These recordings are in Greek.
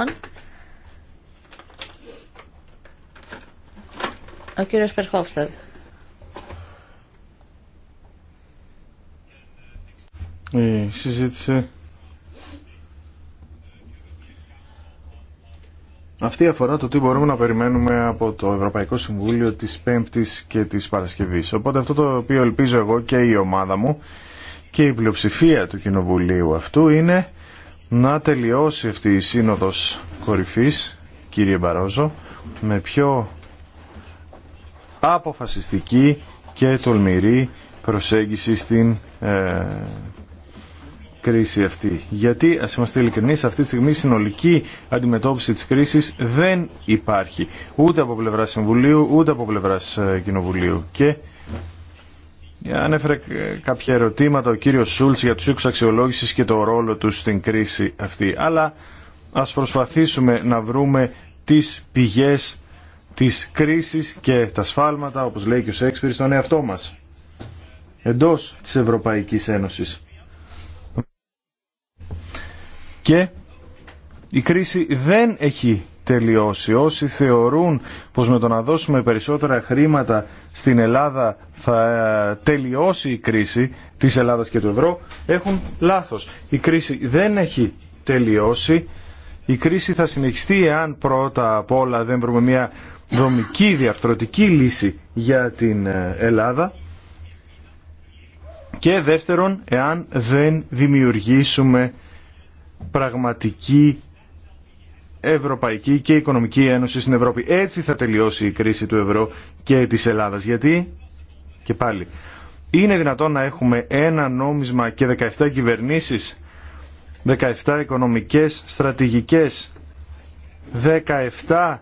Λοιπόν. Ο κύριος Περχόφστερ. Η συζήτηση αυτή αφορά το τι μπορούμε να περιμένουμε από το Ευρωπαϊκό Συμβούλιο της Πέμπτης και της Παρασκευής. Οπότε αυτό το οποίο ελπίζω εγώ και η ομάδα μου και η πλειοψηφία του Κοινοβουλίου αυτού είναι να τελειώσει αυτή η σύνοδος κορυφής, κύριε Μπαρόζο, με πιο αποφασιστική και τολμηρή προσέγγιση στην ε, κρίση αυτή. Γιατί, ας είμαστε αυτή τη στιγμή συνολική αντιμετώπιση της κρίσης δεν υπάρχει. Ούτε από πλευρά Συμβουλίου, ούτε από πλευρά ε, Κοινοβουλίου. Και Ανέφερε κάποια ερωτήματα ο κύριος Σούλτ για τους οίκους και το ρόλο τους στην κρίση αυτή. Αλλά ας προσπαθήσουμε να βρούμε τις πηγές της κρίσης και τα σφάλματα, όπως λέει και ο Σέξπιρ, στον εαυτό μας. Εντός της Ευρωπαϊκής Ένωσης. Και η κρίση δεν έχει τελειώσει. Όσοι θεωρούν πως με το να δώσουμε περισσότερα χρήματα στην Ελλάδα θα ε, τελειώσει η κρίση της Ελλάδας και του ευρώ, έχουν λάθος. Η κρίση δεν έχει τελειώσει. Η κρίση θα συνεχιστεί εάν πρώτα απ' όλα δεν βρούμε μια δομική διαρθρωτική λύση για την ε, Ελλάδα και δεύτερον εάν δεν δημιουργήσουμε πραγματική Ευρωπαϊκή και Οικονομική Ένωση στην Ευρώπη. Έτσι θα τελειώσει η κρίση του ευρώ και τη Ελλάδα. Γιατί, και πάλι, είναι δυνατόν να έχουμε ένα νόμισμα και 17 κυβερνήσει, 17 οικονομικέ στρατηγικέ, 17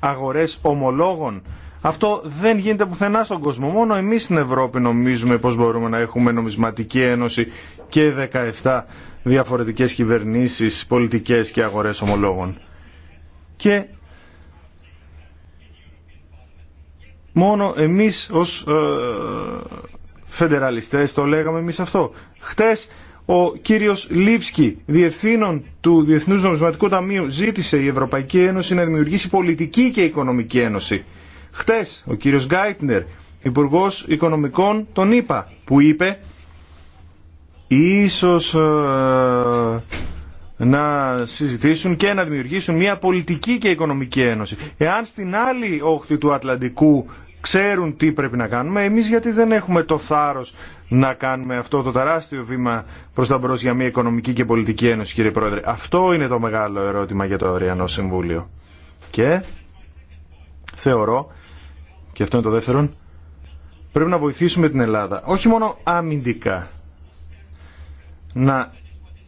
αγορέ ομολόγων. Αυτό δεν γίνεται πουθενά στον κόσμο. Μόνο εμείς στην Ευρώπη νομίζουμε πώς μπορούμε να έχουμε νομισματική ένωση και 17 διαφορετικές κυβερνήσεις, πολιτικές και αγορές ομολόγων. Και μόνο εμείς ως ε, φεντεραλιστές το λέγαμε εμείς αυτό. Χτες ο κύριος Λίψκι, διευθύνων του Διεθνούς Νομισματικού Ταμείου, ζήτησε η Ευρωπαϊκή Ένωση να δημιουργήσει πολιτική και οικονομική ένωση. Χτες ο κύριος Γκάιτνερ, Υπουργός Οικονομικών, τον είπα, που είπε ίσως ε, να συζητήσουν και να δημιουργήσουν μια πολιτική και οικονομική ένωση. Εάν στην άλλη όχθη του Ατλαντικού ξέρουν τι πρέπει να κάνουμε, εμείς γιατί δεν έχουμε το θάρρος να κάνουμε αυτό το τεράστιο βήμα προς τα μπρος για μια οικονομική και πολιτική ένωση, κύριε Πρόεδρε. Αυτό είναι το μεγάλο ερώτημα για το Αυριανό Συμβούλιο. Και θεωρώ, και αυτό είναι το δεύτερον, πρέπει να βοηθήσουμε την Ελλάδα, όχι μόνο αμυντικά, να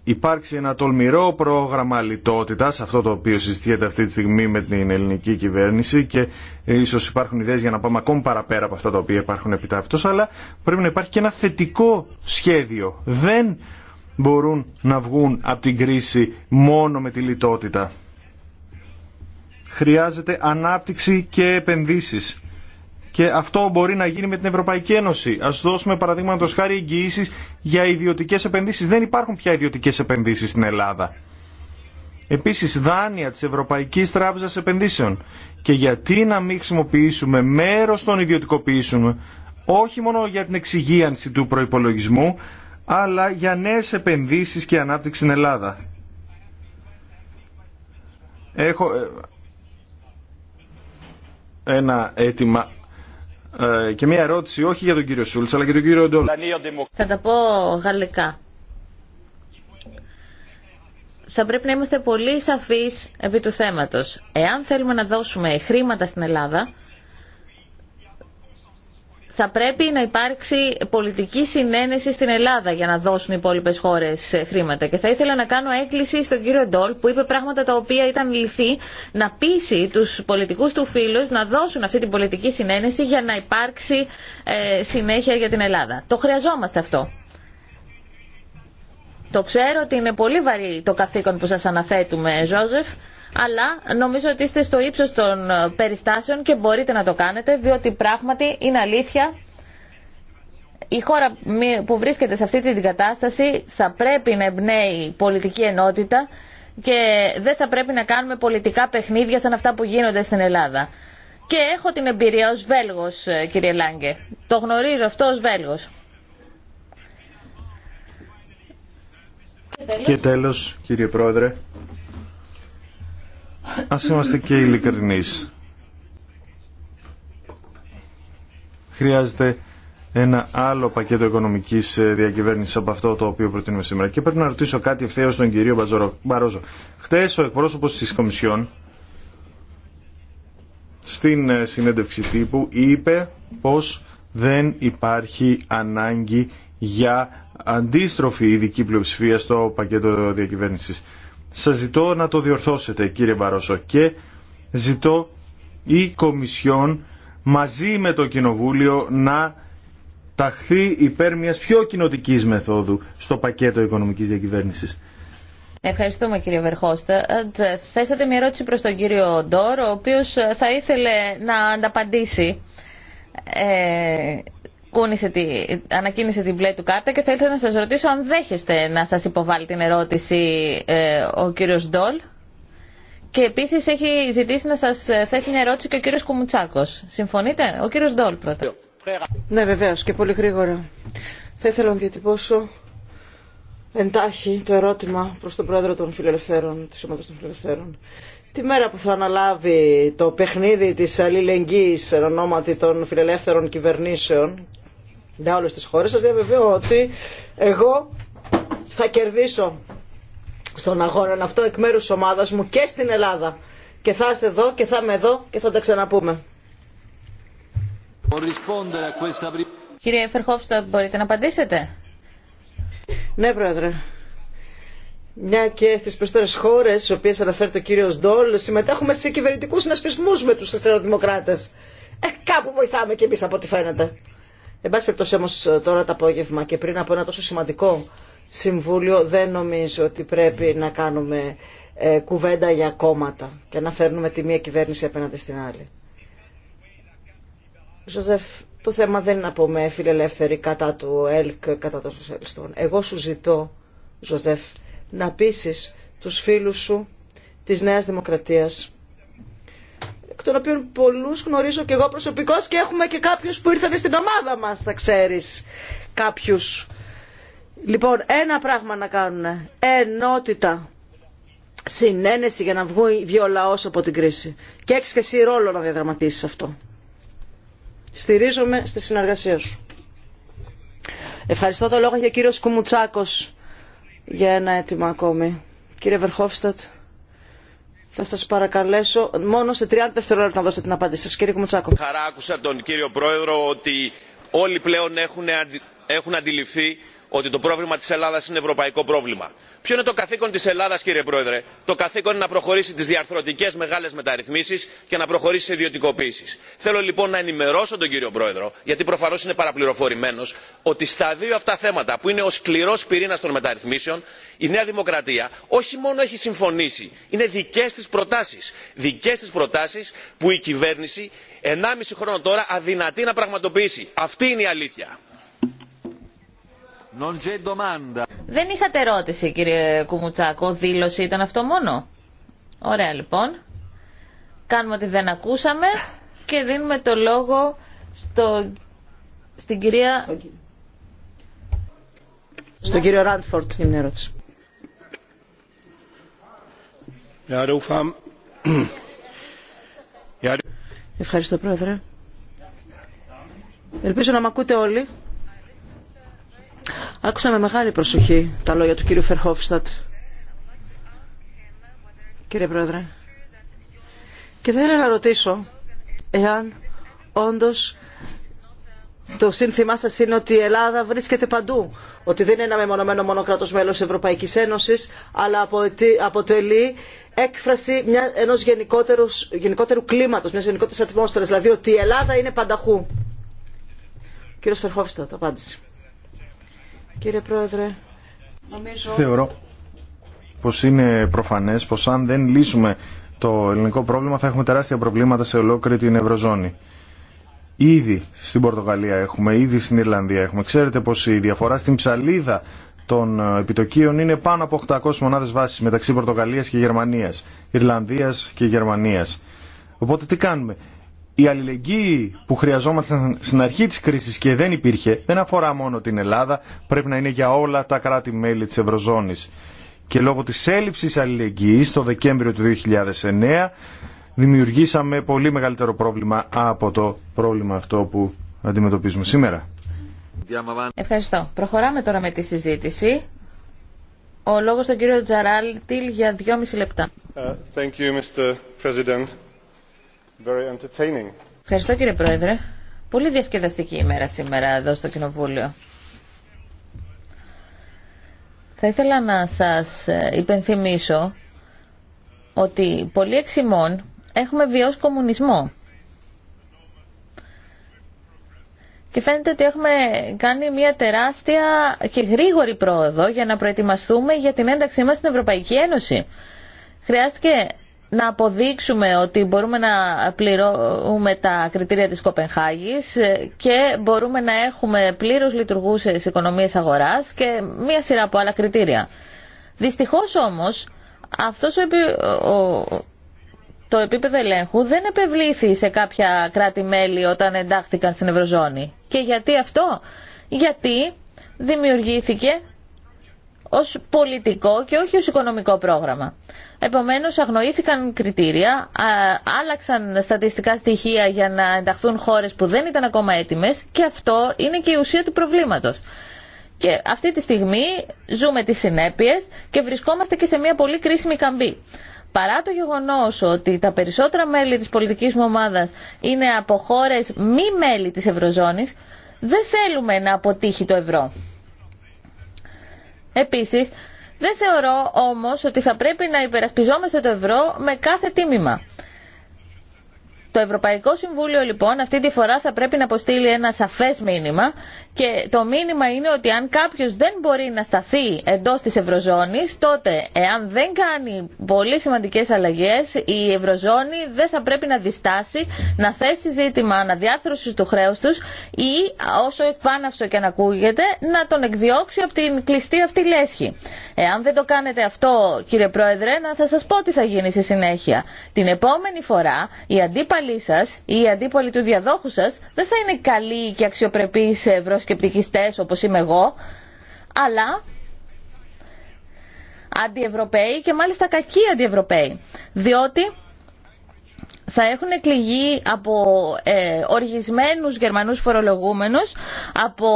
υπάρξει ένα τολμηρό πρόγραμμα λιτότητας, αυτό το οποίο συζητιέται αυτή τη στιγμή με την ελληνική κυβέρνηση και ίσως υπάρχουν ιδέες για να πάμε ακόμη παραπέρα από αυτά τα οποία υπάρχουν επιτάπτως, αλλά πρέπει να υπάρχει και ένα θετικό σχέδιο. Δεν μπορούν να βγουν από την κρίση μόνο με τη λιτότητα. Χρειάζεται ανάπτυξη και επενδύσεις. Και αυτό μπορεί να γίνει με την Ευρωπαϊκή Ένωση. Α δώσουμε παραδείγματο χάρη εγγυήσει για ιδιωτικέ επενδύσει. Δεν υπάρχουν πια ιδιωτικέ επενδύσει στην Ελλάδα. Επίσης δάνεια της Ευρωπαϊκής Τράπεζας Επενδύσεων. Και γιατί να μην χρησιμοποιήσουμε μέρος των ιδιωτικοποιήσεων όχι μόνο για την εξυγίανση του προϋπολογισμού, αλλά για νέες επενδύσεις και ανάπτυξη στην Ελλάδα. Έχω ε, ένα αίτημα ε, και μία ερώτηση όχι για τον κύριο Σούλτ αλλά και τον κύριο Ντόλ. Θα τα πω γαλλικά. Θα πρέπει να είμαστε πολύ σαφείς επί του θέματος. Εάν θέλουμε να δώσουμε χρήματα στην Ελλάδα, θα πρέπει να υπάρξει πολιτική συνένεση στην Ελλάδα για να δώσουν οι υπόλοιπε χώρε ε, χρήματα. Και θα ήθελα να κάνω έκκληση στον κύριο Ντόλ που είπε πράγματα τα οποία ήταν λυθή να πείσει του πολιτικού του φίλου να δώσουν αυτή την πολιτική συνένεση για να υπάρξει ε, συνέχεια για την Ελλάδα. Το χρειαζόμαστε αυτό. Το ξέρω ότι είναι πολύ βαρύ το καθήκον που σας αναθέτουμε, Ζόζεφ, αλλά νομίζω ότι είστε στο ύψος των ε, περιστάσεων και μπορείτε να το κάνετε, διότι πράγματι είναι αλήθεια η χώρα που βρίσκεται σε αυτή την κατάσταση θα πρέπει να εμπνέει πολιτική ενότητα και δεν θα πρέπει να κάνουμε πολιτικά παιχνίδια σαν αυτά που γίνονται στην Ελλάδα. Και έχω την εμπειρία ως Βέλγος, ε, κύριε Λάγκε. Το γνωρίζω αυτό ως Βέλγος. Και τέλος, κύριε Πρόεδρε, Ας είμαστε και ειλικρινείς. Χρειάζεται ένα άλλο πακέτο οικονομικής ε, διακυβέρνησης από αυτό το οποίο προτείνουμε σήμερα. Και πρέπει να ρωτήσω κάτι ευθέω τον κύριο Μπαρόζο. Χτες ο εκπρόσωπο της Κομισιόν στην ε, συνέντευξη τύπου είπε πως δεν υπάρχει ανάγκη για αντίστροφη ειδική πλειοψηφία στο πακέτο διακυβέρνηση. Σας ζητώ να το διορθώσετε κύριε Μπαρόσο και ζητώ η Κομισιόν μαζί με το Κοινοβούλιο να ταχθεί υπέρ μιας πιο κοινοτική μεθόδου στο πακέτο οικονομικής διακυβέρνησης. Ευχαριστούμε κύριε Βερχώστα. Ε, θέσατε μια ερώτηση προς τον κύριο Ντόρ, ο οποίος θα ήθελε να ανταπαντήσει. Ε, ανακοίνησε, τη, την μπλε του κάρτα και θα ήθελα να σας ρωτήσω αν δέχεστε να σας υποβάλει την ερώτηση ε, ο κύριος Ντόλ. Και επίσης έχει ζητήσει να σας ε, θέσει μια ερώτηση και ο κύριος Κουμουτσάκος. Συμφωνείτε? Ο κύριος Ντόλ πρώτα. Ναι βεβαίως και πολύ γρήγορα. Θα ήθελα να διατυπώσω εντάχει το ερώτημα προς τον πρόεδρο των φιλελευθέρων, της ομάδας των φιλελευθέρων. Τη μέρα που θα αναλάβει το παιχνίδι της αλληλεγγύης ονόματι των φιλελεύθερων κυβερνήσεων για όλες τις χώρες σας διαβεβαιώ ότι εγώ θα κερδίσω στον αγώνα αυτό εκ μέρους της ομάδας μου και στην Ελλάδα και θα είσαι εδώ και θα είμαι εδώ και θα τα ξαναπούμε. Κύριε Φερχόφστα, μπορείτε να απαντήσετε. Ναι, Πρόεδρε. Μια και στι περισσότερε χώρε, στι οποίε αναφέρεται ο κύριο Ντόλ, συμμετέχουμε σε κυβερνητικού συνασπισμού με του χριστιανοδημοκράτε. Ε, κάπου βοηθάμε κι εμεί από ό,τι φαίνεται. Εν πάση περιπτώσει όμως ε, τώρα το απόγευμα και πριν από ένα τόσο σημαντικό συμβούλιο δεν νομίζω ότι πρέπει να κάνουμε ε, κουβέντα για κόμματα και να φέρνουμε τη μία κυβέρνηση απέναντι στην άλλη. Ζωζεφ, το θέμα δεν είναι να με φιλελεύθερη κατά του ΕΛΚ, κατά των σοσιαλιστών. Εγώ σου ζητώ, Ζωζεφ, να πείσει τους φίλους σου της Νέας Δημοκρατίας εκ των οποίων πολλούς γνωρίζω και εγώ προσωπικώς και έχουμε και κάποιους που ήρθαν στην ομάδα μας, θα ξέρεις, κάποιους. Λοιπόν, ένα πράγμα να κάνουν, ενότητα, συνένεση για να βγει ο λαός από την κρίση. Και έχεις και εσύ ρόλο να διαδραματίσεις αυτό. Στηρίζομαι στη συνεργασία σου. Ευχαριστώ το λόγο για κύριο Σκουμουτσάκος για ένα αίτημα ακόμη. Κύριε Βερχόφστατ. Θα σας παρακαλέσω μόνο σε 30 δευτερόλεπτα να δώσετε την απάντηση σας, κύριε Κουμουτσάκο. Χαρά άκουσα τον κύριο Πρόεδρο ότι όλοι πλέον έχουν, αντι... έχουν αντιληφθεί ότι το πρόβλημα της ελλάδας είναι ευρωπαϊκό πρόβλημα. ποιο είναι το καθήκον της ελλάδας κύριε πρόεδρε; το καθήκον είναι να προχωρήσει τις διαρθρωτικές μεγάλες μεταρρυθμίσεις και να προχωρήσει σε ιδιωτικοποίησεις. θέλω λοιπόν να ενημερώσω τον κύριο πρόεδρο γιατί προφανώς είναι παραπληροφορημένος ότι στα δύο αυτά θέματα που είναι ο σκληρός πυρήνας των μεταρρυθμίσεων η νέα δημοκρατία όχι μόνο έχει συμφωνήσει είναι δικές της προτάσεις δικές της προτάσεις που η κυβέρνηση ενάμιση χρόνο τώρα αδυνατεί να πραγματοποιήσει. αυτή είναι η αλήθεια. Δεν είχατε ερώτηση κύριε Κουμουτσάκο, δήλωση ήταν αυτό μόνο. Ωραία λοιπόν. Κάνουμε ότι δεν ακούσαμε και δίνουμε το λόγο στο... στην κυρία... Στον κύριο, Ράντφορτ είναι μια ερώτηση. Ευχαριστώ πρόεδρε. Ελπίζω να μ' ακούτε όλοι. Άκουσα με μεγάλη προσοχή τα λόγια του κύριου Φερχόφστατ. Κύριε Πρόεδρε. Και θα ήθελα να ρωτήσω εάν όντως το σύνθημά σα είναι ότι η Ελλάδα βρίσκεται παντού. Ότι δεν είναι ένα μεμονωμένο μόνο κράτο μέλο τη Ευρωπαϊκή Ένωση, αλλά αποτελεί έκφραση ενό γενικότερου κλίματο, μια γενικότερη ατμόσφαιρα. Δηλαδή ότι η Ελλάδα είναι πανταχού. Κύριο Φερχόφιστα, απάντηση. Κύριε Πρόεδρε, θεωρώ πως είναι προφανές πως αν δεν λύσουμε το ελληνικό πρόβλημα θα έχουμε τεράστια προβλήματα σε ολόκληρη την Ευρωζώνη. Ήδη στην Πορτογαλία έχουμε, ήδη στην Ιρλανδία έχουμε. Ξέρετε πως η διαφορά στην ψαλίδα των ε, επιτοκίων είναι πάνω από 800 μονάδες βάσης μεταξύ Πορτογαλίας και Γερμανίας, Ιρλανδίας και Γερμανίας. Οπότε τι κάνουμε η αλληλεγγύη που χρειαζόμασταν στην αρχή της κρίσης και δεν υπήρχε, δεν αφορά μόνο την Ελλάδα, πρέπει να είναι για όλα τα κράτη-μέλη της Ευρωζώνης. Και λόγω της έλλειψης αλληλεγγύης το Δεκέμβριο του 2009 δημιουργήσαμε πολύ μεγαλύτερο πρόβλημα από το πρόβλημα αυτό που αντιμετωπίζουμε σήμερα. Ευχαριστώ. Προχωράμε τώρα με τη συζήτηση. Ο λόγος στον κύριο Τιλ για δυόμιση λεπτά. Uh, thank you, Mr. Ευχαριστώ κύριε Πρόεδρε. Πολύ διασκεδαστική ημέρα σήμερα εδώ στο Κοινοβούλιο. Θα ήθελα να σας ε, υπενθυμίσω ότι πολλοί ημών έχουμε βιώσει κομμουνισμό. Και φαίνεται ότι έχουμε κάνει μια τεράστια και γρήγορη πρόοδο για να προετοιμαστούμε για την ένταξή μας στην Ευρωπαϊκή Ένωση. Χρειάστηκε να αποδείξουμε ότι μπορούμε να πληρώνουμε τα κριτήρια της Κοπενχάγης και μπορούμε να έχουμε πλήρως λειτουργούσες οικονομίες αγοράς και μία σειρά από άλλα κριτήρια. Δυστυχώς όμως αυτό ο, το επίπεδο ελέγχου δεν επευλήθη σε κάποια κράτη-μέλη όταν εντάχθηκαν στην Ευρωζώνη. Και γιατί αυτό? Γιατί δημιουργήθηκε ως πολιτικό και όχι ως οικονομικό πρόγραμμα. Επομένως αγνοήθηκαν κριτήρια, άλλαξαν στατιστικά στοιχεία για να ενταχθούν χώρες που δεν ήταν ακόμα έτοιμες και αυτό είναι και η ουσία του προβλήματος. Και αυτή τη στιγμή ζούμε τις συνέπειες και βρισκόμαστε και σε μια πολύ κρίσιμη καμπή. Παρά το γεγονός ότι τα περισσότερα μέλη της πολιτικής μου ομάδας είναι από χώρε μη μέλη της Ευρωζώνης, δεν θέλουμε να αποτύχει το ευρώ. Επίσης, δεν θεωρώ όμως ότι θα πρέπει να υπερασπιζόμαστε το ευρώ με κάθε τίμημα. Το Ευρωπαϊκό Συμβούλιο λοιπόν αυτή τη φορά θα πρέπει να αποστείλει ένα σαφές μήνυμα και το μήνυμα είναι ότι αν κάποιος δεν μπορεί να σταθεί εντός της Ευρωζώνης τότε εάν δεν κάνει πολύ σημαντικές αλλαγές η Ευρωζώνη δεν θα πρέπει να διστάσει να θέσει ζήτημα αναδιάρθρωσης του χρέους τους ή όσο επάναυσο και αν ακούγεται να τον εκδιώξει από την κλειστή αυτή λέσχη. Εάν δεν το κάνετε αυτό, κύριε Πρόεδρε, να θα σας πω τι θα γίνει στη συνέχεια. Την επόμενη φορά, οι αντίπαλοι σας ή οι αντίπαλοι του διαδόχου σας δεν θα είναι καλοί και αξιοπρεπείς ευρωσκεπτικιστές όπως είμαι εγώ, αλλά αντιευρωπαίοι και μάλιστα κακοί αντιευρωπαίοι. Διότι θα έχουν εκλεγεί από ε, οργισμένους Γερμανούς φορολογούμενους, από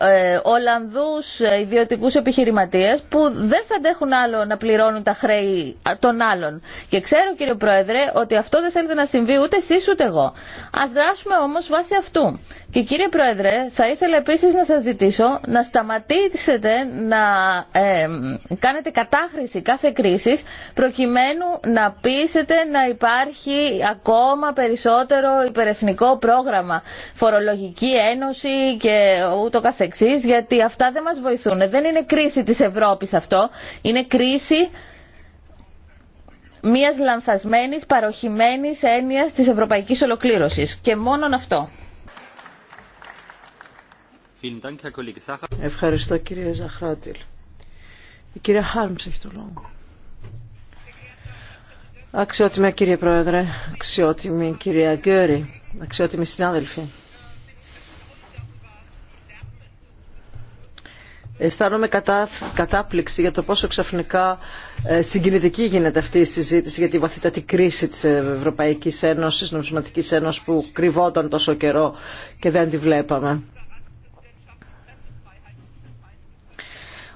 ε, Ολλανδούς ε, ιδιωτικούς επιχειρηματίες που δεν θα αντέχουν άλλο να πληρώνουν τα χρέη των άλλων. Και ξέρω κύριε Πρόεδρε ότι αυτό δεν θέλετε να συμβεί ούτε εσείς ούτε εγώ. Ας δράσουμε όμως βάσει αυτού. Και κύριε Πρόεδρε θα ήθελα επίσης να σας ζητήσω να σταματήσετε να ε, κάνετε κατάχρηση κάθε κρίση προκειμένου να πείσετε να υπάρχει ακόμα περισσότερο υπερεθνικό πρόγραμμα, φορολογική ένωση και ούτω καθεξής, γιατί αυτά δεν μας βοηθούν. Δεν είναι κρίση της Ευρώπης αυτό, είναι κρίση μιας λανθασμένης, παροχημένης έννοιας της ευρωπαϊκής ολοκλήρωσης. Και μόνον αυτό. Ευχαριστώ κύριε Ζαχράτηλ. Η κυρία Χάρμς έχει το λόγο. Αξιότιμη κύριε Πρόεδρε, αξιότιμη κυρία Γκέρι, αξιότιμοι συνάδελφοι. αισθάνομαι κατάπληξη για το πόσο ξαφνικά ε, συγκινητική γίνεται αυτή η συζήτηση για τη βαθύτατη κρίση της Ευρωπαϊκής Ένωσης, Νομισματικής Ένωσης που κρυβόταν τόσο καιρό και δεν τη βλέπαμε.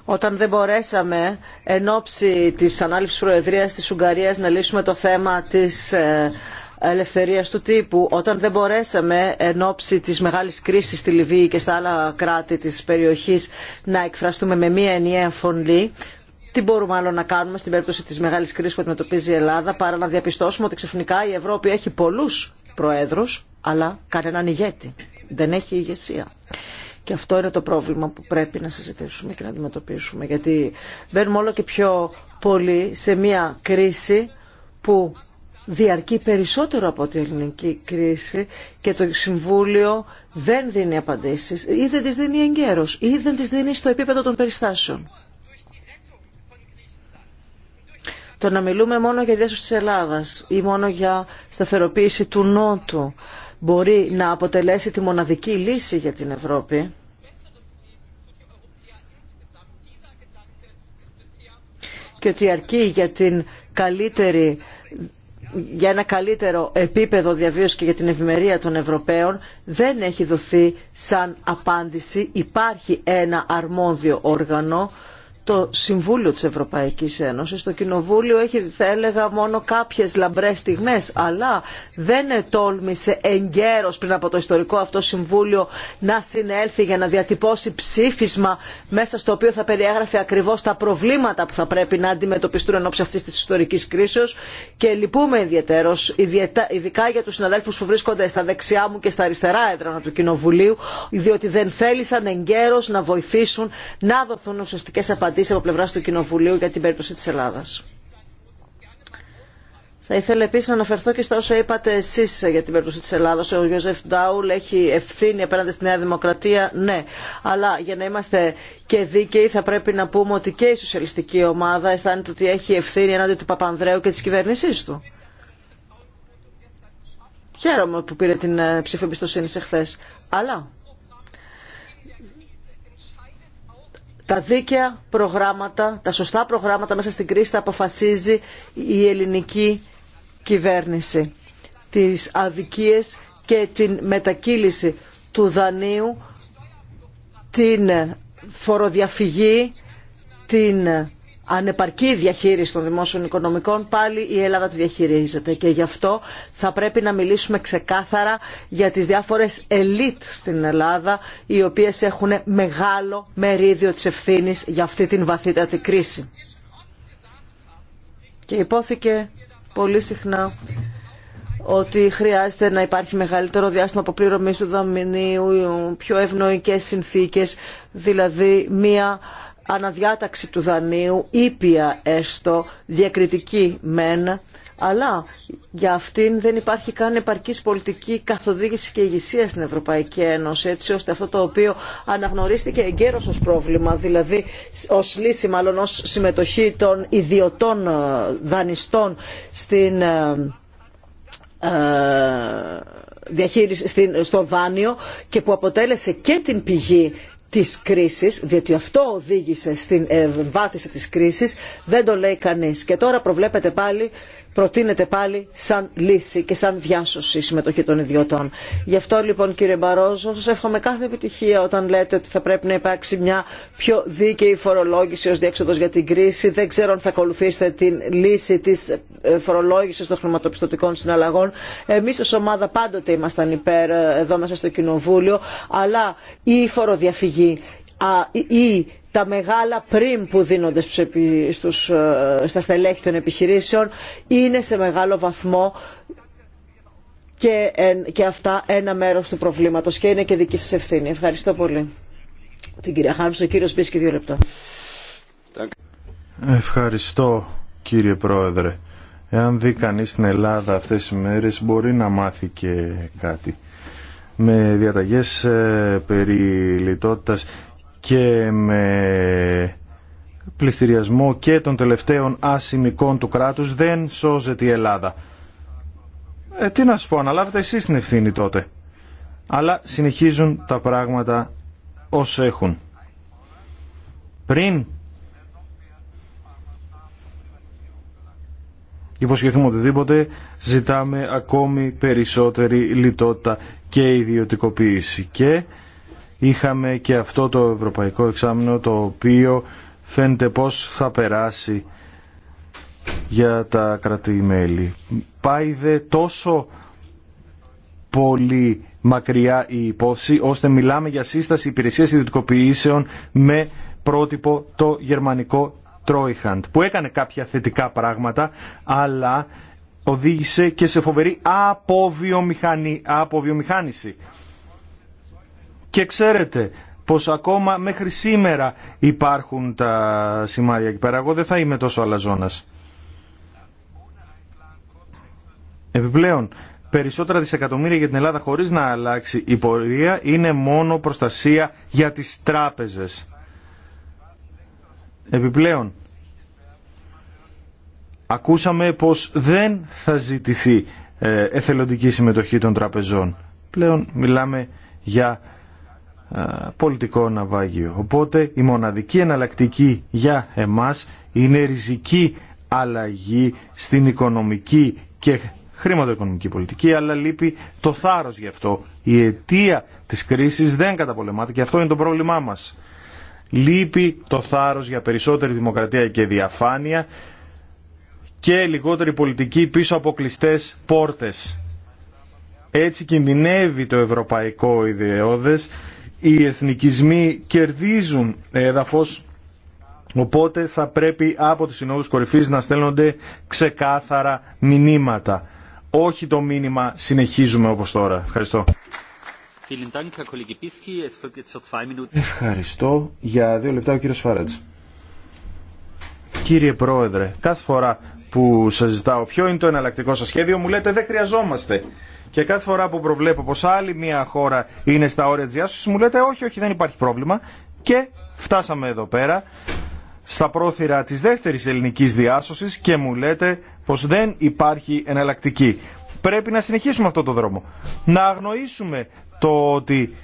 όταν δεν μπορέσαμε εν ώψη της ανάληψης προεδρίας της Ουγγαρίας να λύσουμε το θέμα της ε, ελευθερίας του τύπου, όταν δεν μπορέσαμε εν ώψη της μεγάλης κρίσης στη Λιβύη και στα άλλα κράτη της περιοχής να εκφραστούμε με μία ενιαία φωνή, τι μπορούμε άλλο να κάνουμε στην περίπτωση της μεγάλης κρίσης που αντιμετωπίζει η Ελλάδα παρά να διαπιστώσουμε ότι ξαφνικά η Ευρώπη έχει πολλούς προέδρους αλλά κανέναν ηγέτη. Δεν έχει ηγεσία. Και αυτό είναι το πρόβλημα που πρέπει να συζητήσουμε και να αντιμετωπίσουμε. Γιατί μπαίνουμε όλο και πιο πολύ σε μια κρίση που διαρκεί περισσότερο από την ελληνική κρίση και το Συμβούλιο δεν δίνει απαντήσεις ή δεν τις δίνει εγκαίρως ή δεν τις δίνει στο επίπεδο των περιστάσεων. Το να μιλούμε μόνο για διάσωση της Ελλάδας ή μόνο για σταθεροποίηση του Νότου μπορεί να αποτελέσει τη μοναδική λύση για την Ευρώπη. Και ότι αρκεί για, την καλύτερη, για ένα καλύτερο επίπεδο διαβίωσης και για την ευημερία των Ευρωπαίων δεν έχει δοθεί σαν απάντηση. Υπάρχει ένα αρμόδιο όργανο το Συμβούλιο της Ευρωπαϊκής Ένωσης. Το Κοινοβούλιο έχει, θα έλεγα, μόνο κάποιες λαμπρές στιγμές, αλλά δεν ετόλμησε εγκαίρως πριν από το ιστορικό αυτό Συμβούλιο να συνέλθει για να διατυπώσει ψήφισμα μέσα στο οποίο θα περιέγραφε ακριβώς τα προβλήματα που θα πρέπει να αντιμετωπιστούν εν αυτής της ιστορικής κρίσεως και λυπούμε ιδιαίτερος, ειδικά για τους συναδέλφους που βρίσκονται στα δεξιά μου και στα αριστερά έδρανα του Κοινοβουλίου, διότι δεν θέλησαν εγκαίρως να βοηθήσουν να δοθούν ουσιαστικές απαντήσεις απαντήσει από πλευρά του Κοινοβουλίου για την περίπτωση τη Ελλάδα. Θα ήθελα επίση να αναφερθώ και στα όσα είπατε εσεί για την περίπτωση τη Ελλάδα, Ο Γιώζεφ Ντάουλ έχει ευθύνη απέναντι στη Νέα Δημοκρατία, ναι. Αλλά για να είμαστε και δίκαιοι θα πρέπει να πούμε ότι και η σοσιαλιστική ομάδα αισθάνεται ότι έχει ευθύνη ενάντια του Παπανδρέου και τη κυβέρνησή του. Χαίρομαι που πήρε την ε, ψήφο εμπιστοσύνη εχθέ. Αλλά τα δίκαια προγράμματα, τα σωστά προγράμματα μέσα στην κρίση τα αποφασίζει η ελληνική κυβέρνηση. Τις αδικίες και την μετακύληση του δανείου, την φοροδιαφυγή, την ανεπαρκή διαχείριση των δημόσιων οικονομικών πάλι η Ελλάδα τη διαχειρίζεται και γι' αυτό θα πρέπει να μιλήσουμε ξεκάθαρα για τις διάφορες ελίτ στην Ελλάδα οι οποίες έχουν μεγάλο μερίδιο της ευθύνη για αυτή την βαθύτατη κρίση. Και υπόθηκε πολύ συχνά ότι χρειάζεται να υπάρχει μεγαλύτερο διάστημα αποπληρωμής του δαμηνίου, πιο ευνοϊκές συνθήκες, δηλαδή μία αναδιάταξη του δανείου, ήπια έστω, διακριτική μεν, αλλά για αυτήν δεν υπάρχει καν επαρκής πολιτική καθοδήγηση και ηγεσία στην Ευρωπαϊκή Ένωση, έτσι ώστε αυτό το οποίο αναγνωρίστηκε εγκαίρως ως πρόβλημα, δηλαδή ως λύση, μάλλον ως συμμετοχή των ιδιωτών ε, δανειστών στην ε, ε, διαχείριση, στο δάνειο και που αποτέλεσε και την πηγή της κρίσης, διότι αυτό οδήγησε στην βάθηση της κρίσης, δεν το λέει κανείς. Και τώρα προβλέπετε πάλι προτείνεται πάλι σαν λύση και σαν διάσωση η συμμετοχή των ιδιωτών. Γι' αυτό λοιπόν κύριε Μπαρόζο, σας εύχομαι κάθε επιτυχία όταν λέτε ότι θα πρέπει να υπάρξει μια πιο δίκαιη φορολόγηση ως διέξοδος για την κρίση. Δεν ξέρω αν θα ακολουθήσετε την λύση της ε, φορολόγησης των χρηματοπιστωτικών συναλλαγών. Εμείς ως ομάδα πάντοτε ήμασταν υπέρ ε, εδώ μέσα στο Κοινοβούλιο, αλλά η φοροδιαφυγή ή τα μεγάλα πριν που δίνονται στους, ε, στα στελέχη των επιχειρήσεων είναι σε μεγάλο βαθμό και, και αυτά ένα μέρος του προβλήματος και είναι και δική σας ευθύνη. Ευχαριστώ πολύ. Την κυρία Χάμψο, ο κύριος Μπίσκη, δύο λεπτά. Ευχαριστώ κύριε Πρόεδρε. Εάν δει κανεί στην Ελλάδα αυτές τις μέρες μπορεί να μάθει και κάτι. Με διαταγές ε, περί λιτότητας και με πληστηριασμό και των τελευταίων ασημικών του κράτους δεν σώζεται η Ελλάδα. Ε, τι να σου πω, αναλάβετε εσείς την ευθύνη τότε. Αλλά συνεχίζουν τα πράγματα ως έχουν. Πριν υποσχεθούμε οτιδήποτε, ζητάμε ακόμη περισσότερη λιτότητα και ιδιωτικοποίηση. Και είχαμε και αυτό το ευρωπαϊκό εξάμεινο το οποίο φαίνεται πως θα περάσει για τα κρατημέλη. Πάει δε τόσο πολύ μακριά η υπόθεση ώστε μιλάμε για σύσταση υπηρεσίας ιδιωτικοποιήσεων με πρότυπο το γερμανικό Τρόιχαντ που έκανε κάποια θετικά πράγματα αλλά οδήγησε και σε φοβερή αποβιομηχάνηση και ξέρετε πως ακόμα μέχρι σήμερα υπάρχουν τα σημάδια εκεί πέρα. Εγώ δεν θα είμαι τόσο αλαζόνας. Επιπλέον, περισσότερα δισεκατομμύρια για την Ελλάδα χωρίς να αλλάξει η πορεία είναι μόνο προστασία για τις τράπεζες. Επιπλέον, ακούσαμε πως δεν θα ζητηθεί ε, εθελοντική συμμετοχή των τραπεζών. Πλέον μιλάμε για πολιτικό ναυάγιο. Οπότε η μοναδική εναλλακτική για εμάς είναι ριζική αλλαγή στην οικονομική και χρηματοοικονομική πολιτική, αλλά λείπει το θάρρος γι' αυτό. Η αιτία της κρίσης δεν καταπολεμάται και αυτό είναι το πρόβλημά μας. Λείπει το θάρρος για περισσότερη δημοκρατία και διαφάνεια και λιγότερη πολιτική πίσω από κλειστέ πόρτες. Έτσι κινδυνεύει το ευρωπαϊκό ιδεώδες οι εθνικισμοί κερδίζουν έδαφος οπότε θα πρέπει από τις συνόδους κορυφής να στέλνονται ξεκάθαρα μηνύματα. Όχι το μήνυμα συνεχίζουμε όπως τώρα. Ευχαριστώ. Ευχαριστώ. Για δύο λεπτά ο κύριος Φάρατς Κύριε Πρόεδρε, κάθε φορά που σας ζητάω ποιο είναι το εναλλακτικό σας σχέδιο μου λέτε δεν χρειαζόμαστε. Και κάθε φορά που προβλέπω πω άλλη μια χώρα είναι στα όρια τη διάσωσης μου λέτε όχι, όχι δεν υπάρχει πρόβλημα και φτάσαμε εδώ πέρα στα πρόθυρα τη δεύτερη ελληνικής διάσωση και μου λέτε πως δεν υπάρχει εναλλακτική. Πρέπει να συνεχίσουμε αυτό το δρόμο. Να αγνοήσουμε το ότι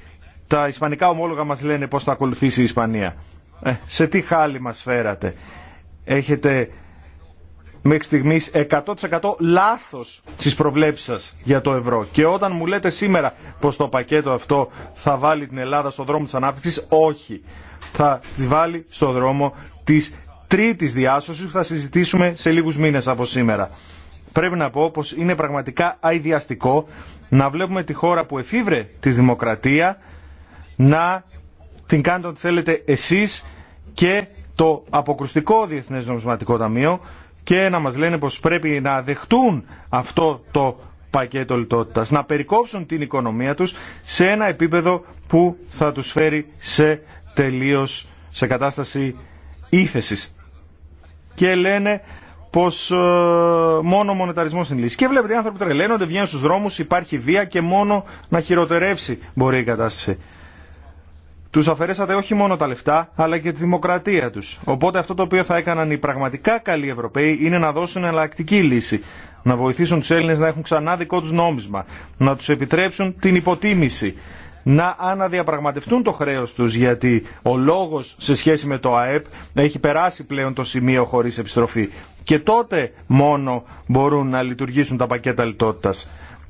τα ισπανικά ομόλογα μα λένε πώ θα ακολουθήσει η Ισπανία. Ε, σε τι χάλι μα φέρατε. Έχετε μέχρι στιγμή 100% λάθος στις προβλέψεις σα για το ευρώ. Και όταν μου λέτε σήμερα πως το πακέτο αυτό θα βάλει την Ελλάδα στον δρόμο της ανάπτυξη, όχι. Θα τη βάλει στον δρόμο της τρίτης διάσωση που θα συζητήσουμε σε λίγους μήνες από σήμερα. Πρέπει να πω πως είναι πραγματικά αειδιαστικό να βλέπουμε τη χώρα που εφήβρε τη δημοκρατία να την κάνετε ό,τι θέλετε εσείς και το αποκρουστικό Διεθνές Νομισματικό Ταμείο και να μας λένε πως πρέπει να δεχτούν αυτό το πακέτο λιτότητας, να περικόψουν την οικονομία τους σε ένα επίπεδο που θα τους φέρει σε τελείως, σε κατάσταση ύφεσης. Και λένε πως ε, μόνο ο μονεταρισμός είναι λύση. Και βλέπετε οι άνθρωποι τρελαίνονται, βγαίνουν στους δρόμους, υπάρχει βία και μόνο να χειροτερεύσει μπορεί η κατάσταση. Του αφαιρέσατε όχι μόνο τα λεφτά, αλλά και τη δημοκρατία του. Οπότε αυτό το οποίο θα έκαναν οι πραγματικά καλοί Ευρωπαίοι είναι να δώσουν εναλλακτική λύση. Να βοηθήσουν του Έλληνε να έχουν ξανά δικό του νόμισμα. Να του επιτρέψουν την υποτίμηση να αναδιαπραγματευτούν το χρέο του γιατί ο λόγο σε σχέση με το ΑΕΠ έχει περάσει πλέον το σημείο χωρί επιστροφή και τότε μόνο μπορούν να λειτουργήσουν τα πακέτα λιτότητα.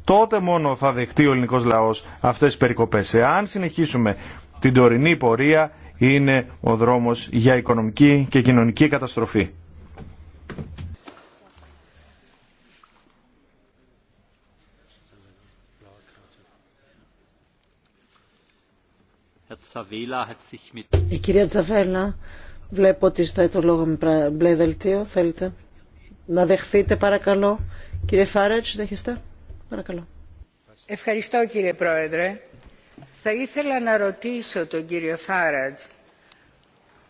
Τότε μόνο θα δεχτεί ο ελληνικό λαό αυτέ τι περικοπέ. Εάν συνεχίσουμε την τωρινή πορεία είναι ο δρόμος για οικονομική και κοινωνική καταστροφή. Η κυρία Τζαβέλα, βλέπω ότι ζητάει το λόγο με μπλε δελτίο. Θέλετε να δεχθείτε, παρακαλώ. Κύριε Φάρετς, δέχεστε. Παρακαλώ. Ευχαριστώ, κύριε Πρόεδρε θα ήθελα να ρωτήσω τον κύριο Φάραντ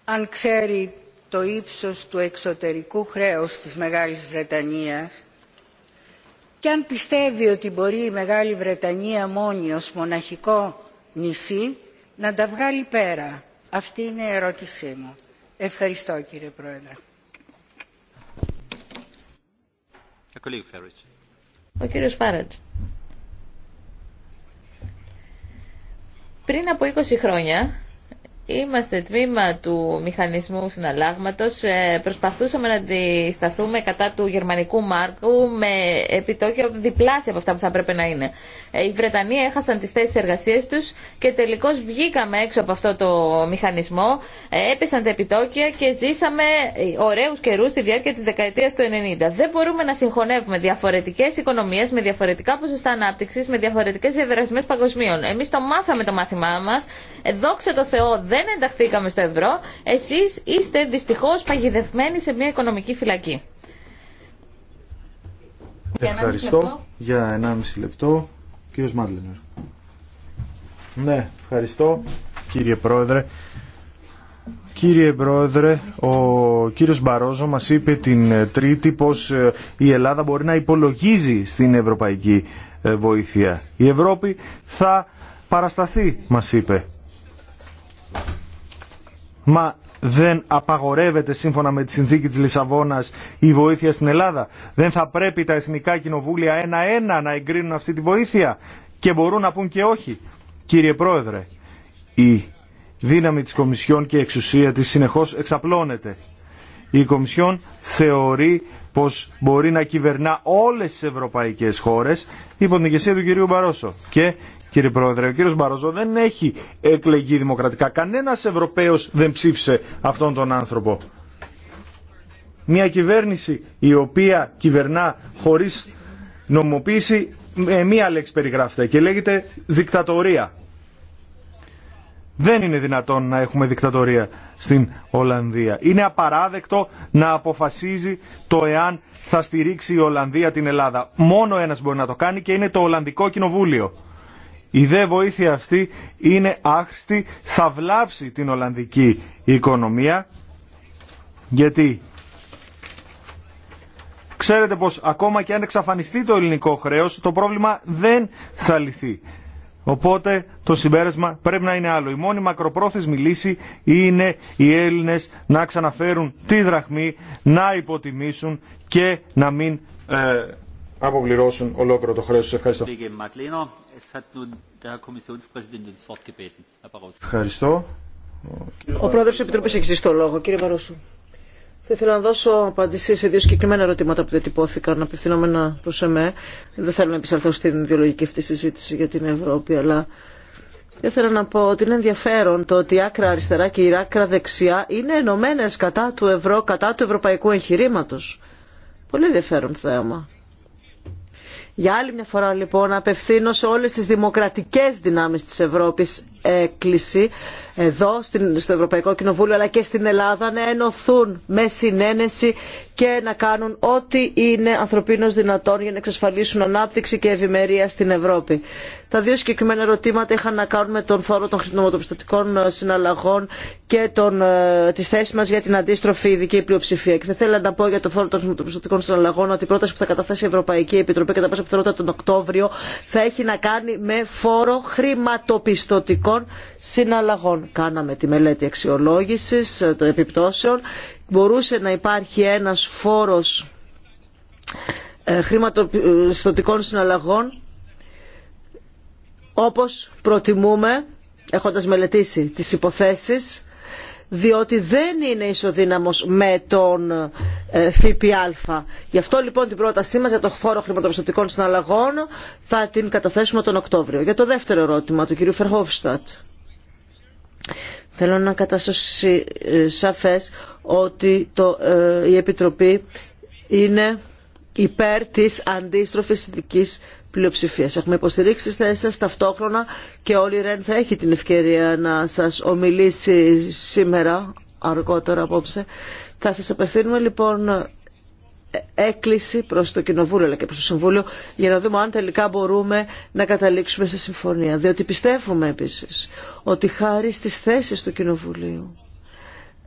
αν ξέρει το ύψος του εξωτερικού χρέους της Μεγάλης Βρετανίας και αν πιστεύει ότι μπορεί η Μεγάλη Βρετανία μόνη ως μοναχικό νησί να τα βγάλει πέρα. Αυτή είναι η ερώτησή μου. Ευχαριστώ κύριε Πρόεδρε. Ο κύριος Πριν από 20 χρόνια Είμαστε τμήμα του μηχανισμού συναλλάγματος. Ε, προσπαθούσαμε να αντισταθούμε κατά του γερμανικού μάρκου με επιτόκιο διπλάσια από αυτά που θα έπρεπε να είναι. Ε, οι Βρετανοί έχασαν τις θέσει εργασία του και τελικώ βγήκαμε έξω από αυτό το μηχανισμό, ε, έπεσαν τα επιτόκια και ζήσαμε ωραίου καιρού στη διάρκεια τη δεκαετία του 90. Δεν μπορούμε να συγχωνεύουμε διαφορετικέ οικονομίε με διαφορετικά ποσοστά ανάπτυξη, με διαφορετικέ διαδρασμέ παγκοσμίων. Εμεί το μάθαμε το μάθημά μα. Δόξα τω Θεώ δεν ενταχθήκαμε στο ευρώ. Εσείς είστε δυστυχώς παγιδευμένοι σε μια οικονομική φυλακή. Ευχαριστώ. Για 1,5 λεπτό, κύριος Μάντλενερ. Ναι, ευχαριστώ, κύριε Πρόεδρε. Κύριε Πρόεδρε, ο κύριος Μπαρόζο μας είπε την ε, Τρίτη πως ε, η Ελλάδα μπορεί να υπολογίζει στην ευρωπαϊκή ε, βοήθεια. Η Ευρώπη θα παρασταθεί, μας είπε. Μα δεν απαγορεύεται σύμφωνα με τη συνθήκη της Λισαβόνας η βοήθεια στην Ελλάδα. Δεν θα πρέπει τα εθνικά κοινοβούλια ένα-ένα να εγκρίνουν αυτή τη βοήθεια και μπορούν να πούν και όχι. Κύριε Πρόεδρε, η δύναμη της Κομισιόν και η εξουσία της συνεχώς εξαπλώνεται. Η Κομισιόν θεωρεί πως μπορεί να κυβερνά όλες τις ευρωπαϊκές χώρες υπό την ηγεσία του κυρίου Μπαρόσο. Και κύριε Πρόεδρε, ο κύριος Μπαρόσο δεν έχει εκλεγεί δημοκρατικά. Κανένας Ευρωπαίος δεν ψήφισε αυτόν τον άνθρωπο. Μια κυβέρνηση η οποία κυβερνά χωρίς νομοποίηση, ε, μία λέξη περιγράφεται και λέγεται δικτατορία. Δεν είναι δυνατόν να έχουμε δικτατορία στην Ολλανδία. Είναι απαράδεκτο να αποφασίζει το εάν θα στηρίξει η Ολλανδία την Ελλάδα. Μόνο ένας μπορεί να το κάνει και είναι το Ολλανδικό Κοινοβούλιο. Η δε βοήθεια αυτή είναι άχρηστη, θα βλάψει την Ολλανδική οικονομία γιατί ξέρετε πως ακόμα και αν εξαφανιστεί το ελληνικό χρέος το πρόβλημα δεν θα λυθεί. Οπότε το συμπέρασμα πρέπει να είναι άλλο. Η μόνη μακροπρόθεσμη λύση είναι οι Έλληνες να ξαναφέρουν τη δραχμή, να υποτιμήσουν και να μην ε, αποπληρώσουν ολόκληρο το χρέος. Σας ευχαριστώ. Ευχαριστώ. Ο πρόεδρος της Επιτροπής έχει το λόγο. Κύριε Βαρόσου. Θα ήθελα να δώσω απάντηση σε δύο συγκεκριμένα ερωτήματα που διατυπώθηκαν απευθυνόμενα προ εμέ. Δεν θέλω να επισταλθώ στην ιδεολογική αυτή συζήτηση για την Ευρώπη, αλλά θα ήθελα να πω ότι είναι ενδιαφέρον το ότι η άκρα αριστερά και η άκρα δεξιά είναι ενωμένε κατά του κατά του ευρωπαϊκού εγχειρήματο. Πολύ ενδιαφέρον θέμα. Για άλλη μια φορά λοιπόν απευθύνω σε όλες τις δημοκρατικές δυνάμεις της Ευρώπης έκκληση εδώ στο Ευρωπαϊκό Κοινοβούλιο αλλά και στην Ελλάδα να ενωθούν με συνένεση και να κάνουν ό,τι είναι ανθρωπίνως δυνατόν για να εξασφαλίσουν ανάπτυξη και ευημερία στην Ευρώπη. Τα δύο συγκεκριμένα ερωτήματα είχαν να κάνουν με τον φόρο των χρηματοπιστωτικών ε, συναλλαγών και τον, ε, τις θέσεις μας για την αντίστροφη ειδική πλειοψηφία. Και θα ήθελα να πω για τον φόρο των χρηματοπιστωτικών συναλλαγών ότι η πρόταση που θα καταθέσει η Ευρωπαϊκή Επιτροπή κατά πάσα πιθανότητα τον Οκτώβριο θα έχει να κάνει με φόρο χρηματοπιστωτικών συναλλαγών κάναμε τη μελέτη αξιολόγησης ε, των επιπτώσεων μπορούσε να υπάρχει ένας φόρος ε, χρηματοπιστωτικών συναλλαγών όπως προτιμούμε έχοντας μελετήσει τις υποθέσεις διότι δεν είναι ισοδύναμος με τον ε, ΦΠΑ. Γι' αυτό λοιπόν την πρότασή μας για το φόρο χρηματοπιστωτικών συναλλαγών θα την καταθέσουμε τον Οκτώβριο. Για το δεύτερο ερώτημα του κ. Φερχόφστατ. Θέλω να καταστήσω ε, σαφές ότι το, ε, η Επιτροπή είναι υπέρ της αντίστροφης ειδικής πλειοψηφίας. Έχουμε υποστηρίξει τις θέσεις σας ταυτόχρονα και όλη η ΡΕΝ θα έχει την ευκαιρία να σας ομιλήσει σήμερα, αργότερα απόψε. Θα σας απευθύνουμε λοιπόν έκκληση προς το Κοινοβούλιο αλλά και προς το Συμβούλιο για να δούμε αν τελικά μπορούμε να καταλήξουμε σε συμφωνία. Διότι πιστεύουμε επίσης ότι χάρη στις θέσεις του Κοινοβουλίου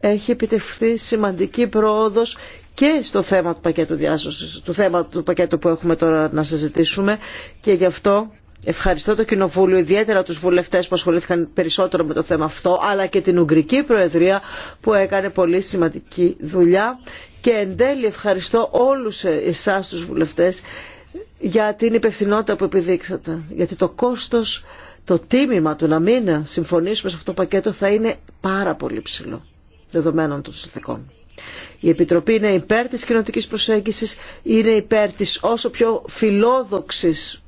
έχει επιτευχθεί σημαντική πρόοδος και στο θέμα του πακέτου διάσωσης, του θέμα του πακέτου που έχουμε τώρα να συζητήσουμε και γι' αυτό ευχαριστώ το Κοινοβούλιο, ιδιαίτερα τους βουλευτές που ασχολήθηκαν περισσότερο με το θέμα αυτό, αλλά και την Ουγγρική Προεδρία που έκανε πολύ σημαντική δουλειά και εν τέλει ευχαριστώ όλους εσάς τους βουλευτές για την υπευθυνότητα που επιδείξατε. Γιατί το κόστος, το τίμημα του να μην συμφωνήσουμε σε αυτό το πακέτο θα είναι πάρα πολύ ψηλό δεδομένων των συνθηκών. Η Επιτροπή είναι υπέρ της κοινωτικής προσέγγισης, είναι υπέρ της όσο πιο φιλόδοξης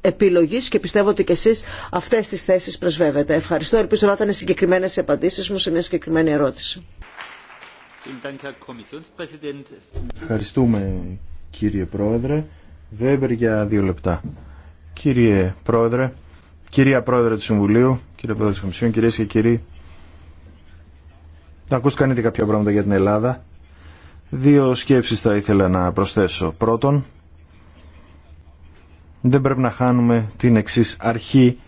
επιλογής και πιστεύω ότι και εσείς αυτές τις θέσεις πρεσβεύετε. Ευχαριστώ. Ελπίζω να ήταν συγκεκριμένες οι απαντήσεις μου σε μια συγκεκριμένη ερώτηση. Ευχαριστούμε κύριε Πρόεδρε. Βέμπερ για δύο λεπτά. Κύριε Πρόεδρε, κυρία Πρόεδρε του Συμβουλίου, κύριε Πρόεδρε της Κομισιόν, κυρίες και κύριοι, ακούστηκαν ήδη κάποια πράγματα για την Ελλάδα. Δύο σκέψεις θα ήθελα να προσθέσω. Πρώτον, δεν πρέπει να χάνουμε την εξής αρχή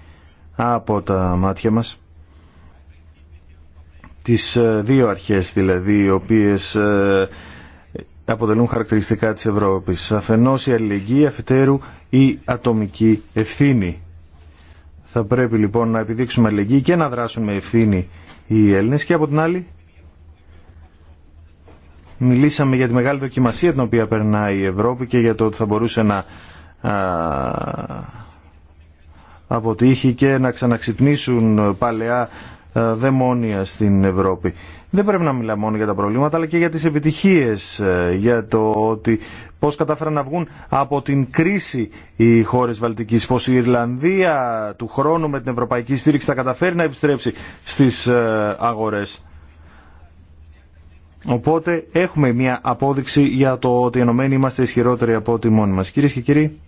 από τα μάτια μας τις ε, δύο αρχές δηλαδή οι οποίες ε, αποτελούν χαρακτηριστικά της Ευρώπης. Αφενός η αλληλεγγύη, αφετέρου η ατομική ευθύνη. Θα πρέπει λοιπόν να επιδείξουμε αλληλεγγύη και να δράσουν με ευθύνη οι Έλληνες και από την άλλη μιλήσαμε για τη μεγάλη δοκιμασία την οποία περνάει η Ευρώπη και για το ότι θα μπορούσε να αποτύχει και να ξαναξυπνήσουν παλαιά ε, δαιμόνια στην Ευρώπη. Δεν πρέπει να μιλάμε μόνο για τα προβλήματα αλλά και για τις επιτυχίες, ε, για το ότι πώς κατάφεραν να βγουν από την κρίση οι χώρες Βαλτικής, πώς η Ιρλανδία του χρόνου με την ευρωπαϊκή στήριξη θα καταφέρει να επιστρέψει στις ε, αγορές. Οπότε έχουμε μια απόδειξη για το ότι ενωμένοι είμαστε ισχυρότεροι από ό,τι μόνοι μας. Κυρίες και κύριοι.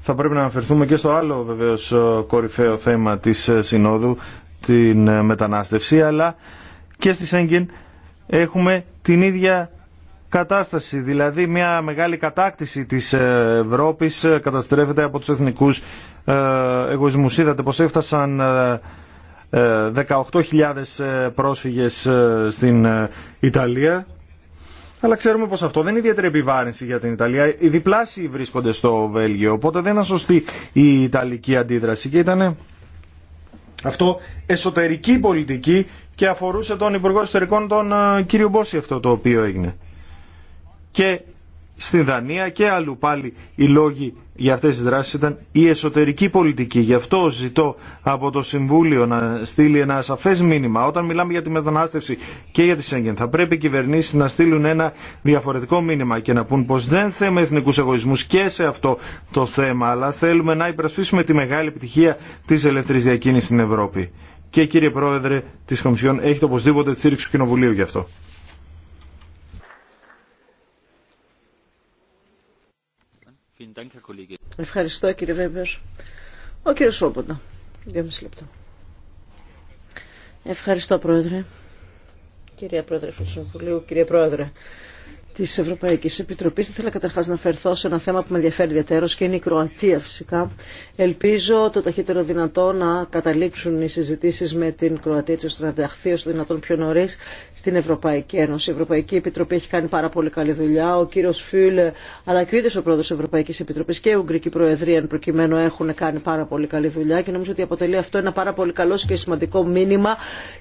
θα πρέπει να αναφερθούμε και στο άλλο βεβαίως ε, κορυφαίο θέμα της ε, Συνόδου, την ε, μετανάστευση, αλλά και στη Σέγγεν έχουμε την ίδια κατάσταση, δηλαδή μια μεγάλη κατάκτηση της Ευρώπης καταστρέφεται από τους εθνικούς εγωισμούς. Είδατε πως έφτασαν 18.000 πρόσφυγες στην Ιταλία αλλά ξέρουμε πως αυτό δεν είναι ιδιαίτερη επιβάρυνση για την Ιταλία. Οι διπλάσιοι βρίσκονται στο Βέλγιο, οπότε δεν είναι σωστή η Ιταλική αντίδραση και ήταν αυτό εσωτερική πολιτική και αφορούσε τον Υπουργό Εσωτερικών, τον ε, κύριο Μπόση αυτό το οποίο έγινε. Και στην Δανία και αλλού πάλι οι λόγοι για αυτές τις δράσεις ήταν η εσωτερική πολιτική. Γι' αυτό ζητώ από το Συμβούλιο να στείλει ένα σαφές μήνυμα. Όταν μιλάμε για τη μετανάστευση και για τη Σέγγεν θα πρέπει οι κυβερνήσεις να στείλουν ένα διαφορετικό μήνυμα και να πούν πως δεν θέλουμε εθνικούς εγωισμούς και σε αυτό το θέμα αλλά θέλουμε να υπερασπίσουμε τη μεγάλη επιτυχία της ελεύθερης διακίνησης στην Ευρώπη. Και κύριε Πρόεδρε της Κομισιόν έχετε οπωσδήποτε τη στήριξη του Κοινοβουλίου γι' αυτό. Ευχαριστώ κύριε Βέμπερ. Ο κύριος Σόμποντα. Δύο λεπτό. Ευχαριστώ πρόεδρε. Κυρία Πρόεδρε του κύριε Πρόεδρε Τη Ευρωπαϊκή Επιτροπή, ήθελα καταρχά να φερθώ σε ένα θέμα που με ενδιαφέρει ιδιαίτερω και είναι η Κροατία φυσικά. Ελπίζω το ταχύτερο δυνατό να καταλήξουν οι συζητήσει με την Κροατία έτσι ώστε να ενταχθεί όσο δυνατόν πιο νωρί στην Ευρωπαϊκή Ένωση. Η Ευρωπαϊκή Επιτροπή έχει κάνει πάρα πολύ καλή δουλειά. Ο κύριο Φιούλε αλλά και ο ίδιο ο τη Ευρωπαϊκή Επιτροπή και η Ουγγρική Προεδρία εν προκειμένου έχουν κάνει πάρα πολύ καλή δουλειά και νομίζω ότι αποτελεί αυτό ένα πάρα πολύ καλό και σημαντικό μήνυμα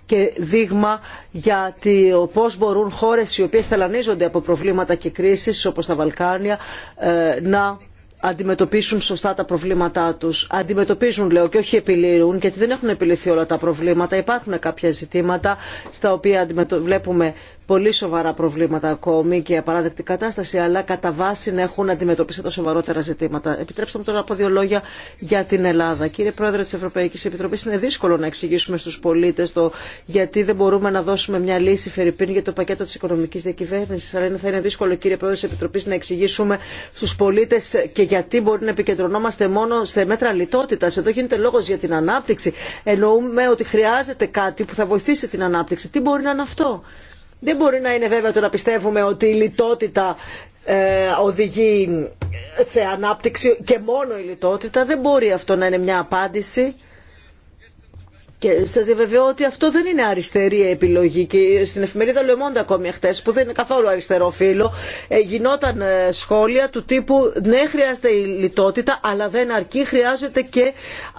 και δείγμα για το πώ μπορούν χώρε οι οποίε ταλανίζονται από προβλήματα προβλήματα και κρίσεις όπως τα Βαλκάνια ε, να αντιμετωπίσουν σωστά τα προβλήματά τους. Αντιμετωπίζουν λέω και όχι επιλύουν γιατί δεν έχουν επιλυθεί όλα τα προβλήματα. Υπάρχουν κάποια ζητήματα στα οποία βλέπουμε πολύ σοβαρά προβλήματα ακόμη και απαράδεκτη κατάσταση, αλλά κατά βάση να έχουν αντιμετωπίσει τα σοβαρότερα ζητήματα. Επιτρέψτε μου τώρα να δύο λόγια για την Ελλάδα. Κύριε Πρόεδρε τη Ευρωπαϊκή Επιτροπή, είναι δύσκολο να εξηγήσουμε στου πολίτε το γιατί δεν μπορούμε να δώσουμε μια λύση φερρυπίν για το πακέτο τη οικονομική διακυβέρνηση. Αλλά θα είναι δύσκολο, κύριε Πρόεδρε τη Επιτροπή, να εξηγήσουμε στου πολίτε και γιατί μπορεί να επικεντρωνόμαστε μόνο σε μέτρα λιτότητα. Εδώ γίνεται λόγο για την ανάπτυξη. Εννοούμε ότι χρειάζεται κάτι που θα βοηθήσει την ανάπτυξη. Τι μπορεί να είναι αυτό. Δεν μπορεί να είναι βέβαια το να πιστεύουμε ότι η λιτότητα ε, οδηγεί σε ανάπτυξη και μόνο η λιτότητα. Δεν μπορεί αυτό να είναι μια απάντηση και σα διαβεβαιώ ότι αυτό δεν είναι αριστερή επιλογή. Και στην εφημερίδα Λεμόντα ακόμη χτε, που δεν είναι καθόλου αριστερό φίλο, ε, γινόταν ε, σχόλια του τύπου Ναι, χρειάζεται η λιτότητα, αλλά δεν αρκεί, χρειάζεται και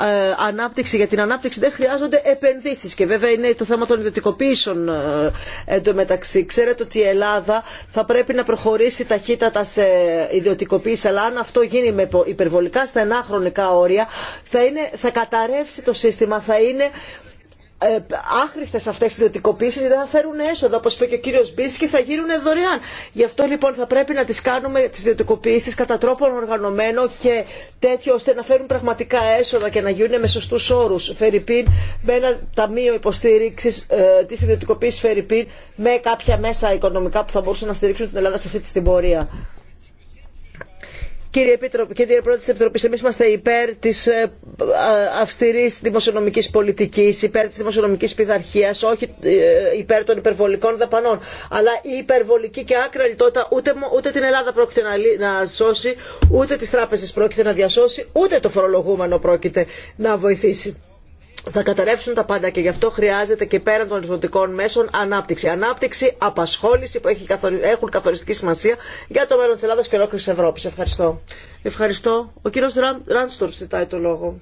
ε, ανάπτυξη. Για την ανάπτυξη δεν χρειάζονται επενδύσει. Και βέβαια είναι το θέμα των ιδιωτικοποιήσεων ε, εντωμεταξύ. Ξέρετε ότι η Ελλάδα θα πρέπει να προχωρήσει ταχύτατα σε ιδιωτικοποίηση, αλλά αν αυτό γίνει με υπερβολικά στενά χρονικά όρια, θα, είναι, θα καταρρεύσει το σύστημα, θα είναι ε, άχρηστες αυτές οι ιδιωτικοποίησεις δεν θα φέρουν έσοδα όπως είπε και ο κύριος Μπίση και θα γίνουν δωρεάν. Γι' αυτό λοιπόν θα πρέπει να τις κάνουμε τις ιδιωτικοποίησεις κατά τρόπο οργανωμένο και τέτοιο ώστε να φέρουν πραγματικά έσοδα και να γίνουν με σωστούς όρους. Φερρυπίν με ένα ταμείο υποστήριξης ε, της ιδιωτικοποίησης Φερρυπίν με κάποια μέσα οικονομικά που θα μπορούσαν να στηρίξουν την Ελλάδα σε αυτή τη πορεία. Κύριε, Επίτροπη, κύριε Πρόεδρε της Επιτροπής, εμείς είμαστε υπέρ της ε, αυστηρής δημοσιονομικής πολιτικής, υπέρ της δημοσιονομικής πειθαρχίας, όχι ε, υπέρ των υπερβολικών δαπανών. Αλλά η υπερβολική και άκρα λιτότητα ούτε, ούτε την Ελλάδα πρόκειται να, να σώσει, ούτε τις τράπεζες πρόκειται να διασώσει, ούτε το φορολογούμενο πρόκειται να βοηθήσει θα καταρρεύσουν τα πάντα και γι' αυτό χρειάζεται και πέραν των ρυθμιστικών μέσων ανάπτυξη. Ανάπτυξη, απασχόληση που έχουν καθοριστική σημασία για το μέλλον τη Ελλάδα και ολόκληρη Ευρώπη. Ευχαριστώ. Ευχαριστώ. Ο κύριο Ράνστορ ζητάει το λόγο.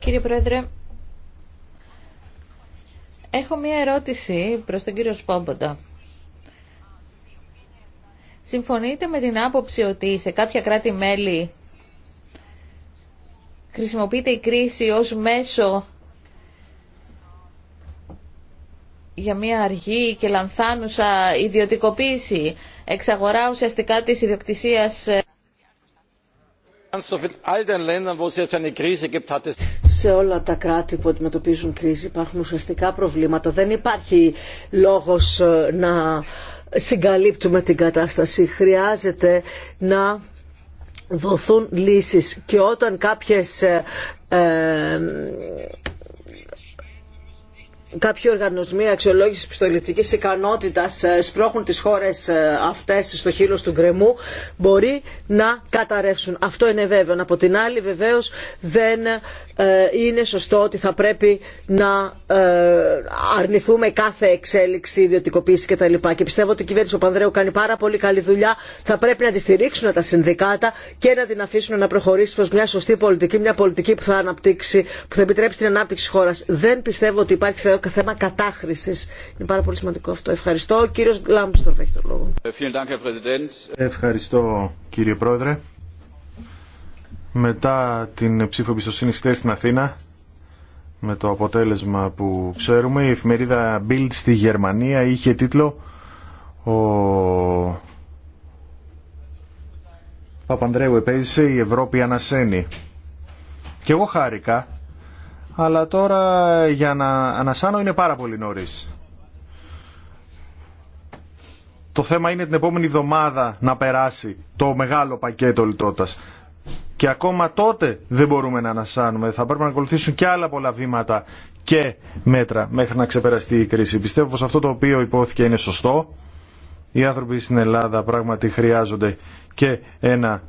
Κύριε Πρόεδρε, έχω μία ερώτηση προς τον κύριο Σπόμποντα. Συμφωνείτε με την άποψη ότι σε κάποια κράτη-μέλη χρησιμοποιείται η κρίση ως μέσο για μια αργή και λανθάνουσα ιδιωτικοποίηση, εξαγορά ουσιαστικά της ιδιοκτησίας ε, σε όλα τα κράτη που αντιμετωπίζουν κρίση υπάρχουν ουσιαστικά προβλήματα. Δεν υπάρχει λόγος ε, να συγκαλύπτουμε την κατάσταση. Χρειάζεται να δοθούν λύσεις και όταν κάποιες ε, ε κάποιοι οργανισμοί αξιολόγησης πιστοληπτικής ικανότητας ε, σπρώχνουν τις χώρες ε, αυτές στο χείλος του γκρεμού μπορεί να καταρρεύσουν. Αυτό είναι βέβαιο. Από την άλλη βεβαίως δεν ε, είναι σωστό ότι θα πρέπει να ε, αρνηθούμε κάθε εξέλιξη, ιδιωτικοποίηση κτλ. Και πιστεύω ότι η κυβέρνηση Παπανδρέου κάνει πάρα πολύ καλή δουλειά. Θα πρέπει να τη στηρίξουν τα συνδικάτα και να την αφήσουν να προχωρήσει προ μια σωστή πολιτική, μια πολιτική που θα αναπτύξει, που θα επιτρέψει την ανάπτυξη τη χώρα. Δεν πιστεύω ότι υπάρχει θέμα κατάχρηση. Είναι πάρα πολύ σημαντικό αυτό. Ευχαριστώ. Κύριο Λάμπστορφ έχει το λόγο. Ε, Ευχαριστώ κύριε Πρόεδρε μετά την ψήφο εμπιστοσύνη χθε στην Αθήνα με το αποτέλεσμα που ξέρουμε η εφημερίδα Bild στη Γερμανία είχε τίτλο ο Παπανδρέου επέζησε η Ευρώπη ανασένει και εγώ χάρηκα αλλά τώρα για να ανασάνω είναι πάρα πολύ νωρίς το θέμα είναι την επόμενη εβδομάδα να περάσει το μεγάλο πακέτο λιτότητας. Και ακόμα τότε δεν μπορούμε να ανασάνουμε. Θα πρέπει να ακολουθήσουν και άλλα πολλά βήματα και μέτρα μέχρι να ξεπεραστεί η κρίση. Πιστεύω πως αυτό το οποίο υπόθηκε είναι σωστό. Οι άνθρωποι στην Ελλάδα πράγματι χρειάζονται και ένα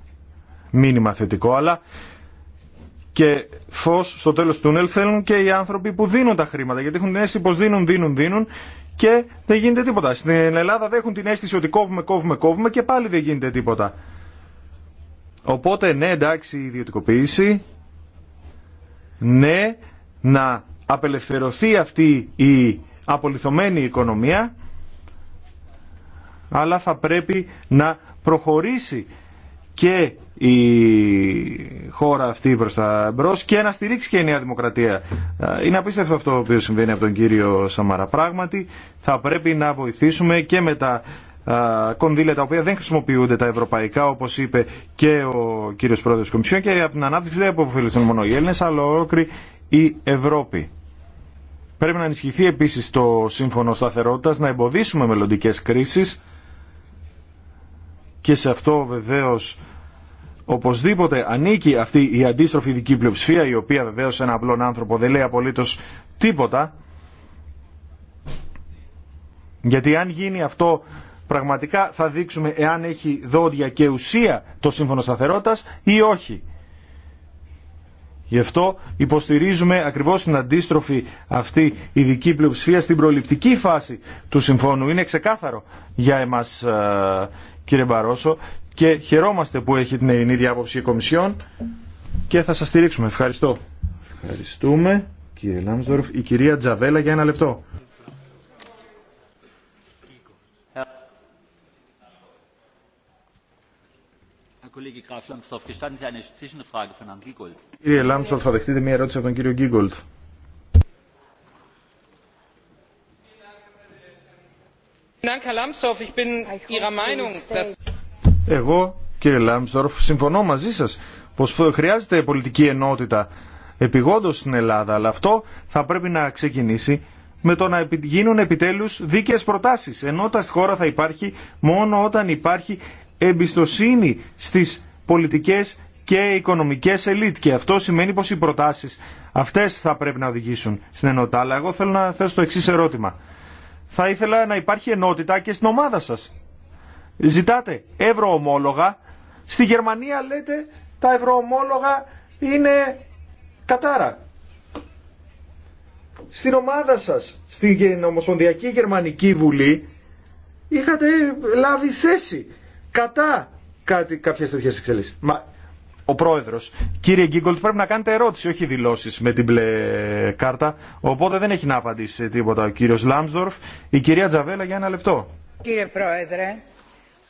μήνυμα θετικό, αλλά και φω στο τέλο του τούνελ θέλουν και οι άνθρωποι που δίνουν τα χρήματα. Γιατί έχουν την αίσθηση πω δίνουν, δίνουν, δίνουν και δεν γίνεται τίποτα. Στην Ελλάδα δεν έχουν την αίσθηση ότι κόβουμε, κόβουμε, κόβουμε και πάλι δεν γίνεται τίποτα. Οπότε ναι εντάξει η ιδιωτικοποίηση, ναι να απελευθερωθεί αυτή η απολυθωμένη οικονομία, αλλά θα πρέπει να προχωρήσει και η χώρα αυτή προς τα μπρος και να στηρίξει και η Νέα Δημοκρατία. Είναι απίστευτο αυτό που συμβαίνει από τον κύριο Σαμαρά. Πράγματι θα πρέπει να βοηθήσουμε και με τα κονδύλια τα οποία δεν χρησιμοποιούνται τα ευρωπαϊκά, όπω είπε και ο κύριο πρόεδρο τη Κομισιόν, και από την ανάπτυξη δεν αποφελήθηκαν μόνο οι Έλληνε, αλλά ολόκληρη η Ευρώπη. Πρέπει να ενισχυθεί επίση το σύμφωνο σταθερότητα, να εμποδίσουμε μελλοντικέ κρίσει και σε αυτό βεβαίω. Οπωσδήποτε ανήκει αυτή η αντίστροφη δική πλειοψηφία, η οποία βεβαίω σε ένα απλόν άνθρωπο δεν λέει απολύτω τίποτα. Γιατί αν γίνει αυτό πραγματικά θα δείξουμε εάν έχει δόντια και ουσία το σύμφωνο σταθερότητας ή όχι. Γι' αυτό υποστηρίζουμε ακριβώς την αντίστροφη αυτή ειδική πλειοψηφία στην προληπτική φάση του συμφώνου. Είναι ξεκάθαρο για εμάς ε, κύριε Μπαρόσο και χαιρόμαστε που έχει την ίδια άποψη η Κομισιόν και θα σας στηρίξουμε. Ευχαριστώ. Ευχαριστούμε κύριε Λάμσδορφ. Η κυρία Τζαβέλα για ένα λεπτό. Κύριε Λάμπστορφ, θα δεχτείτε μια ερώτηση από τον κύριο Γκίγκολτ. Εγώ, κύριε Λάμπστορφ, συμφωνώ μαζί σας πως χρειάζεται πολιτική ενότητα επιγόντως στην Ελλάδα, αλλά αυτό θα πρέπει να ξεκινήσει με το να γίνουν επιτέλους δίκαιες προτάσεις. Ενότητα στη χώρα θα υπάρχει μόνο όταν υπάρχει εμπιστοσύνη στις πολιτικές και οικονομικές ελίτ και αυτό σημαίνει πως οι προτάσεις αυτές θα πρέπει να οδηγήσουν στην ενότητα. Αλλά εγώ θέλω να θέσω το εξή ερώτημα. Θα ήθελα να υπάρχει ενότητα και στην ομάδα σας. Ζητάτε ευρωομόλογα. Στη Γερμανία λέτε τα ευρωομόλογα είναι κατάρα. Στην ομάδα σας, στην Ομοσπονδιακή Γερμανική Βουλή, είχατε λάβει θέση κατά κάτι, κάποιες τέτοιες Μα ο Πρόεδρος, Κύριε Γκίγκολτ, πρέπει να κάνετε ερώτηση, όχι δηλώσεις με την μπλε κάρτα. Οπότε δεν έχει να απαντήσει τίποτα ο κύριος Λάμσδορφ. Η κυρία Τζαβέλα για ένα λεπτό. Κύριε Πρόεδρε,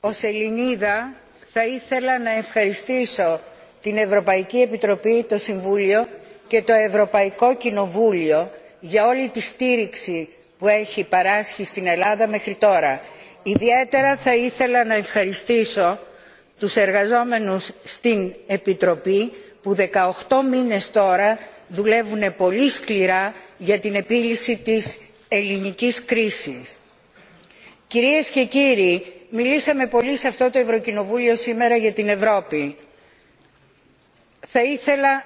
ω Ελληνίδα θα ήθελα να ευχαριστήσω την Ευρωπαϊκή Επιτροπή, το Συμβούλιο και το Ευρωπαϊκό Κοινοβούλιο για όλη τη στήριξη που έχει παράσχει στην Ελλάδα μέχρι τώρα ιδιαίτερα θα ήθελα να ευχαριστήσω τους εργαζόμενους στην επιτροπή που 18 μήνες τώρα δουλεύουν πολύ σκληρά για την επίλυση της ελληνικής κρίσης. Κυρίες και κύριοι, μιλήσαμε πολύ σε αυτό το Ευρωκοινοβούλιο σήμερα για την Ευρώπη. Θα ήθελα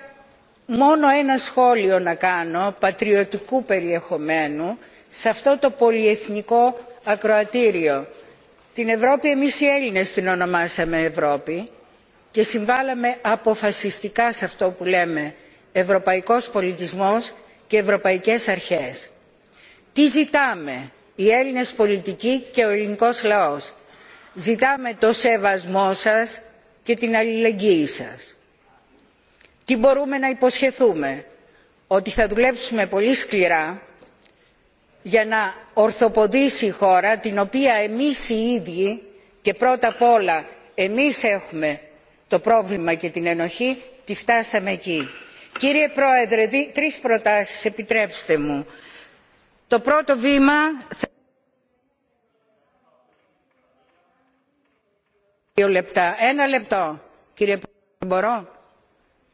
μόνο ένα σχόλιο να κάνω πατριωτικού περιεχομένου σε αυτό το πολυεθνικό ακροατήριο. Την Ευρώπη εμείς οι Έλληνες την ονομάσαμε Ευρώπη και συμβάλαμε αποφασιστικά σε αυτό που λέμε ευρωπαϊκός πολιτισμός και ευρωπαϊκές αρχές. Τι ζητάμε οι Έλληνες πολιτικοί και ο ελληνικός λαός. Ζητάμε το σεβασμό σας και την αλληλεγγύη σας. Τι μπορούμε να υποσχεθούμε. Ότι θα δουλέψουμε πολύ σκληρά για να ορθοποδήσει η χώρα την οποία εμείς οι ίδιοι και πρώτα απ' όλα εμείς έχουμε το πρόβλημα και την ενοχή τη φτάσαμε εκεί. κύριε πρόεδρε τρεις προτάσεις επιτρέψτε μου. το πρώτο βήμα ένα λεπτό κύριε πρόεδρε μπορώ.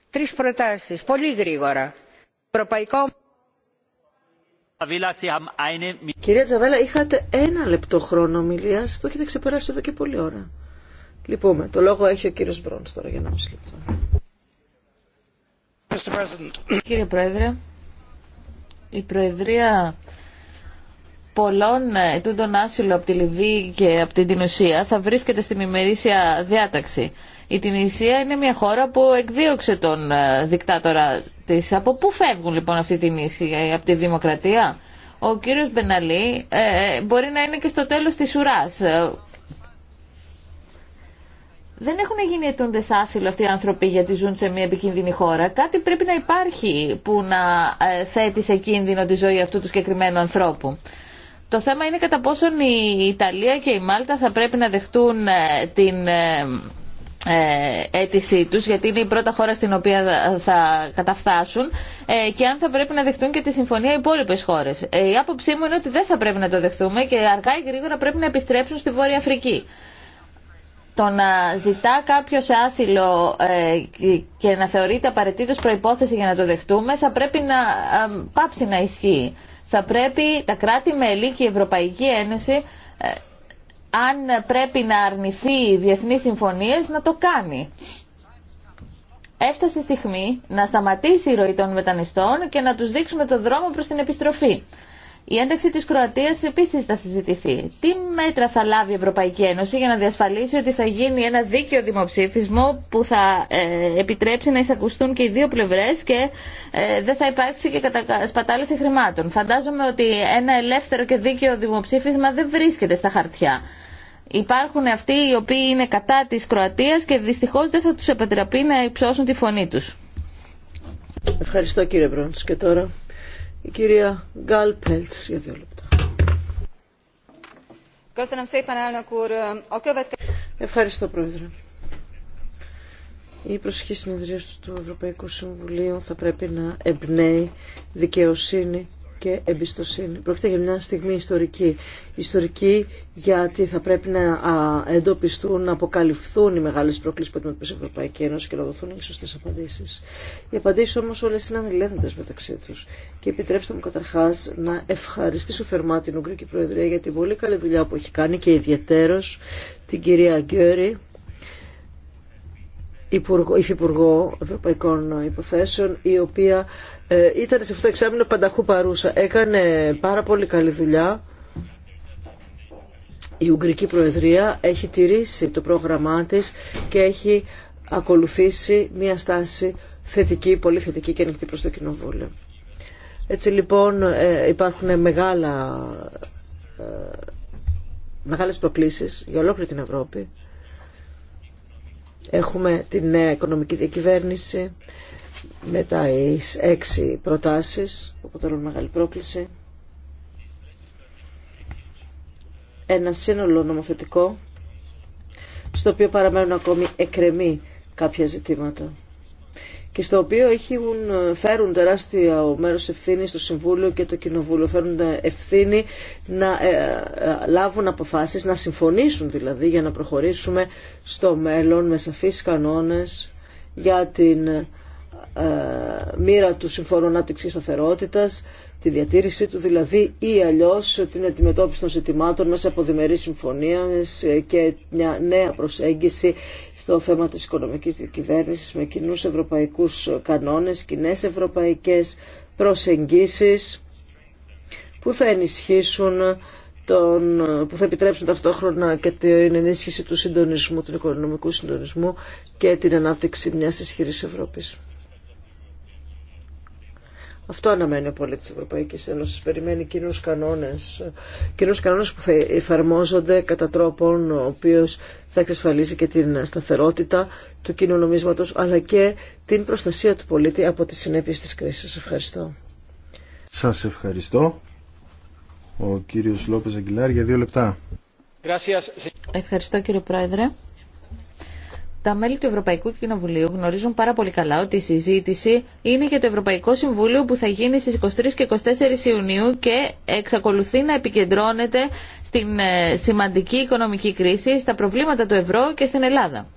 τρεις προτάσεις πολύ γρήγορα. ευρωπαϊκό Κυρία Τζαβέλα, είχατε ένα λεπτό χρόνο ομιλία. Το έχετε ξεπεράσει εδώ και πολλή ώρα. Λοιπόν, Το λόγο έχει ο κύριο Μπρόν τώρα για ένα μισή λεπτό. Κύριε Πρόεδρε, η Προεδρία πολλών ετούντων άσυλο από τη Λιβύη και από την Τινουσία θα βρίσκεται στην ημερήσια διάταξη. Η Τινουσία είναι μια χώρα που εκδίωξε τον ε, δικτάτορα από πού φεύγουν λοιπόν αυτή την ίση ε, από τη δημοκρατία. Ο κύριος Μπεναλή ε, ε, μπορεί να είναι και στο τέλος της ουράς. Ε, δεν έχουν γίνει αιτούντε άσυλο αυτοί οι άνθρωποι γιατί ζουν σε μια επικίνδυνη χώρα. Κάτι πρέπει να υπάρχει που να θέτει σε κίνδυνο τη ζωή αυτού του συγκεκριμένου ανθρώπου. Το θέμα είναι κατά πόσον η Ιταλία και η Μάλτα θα πρέπει να δεχτούν την ε, αίτησή τους γιατί είναι η πρώτα χώρα στην οποία θα καταφτάσουν ε, και αν θα πρέπει να δεχτούν και τη συμφωνία οι υπόλοιπε χώρε. Ε, η άποψή μου είναι ότι δεν θα πρέπει να το δεχτούμε και αργά ή γρήγορα πρέπει να επιστρέψουν στη Βόρεια Αφρική. Το να ζητά κάποιο άσυλο και να θεωρείται απαραίτητο προπόθεση για να το δεχτούμε θα πρέπει να πάψει να ισχύει. Θα πρέπει τα κράτη-μέλη και η Ευρωπαϊκή Ένωση αν πρέπει να αρνηθεί διεθνείς συμφωνίες να το κάνει. Έφτασε η στιγμή να σταματήσει η ροή των μετανιστών και να τους δείξουμε το δρόμο προς την επιστροφή. Η ένταξη της Κροατίας επίσης θα συζητηθεί. Τι μέτρα θα λάβει η Ευρωπαϊκή Ένωση για να διασφαλίσει ότι θα γίνει ένα δίκαιο δημοψήφισμο που θα ε, επιτρέψει να εισακουστούν και οι δύο πλευρές και ε, δεν θα υπάρξει και κατασπατάληση χρημάτων. Φαντάζομαι ότι ένα ελεύθερο και δίκαιο δημοψήφισμα δεν βρίσκεται στα χαρτιά. Υπάρχουν αυτοί οι οποίοι είναι κατά της Κροατίας και δυστυχώς δεν θα τους επιτραπεί να υψώσουν τη φωνή τους. Ευχαριστώ κύριε Μπρόντς. Και τώρα η κυρία Γκάλ Πέλτς για δύο λεπτά. Ευχαριστώ πρόεδρε. Η προσοχή συνεδρία του Ευρωπαϊκού Συμβουλίου θα πρέπει να εμπνέει δικαιοσύνη, και εμπιστοσύνη. Πρόκειται για μια στιγμή ιστορική. Ιστορική γιατί θα πρέπει να εντοπιστούν, να αποκαλυφθούν οι μεγάλε προκλήσει που αντιμετωπίζει η Ευρωπαϊκή Ένωση και να δοθούν οι σωστέ απαντήσει. Οι απαντήσει όμω όλε είναι ανελέγχοντε μεταξύ του. Και επιτρέψτε μου καταρχά να ευχαριστήσω θερμά την Ουγγρική Προεδρία για την πολύ καλή δουλειά που έχει κάνει και ιδιαιτέρω την κυρία Γκέρι υφυπουργό Ευρωπαϊκών Υποθέσεων, η οποία ε, ήταν σε αυτό το εξάμεινο πανταχού παρούσα. Έκανε πάρα πολύ καλή δουλειά. Η Ουγγρική Προεδρία έχει τηρήσει το πρόγραμμά της και έχει ακολουθήσει μια στάση θετική, πολύ θετική και ανοιχτή προς το Κοινοβούλιο. Έτσι λοιπόν ε, υπάρχουν μεγάλα, ε, μεγάλες προκλήσεις για ολόκληρη την Ευρώπη Έχουμε την νέα οικονομική διακυβέρνηση με τα έξι προτάσεις που αποτελούν μεγάλη πρόκληση. Ένα σύνολο νομοθετικό στο οποίο παραμένουν ακόμη εκρεμή κάποια ζητήματα και στο οποίο έχουν, φέρουν τεράστια μέρος ευθύνη στο Συμβούλιο και το Κοινοβούλιο. Φέρουν ευθύνη να ε, ε, λάβουν αποφάσεις, να συμφωνήσουν δηλαδή για να προχωρήσουμε στο μέλλον με σαφείς κανόνες για την ε, μοίρα του Συμφώνου και Σταθερότητας, τη διατήρησή του δηλαδή ή αλλιώς την αντιμετώπιση των ζητημάτων μέσα από διμερείς συμφωνίες και μια νέα προσέγγιση στο θέμα της οικονομικής κυβέρνησης με κοινούς ευρωπαϊκούς κανόνες, κοινέ ευρωπαϊκές προσεγγίσεις που θα ενισχύσουν τον, που θα επιτρέψουν ταυτόχρονα και την ενίσχυση του συντονισμού, του οικονομικού συντονισμού και την ανάπτυξη μιας ισχυρής Ευρώπης. Αυτό αναμένει ο πολίτη τη Ευρωπαϊκή Ένωση. Περιμένει κοινού κανόνε. Κοινού κανόνε που θα εφαρμόζονται κατά τρόπον ο οποίο θα εξασφαλίσει και την σταθερότητα του κοινού νομίσματο αλλά και την προστασία του πολίτη από τι συνέπειε τη κρίση. Ευχαριστώ. Σα ευχαριστώ. Ο κύριος Λόπες Αγγιλάρ για δύο λεπτά. Ευχαριστώ κύριε Πρόεδρε τα μέλη του Ευρωπαϊκού Κοινοβουλίου γνωρίζουν πάρα πολύ καλά ότι η συζήτηση είναι για το Ευρωπαϊκό Συμβούλιο που θα γίνει στις 23 και 24 Ιουνίου και εξακολουθεί να επικεντρώνεται στην ε, σημαντική οικονομική κρίση, στα προβλήματα του ευρώ και στην Ελλάδα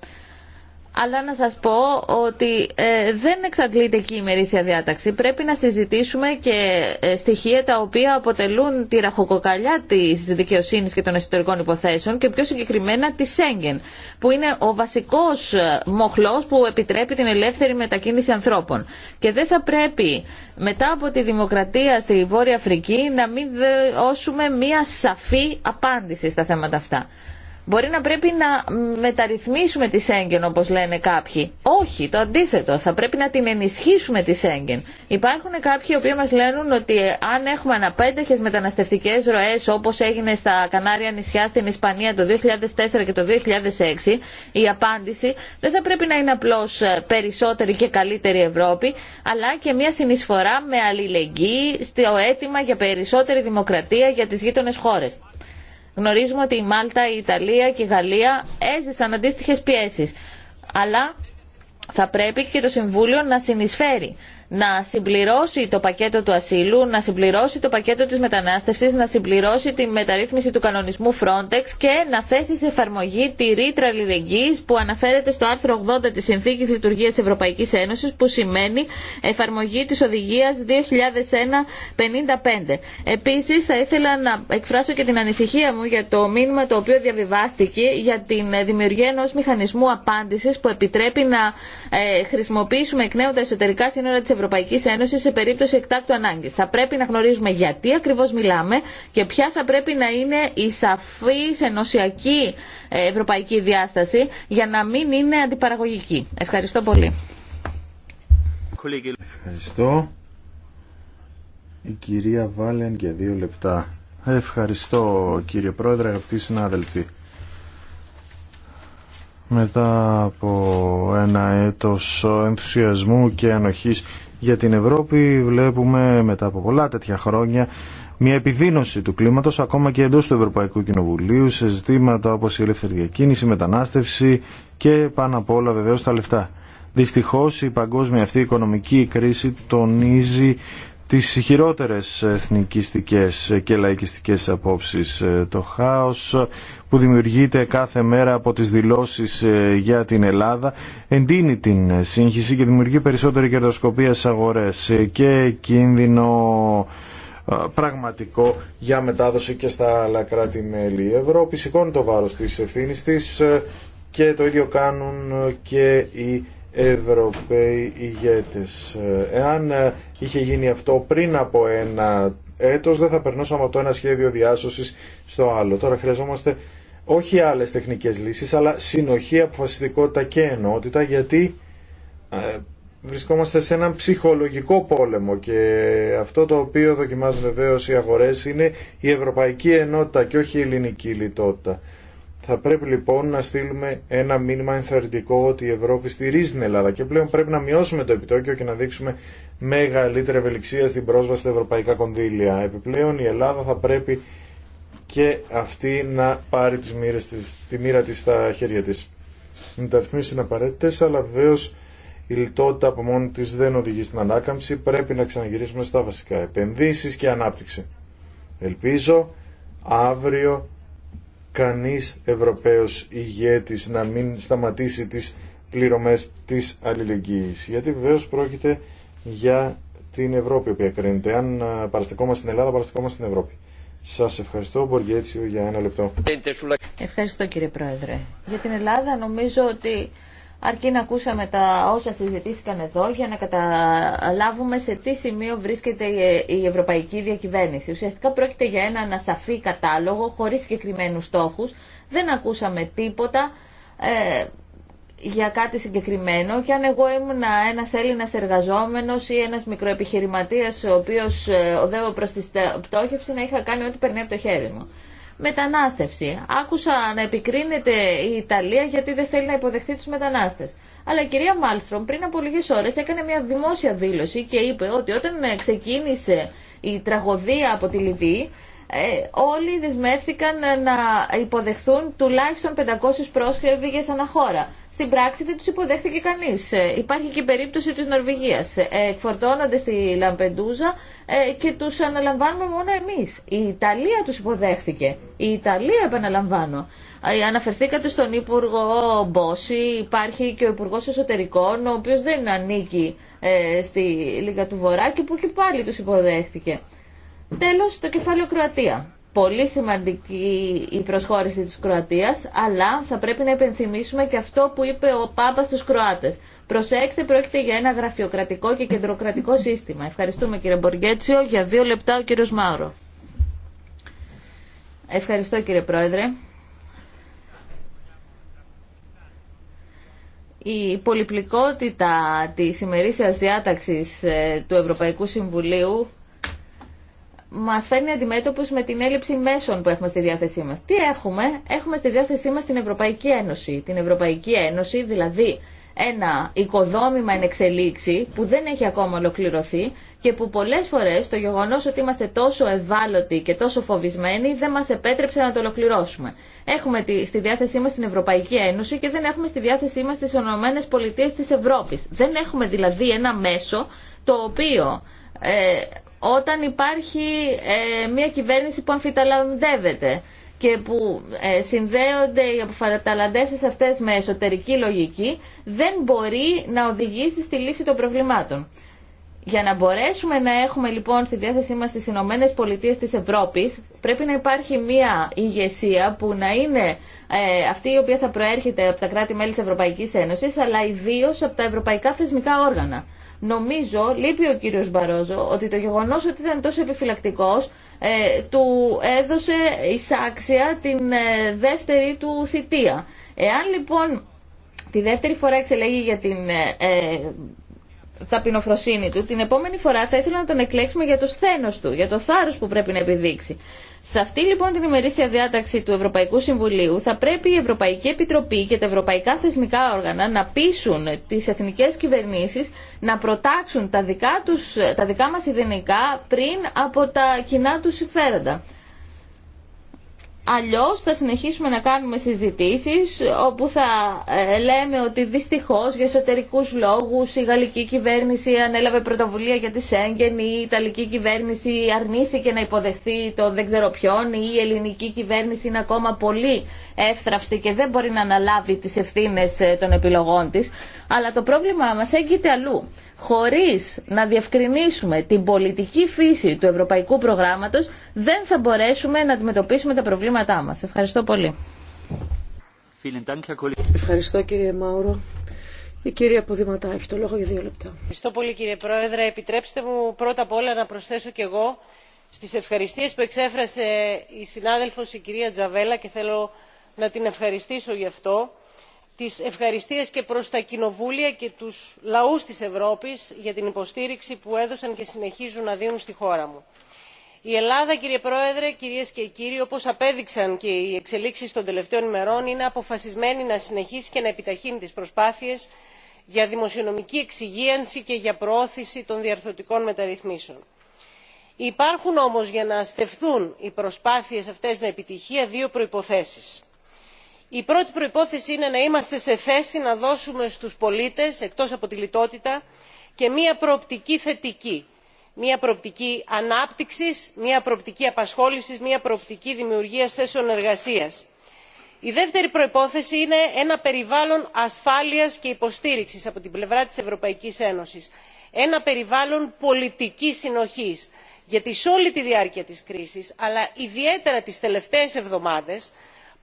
αλλά να σας πω ότι ε, δεν εξαντλείται εκεί η ημερήσια διάταξη. Πρέπει να συζητήσουμε και ε, στοιχεία τα οποία αποτελούν τη ραχοκοκαλιά της δικαιοσύνης και των εσωτερικών υποθέσεων και πιο συγκεκριμένα τη Σέγγεν, που είναι ο βασικός ε, μοχλός που επιτρέπει την ελεύθερη μετακίνηση ανθρώπων. Και δεν θα πρέπει μετά από τη δημοκρατία στη Βόρεια Αφρική να μην δώσουμε μία σαφή απάντηση στα θέματα αυτά. Μπορεί να πρέπει να μεταρρυθμίσουμε τη Σέγγεν όπως λένε κάποιοι. Όχι, το αντίθετο. Θα πρέπει να την ενισχύσουμε τη Σέγγεν. Υπάρχουν κάποιοι οι οποίοι μας λένε ότι ε, αν έχουμε αναπέντεχες μεταναστευτικές ροές όπως έγινε στα Κανάρια νησιά στην Ισπανία το 2004 και το 2006 η απάντηση δεν θα πρέπει να είναι απλώς ε, περισσότερη και καλύτερη Ευρώπη αλλά και μια συνεισφορά με αλληλεγγύη στο αίτημα για περισσότερη δημοκρατία για τις γείτονες χώρες. Γνωρίζουμε ότι η Μάλτα, η Ιταλία και η Γαλλία έζησαν αντίστοιχε πιέσει. Αλλά θα πρέπει και το Συμβούλιο να συνεισφέρει να συμπληρώσει το πακέτο του ασύλου, να συμπληρώσει το πακέτο της μετανάστευσης, να συμπληρώσει τη μεταρρύθμιση του κανονισμού Frontex και να θέσει σε εφαρμογή τη ρήτρα λιδεγγύης που αναφέρεται στο άρθρο 80 της Συνθήκης Λειτουργίας Ευρωπαϊκής Ένωσης που σημαίνει εφαρμογή της Οδηγίας 2001-55. Επίσης θα ήθελα να εκφράσω και την ανησυχία μου για το μήνυμα το οποίο διαβιβάστηκε για την δημιουργία ενός μηχανισμού απάντησης που επιτρέπει να ε, χρησιμοποιήσουμε εκ νέου τα εσωτερικά σύνορα της Ευρωπαϊκή Ένωση σε περίπτωση εκτάκτου ανάγκης. Θα πρέπει να γνωρίζουμε γιατί ακριβώς μιλάμε και ποια θα πρέπει να είναι η σαφής ενωσιακή ε, ευρωπαϊκή διάσταση για να μην είναι αντιπαραγωγική. Ευχαριστώ πολύ. Ευχαριστώ. Η κυρία Βάλεν για δύο λεπτά. Ευχαριστώ κύριε Πρόεδρε, αγαπητοί συνάδελφοι. Μετά από ένα έτος ενθουσιασμού και ανοχής για την Ευρώπη βλέπουμε μετά από πολλά τέτοια χρόνια μια επιδείνωση του κλίματος ακόμα και εντός του Ευρωπαϊκού Κοινοβουλίου σε ζητήματα όπως η ελεύθερη διακίνηση, η μετανάστευση και πάνω απ' όλα βεβαίως τα λεφτά. Δυστυχώς η παγκόσμια αυτή οικονομική κρίση τονίζει τις χειρότερες εθνικιστικές και λαϊκιστικές απόψεις. Ε, το χάος που δημιουργείται κάθε μέρα από τις δηλώσεις ε, για την Ελλάδα εντείνει την σύγχυση και δημιουργεί περισσότερη κερδοσκοπία στις αγορές ε, και κίνδυνο πραγματικό για μετάδοση και στα άλλα κράτη-μέλη. Η Ευρώπη σηκώνει το βάρος της ευθύνης της και το ίδιο κάνουν και οι Ευρωπαίοι ηγέτες. Εάν ε, είχε γίνει αυτό πριν από ένα έτος δεν θα περνούσαμε από το ένα σχέδιο διάσωσης στο άλλο. Τώρα χρειαζόμαστε όχι άλλες τεχνικές λύσεις αλλά συνοχή, αποφασιστικότητα και ενότητα γιατί ε, βρισκόμαστε σε έναν ψυχολογικό πόλεμο και αυτό το οποίο δοκιμάζουν βεβαίω οι αγορές είναι η ευρωπαϊκή ενότητα και όχι η ελληνική λιτότητα. Θα πρέπει λοιπόν να στείλουμε ένα μήνυμα ενθαρρυντικό ότι η Ευρώπη στηρίζει την Ελλάδα και πλέον πρέπει να μειώσουμε το επιτόκιο και να δείξουμε μεγαλύτερη ευελιξία στην πρόσβαση στα ευρωπαϊκά κονδύλια. Επιπλέον η Ελλάδα θα πρέπει και αυτή να πάρει τις μοίρες της, τη μοίρα της στα χέρια της. Οι μεταρρυθμίσεις είναι απαραίτητες, αλλά βεβαίω η λιτότητα από μόνη της δεν οδηγεί στην ανάκαμψη. Πρέπει να ξαναγυρίσουμε στα βασικά επενδύσεις και ανάπτυξη. Ελπίζω αύριο κανείς Ευρωπαίος ηγέτης να μην σταματήσει τις πληρωμές της αλληλεγγύης. Γιατί βεβαίως πρόκειται για την Ευρώπη που κρίνεται. Αν παραστεκόμαστε στην Ελλάδα, παραστεκόμαστε στην Ευρώπη. Σας ευχαριστώ, Μποργέτσιο, για ένα λεπτό. Ευχαριστώ κύριε Πρόεδρε. Για την Ελλάδα νομίζω ότι αρκεί να ακούσαμε τα όσα συζητήθηκαν εδώ για να καταλάβουμε σε τι σημείο βρίσκεται η ευρωπαϊκή διακυβέρνηση. Ουσιαστικά πρόκειται για ένα ανασαφή κατάλογο χωρίς συγκεκριμένους στόχους. Δεν ακούσαμε τίποτα ε, για κάτι συγκεκριμένο και αν εγώ ήμουν ένας Έλληνας εργαζόμενος ή ένας μικροεπιχειρηματίας ο οποίος ε, οδεύω προς τη πτώχευση να είχα κάνει ό,τι περνάει από το χέρι μου μετανάστευση. Άκουσα να επικρίνεται η Ιταλία γιατί δεν θέλει να υποδεχτεί τους μετανάστες. Αλλά η κυρία Μάλστρομ πριν από λίγες ώρες έκανε μια δημόσια δήλωση και είπε ότι όταν ξεκίνησε η τραγωδία από τη Λιβύη ε, όλοι δεσμεύθηκαν να υποδεχθούν τουλάχιστον 500 πρόσφυγες ανά χώρα στην πράξη δεν τους υποδέχθηκε κανείς. Ε, υπάρχει και η περίπτωση της Νορβηγία, ε, Εκφορτώνονται στη Λαμπεντούζα ε, και τους αναλαμβάνουμε μόνο εμείς. Η Ιταλία τους υποδέχθηκε. Η Ιταλία επαναλαμβάνω. Αναφερθήκατε στον Υπουργό Μπόση, υπάρχει και ο υπουργό Εσωτερικών, ο οποίος δεν ανήκει στη Λίγα του Βορρά και που και πάλι τους υποδέχθηκε. Τέλος, το κεφάλαιο Κροατία πολύ σημαντική η προσχώρηση της Κροατίας, αλλά θα πρέπει να υπενθυμίσουμε και αυτό που είπε ο Πάπας στους Κροάτες. Προσέξτε, πρόκειται για ένα γραφειοκρατικό και κεντροκρατικό σύστημα. Ευχαριστούμε κύριε Μποργέτσιο. Για δύο λεπτά ο κύριος Μάουρο. Ευχαριστώ κύριε Πρόεδρε. Η πολυπλικότητα της ημερήσιας διάταξης ε, του Ευρωπαϊκού Συμβουλίου Μα φέρνει αντιμέτωπου με την έλλειψη μέσων που έχουμε στη διάθεσή μα. Τι έχουμε, έχουμε στη διάθεσή μα την Ευρωπαϊκή Ένωση. Την Ευρωπαϊκή Ένωση, δηλαδή ένα οικοδόμημα εν εξελίξη που δεν έχει ακόμα ολοκληρωθεί και που πολλές φορές το γεγονός ότι είμαστε τόσο ευάλωτοι και τόσο φοβισμένοι δεν μας επέτρεψε να το ολοκληρώσουμε. Έχουμε στη διάθεσή μας την Ευρωπαϊκή Ένωση και δεν έχουμε στη διάθεσή μας τις ΗΠΑ της Ευρώπης. Δεν έχουμε δηλαδή ένα μέσο το οποίο ε, όταν υπάρχει ε, μια κυβέρνηση που αμφιταλαντεύεται και που ε, συνδέονται οι αποφαταλαντεύσεις αυτές με εσωτερική λογική, δεν μπορεί να οδηγήσει στη λύση των προβλημάτων. Για να μπορέσουμε να έχουμε λοιπόν στη διάθεσή μας τις Ηνωμένε Πολιτείε της Ευρώπης, πρέπει να υπάρχει μια ηγεσία που να είναι ε, αυτή η οποία θα προέρχεται από τα κράτη-μέλη της Ευρωπαϊκής Ένωσης, αλλά ιδίω από τα ευρωπαϊκά θεσμικά όργανα. Νομίζω, λείπει ο κύριος Μπαρόζο, ότι το γεγονό ότι ήταν τόσο επιφυλακτικό ε, του έδωσε εισάξια την ε, δεύτερη του θητεία. Εάν λοιπόν τη δεύτερη φορά εξελέγει για την ε, ε, ταπεινοφροσύνη του, την επόμενη φορά θα ήθελα να τον εκλέξουμε για το σθένος του, για το θάρρος που πρέπει να επιδείξει. Σε αυτή λοιπόν την ημερήσια διάταξη του Ευρωπαϊκού Συμβουλίου θα πρέπει η Ευρωπαϊκή Επιτροπή και τα ευρωπαϊκά θεσμικά όργανα να πείσουν τις εθνικές κυβερνήσεις να προτάξουν τα δικά, τους, τα δικά μας πριν από τα κοινά τους συμφέροντα. Αλλιώς θα συνεχίσουμε να κάνουμε συζητήσεις όπου θα ε, λέμε ότι δυστυχώς για εσωτερικούς λόγους η γαλλική κυβέρνηση ανέλαβε πρωτοβουλία για τη Σέγγεν, η ιταλική κυβέρνηση αρνήθηκε να υποδεχθεί το δεν ξέρω ποιον, η ελληνική κυβέρνηση είναι ακόμα πολύ εύθραυστη και δεν μπορεί να αναλάβει τις ευθύνες ε, των επιλογών της. Αλλά το πρόβλημα μας έγκυται αλλού. Χωρίς να διευκρινίσουμε την πολιτική φύση του ευρωπαϊκού προγράμματος, δεν θα μπορέσουμε να αντιμετωπίσουμε τα προβλήματά μας. Ευχαριστώ πολύ. Ευχαριστώ κύριε Μάουρο. Η κυρία Ποδηματά έχει το λόγο για δύο λεπτά. Ευχαριστώ πολύ κύριε Πρόεδρε. Επιτρέψτε μου πρώτα απ' όλα να προσθέσω κι εγώ στις ευχαριστίες που εξέφρασε η συνάδελφος η κυρία Τζαβέλα και θέλω να την ευχαριστήσω γι' αυτό τις ευχαριστίες και προς τα κοινοβούλια και τους λαούς της ευρώπης για την υποστήριξη που έδωσαν και συνεχίζουν να δίνουν στη χώρα μου. η ελλάδα κύριε πρόεδρε κυρίες και κύριοι όπως απέδειξαν και οι εξελίξεις των τελευταίων ημερών είναι αποφασισμένη να συνεχίσει και να επιταχύνει τις προσπάθειες για δημοσιονομική εξυγίανση και για προώθηση των διαρθρωτικών μεταρρυθμίσεων. υπάρχουν όμως για να στεφθούν οι προσπάθειες αυτές με επιτυχία δύο προϋποθέσεις η πρώτη προϋπόθεση είναι να είμαστε σε θέση να δώσουμε στους πολίτες εκτός από τη λιτότητα και μια προοπτική θετική μια προοπτική ανάπτυξης μια προοπτική απασχόλησης μια προοπτική δημιουργίας θέσεων εργασίας. η δεύτερη προϋπόθεση είναι ένα περιβάλλον ασφάλειας και υποστήριξης από την πλευρά της ευρωπαϊκής ένωσης ένα περιβάλλον πολιτικής συνοχής γιατί σε όλη τη διάρκεια της κρίσης αλλά ιδιαίτερα τις τελευταίες εβδομάδες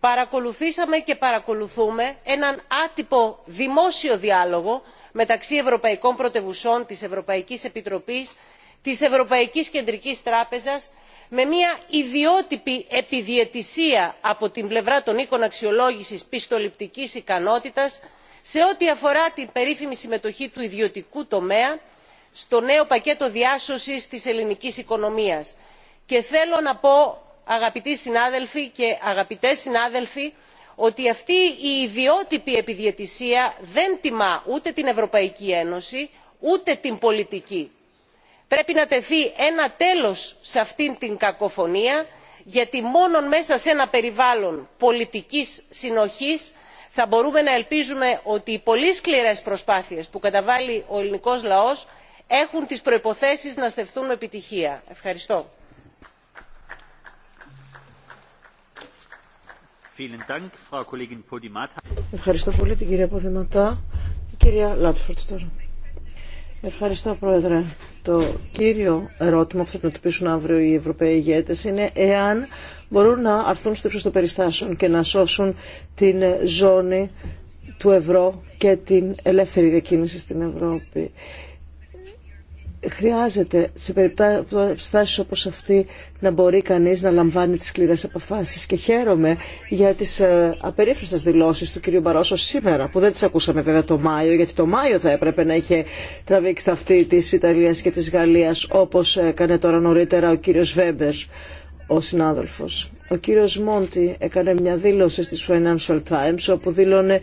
παρακολουθήσαμε και παρακολουθούμε έναν άτυπο δημόσιο διάλογο μεταξύ ευρωπαϊκών πρωτευουσών της ευρωπαϊκής επιτροπής της ευρωπαϊκής κεντρικής τράπεζας με μια ιδιότυπη επιδιαιτησία από την πλευρά των οίκων αξιολόγησης πιστοληπτικής ικανότητας σε ό,τι αφορά την περίφημη συμμετοχή του ιδιωτικού τομέα στο νέο πακέτο διάσωσης της ελληνικής οικονομίας. και θέλω να πω αγαπητοί συνάδελφοι και αγαπητές συνάδελφοι ότι αυτή η ιδιότυπη επιδιαιτησία δεν τιμά ούτε την ευρωπαϊκή ένωση ούτε την πολιτική. πρέπει να τεθεί ένα τέλος σε αυτήν την κακοφωνία γιατί μόνο μέσα σε ένα περιβάλλον πολιτικής συνοχής θα μπορούμε να ελπίζουμε ότι οι πολύ σκληρές προσπάθειες που καταβάλει ο ελληνικός λαός έχουν τις προϋποθέσεις να στεφθούν με επιτυχία. ευχαριστώ. Ευχαριστώ πολύ την κυρία Ποδηματά και κυρία Λάτφορτ τώρα. Ευχαριστώ, Πρόεδρε. Το κύριο ερώτημα που θα αντιμετωπίσουν αύριο οι Ευρωπαίοι ηγέτε είναι εάν μπορούν να αρθούν στο ύψο των περιστάσεων και να σώσουν την ζώνη του ευρώ και την ελεύθερη διακίνηση στην Ευρώπη χρειάζεται σε περιπτώσεις όπως αυτή να μπορεί κανείς να λαμβάνει τις σκληρές αποφάσεις και χαίρομαι για τις ε, απερίφραστες δηλώσεις του κυρίου Μπαρόσο σήμερα που δεν τις ακούσαμε βέβαια το Μάιο γιατί το Μάιο θα έπρεπε να είχε τραβήξει αυτή της Ιταλίας και της Γαλλίας όπως έκανε τώρα νωρίτερα ο κύριος Βέμπερ ο συνάδελφος. Ο κύριος Μόντι έκανε μια δήλωση στις Financial Times όπου δήλωνε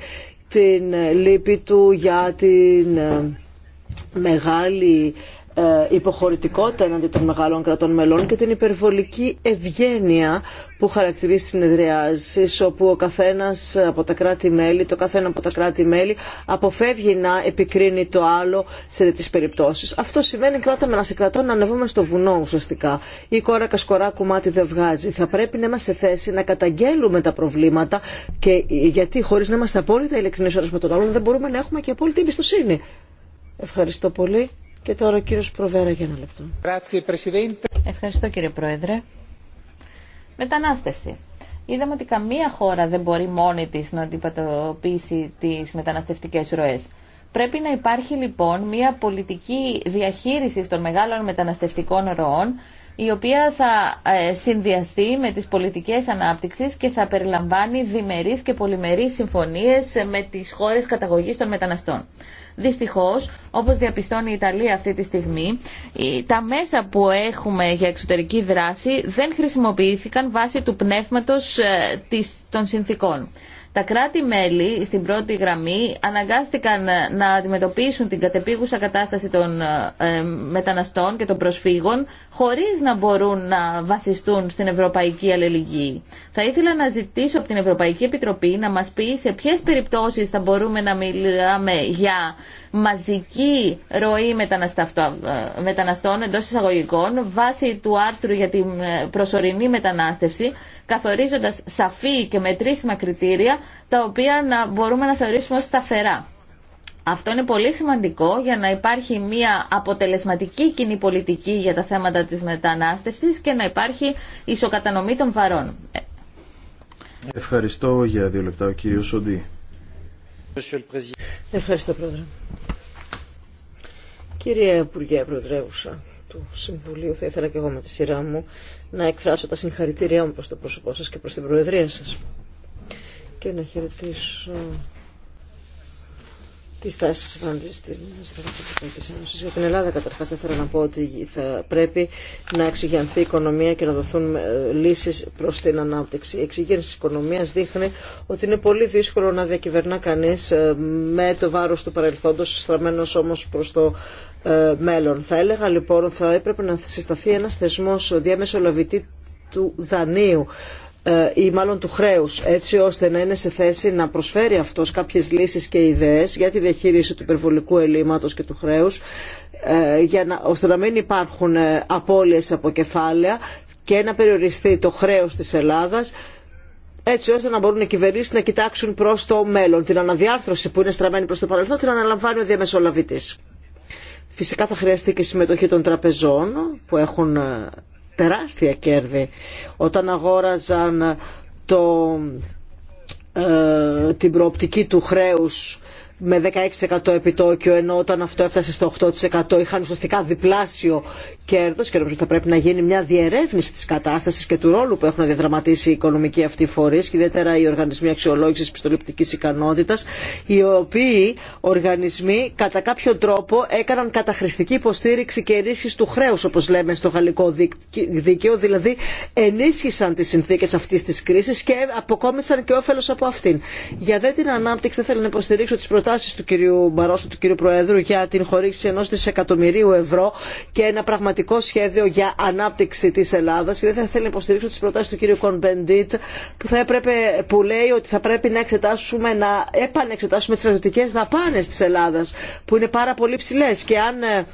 την ε, λύπη του για την ε, μεγάλη ε, υποχωρητικότητα εναντί των μεγάλων κρατών μελών και την υπερβολική ευγένεια που χαρακτηρίζει συνεδριάσεις όπου ο καθένα από τα κράτη-μέλη, το καθένα από τα κράτη-μέλη αποφεύγει να επικρίνει το άλλο σε τέτοιε περιπτώσει. Αυτό σημαίνει κράταμε να σε κρατών να ανεβούμε στο βουνό ουσιαστικά. Η κόρα κασκορά κομμάτι δεν βγάζει. Θα πρέπει να είμαστε σε θέση να καταγγέλουμε τα προβλήματα και γιατί χωρί να είμαστε απόλυτα ειλικρινεί ο με τον άλλον δεν μπορούμε να έχουμε και απόλυτη εμπιστοσύνη. Ευχαριστώ πολύ. Και τώρα ο κύριος Προβέρα για ένα λεπτό. Ευχαριστώ κύριε Πρόεδρε. Μετανάστευση. Είδαμε ότι καμία χώρα δεν μπορεί μόνη της να αντιπατοποιήσει τις μεταναστευτικές ροές. Πρέπει να υπάρχει λοιπόν μια πολιτική διαχείριση των μεγάλων μεταναστευτικών ροών η οποία θα ε, συνδυαστεί με τις πολιτικές ανάπτυξης και θα περιλαμβάνει διμερείς και πολυμερείς συμφωνίες με τις χώρες καταγωγής των μεταναστών. Δυστυχώ, όπως διαπιστώνει η Ιταλία αυτή τη στιγμή, τα μέσα που έχουμε για εξωτερική δράση δεν χρησιμοποιήθηκαν βάσει του πνεύματος ε, των συνθήκων. Τα κράτη-μέλη στην πρώτη γραμμή αναγκάστηκαν ε, να αντιμετωπίσουν την κατεπίγουσα κατάσταση των ε, ε, μεταναστών και των προσφύγων χωρίς να μπορούν να βασιστούν στην Ευρωπαϊκή Αλληλεγγύη. Θα ήθελα να ζητήσω από την Ευρωπαϊκή Επιτροπή να μας πει σε ποιες περιπτώσεις θα μπορούμε να μιλάμε για μαζική ροή μεταναστών εντός εισαγωγικών βάσει του άρθρου για την προσωρινή μετανάστευση καθορίζοντας σαφή και μετρήσιμα κριτήρια τα οποία να μπορούμε να θεωρήσουμε ως σταθερά. Αυτό είναι πολύ σημαντικό για να υπάρχει μια αποτελεσματική κοινή πολιτική για τα θέματα της μετανάστευσης και να υπάρχει ισοκατανομή των βαρών. Ευχαριστώ για δύο λεπτά ο κύριος Σοντή. Ευχαριστώ πρόεδρε. Κύριε Υπουργέ Προεδρεύουσα του Συμβουλίου, θα ήθελα και εγώ με τη σειρά μου να εκφράσω τα συγχαρητήριά μου προς το πρόσωπό σας και προς την Προεδρία σας και να χαιρετήσω τη στάση της ΕΕ στην Για την Ελλάδα, Καταρχάς, θα θέλω να πω ότι θα πρέπει να εξηγιανθεί η οικονομία και να δοθούν ε, λύσεις προς την ανάπτυξη. Η εξηγένση της οικονομία δείχνει ότι είναι πολύ δύσκολο να διακυβερνά κανείς ε, με το βάρος του παρελθόντος, στραμμένος όμως προς το ε, μέλλον. Θα έλεγα λοιπόν ότι θα έπρεπε να συσταθεί ένας θεσμός διαμεσολαβητή του δανείου ε, ή μάλλον του χρέους έτσι ώστε να είναι σε θέση να προσφέρει αυτός κάποιες λύσεις και ιδέες για τη διαχείριση του υπερβολικού ελλείμματος και του χρέους ε, για να, ώστε να μην υπάρχουν απώλειες από κεφάλαια και να περιοριστεί το χρέος της Ελλάδας έτσι ώστε να μπορούν οι κυβερνήσει να κοιτάξουν προς το μέλλον. Την αναδιάρθρωση που είναι στραμμένη προς το παρελθόν την αναλαμβάνει ο διαμεσολαβητής. Φυσικά θα χρειαστεί και συμμετοχή των τραπεζών που έχουν ε, τεράστια κέρδη. Όταν αγόραζαν το, ε, την προοπτική του χρέους με 16% επιτόκιο, ενώ όταν αυτό έφτασε στο 8% είχαν ουσιαστικά διπλάσιο κέρδος και νομίζω θα πρέπει να γίνει μια διερεύνηση της κατάστασης και του ρόλου που έχουν διαδραματίσει οι οικονομικοί αυτοί φορείς και ιδιαίτερα οι οργανισμοί αξιολόγησης πιστοληπτικής ικανότητας, οι οποίοι οργανισμοί κατά κάποιο τρόπο έκαναν καταχρηστική υποστήριξη και ενίσχυση του χρέους, όπως λέμε στο γαλλικό δίκαιο, δηλαδή ενίσχυσαν τις συνθήκες αυτής της κρίσης και αποκόμισαν και όφελος από αυτήν. Για δε την ανάπτυξη θέλω να υποστηρίξω τις προτάσεις προτάσεις του κυρίου Μπαρόσου, του κυρίου Προέδρου για την χορήγηση ενός δισεκατομμυρίου ευρώ και ένα πραγματικό σχέδιο για ανάπτυξη της Ελλάδας και δεν θα θέλει να υποστηρίξω τις προτάσεις του κυρίου Κονμπεντίτ που, θα έπρεπε, που λέει ότι θα πρέπει να εξετάσουμε, να επανεξετάσουμε τις στρατιωτικές δαπάνες της Ελλάδας που είναι πάρα πολύ ψηλές και αν ε,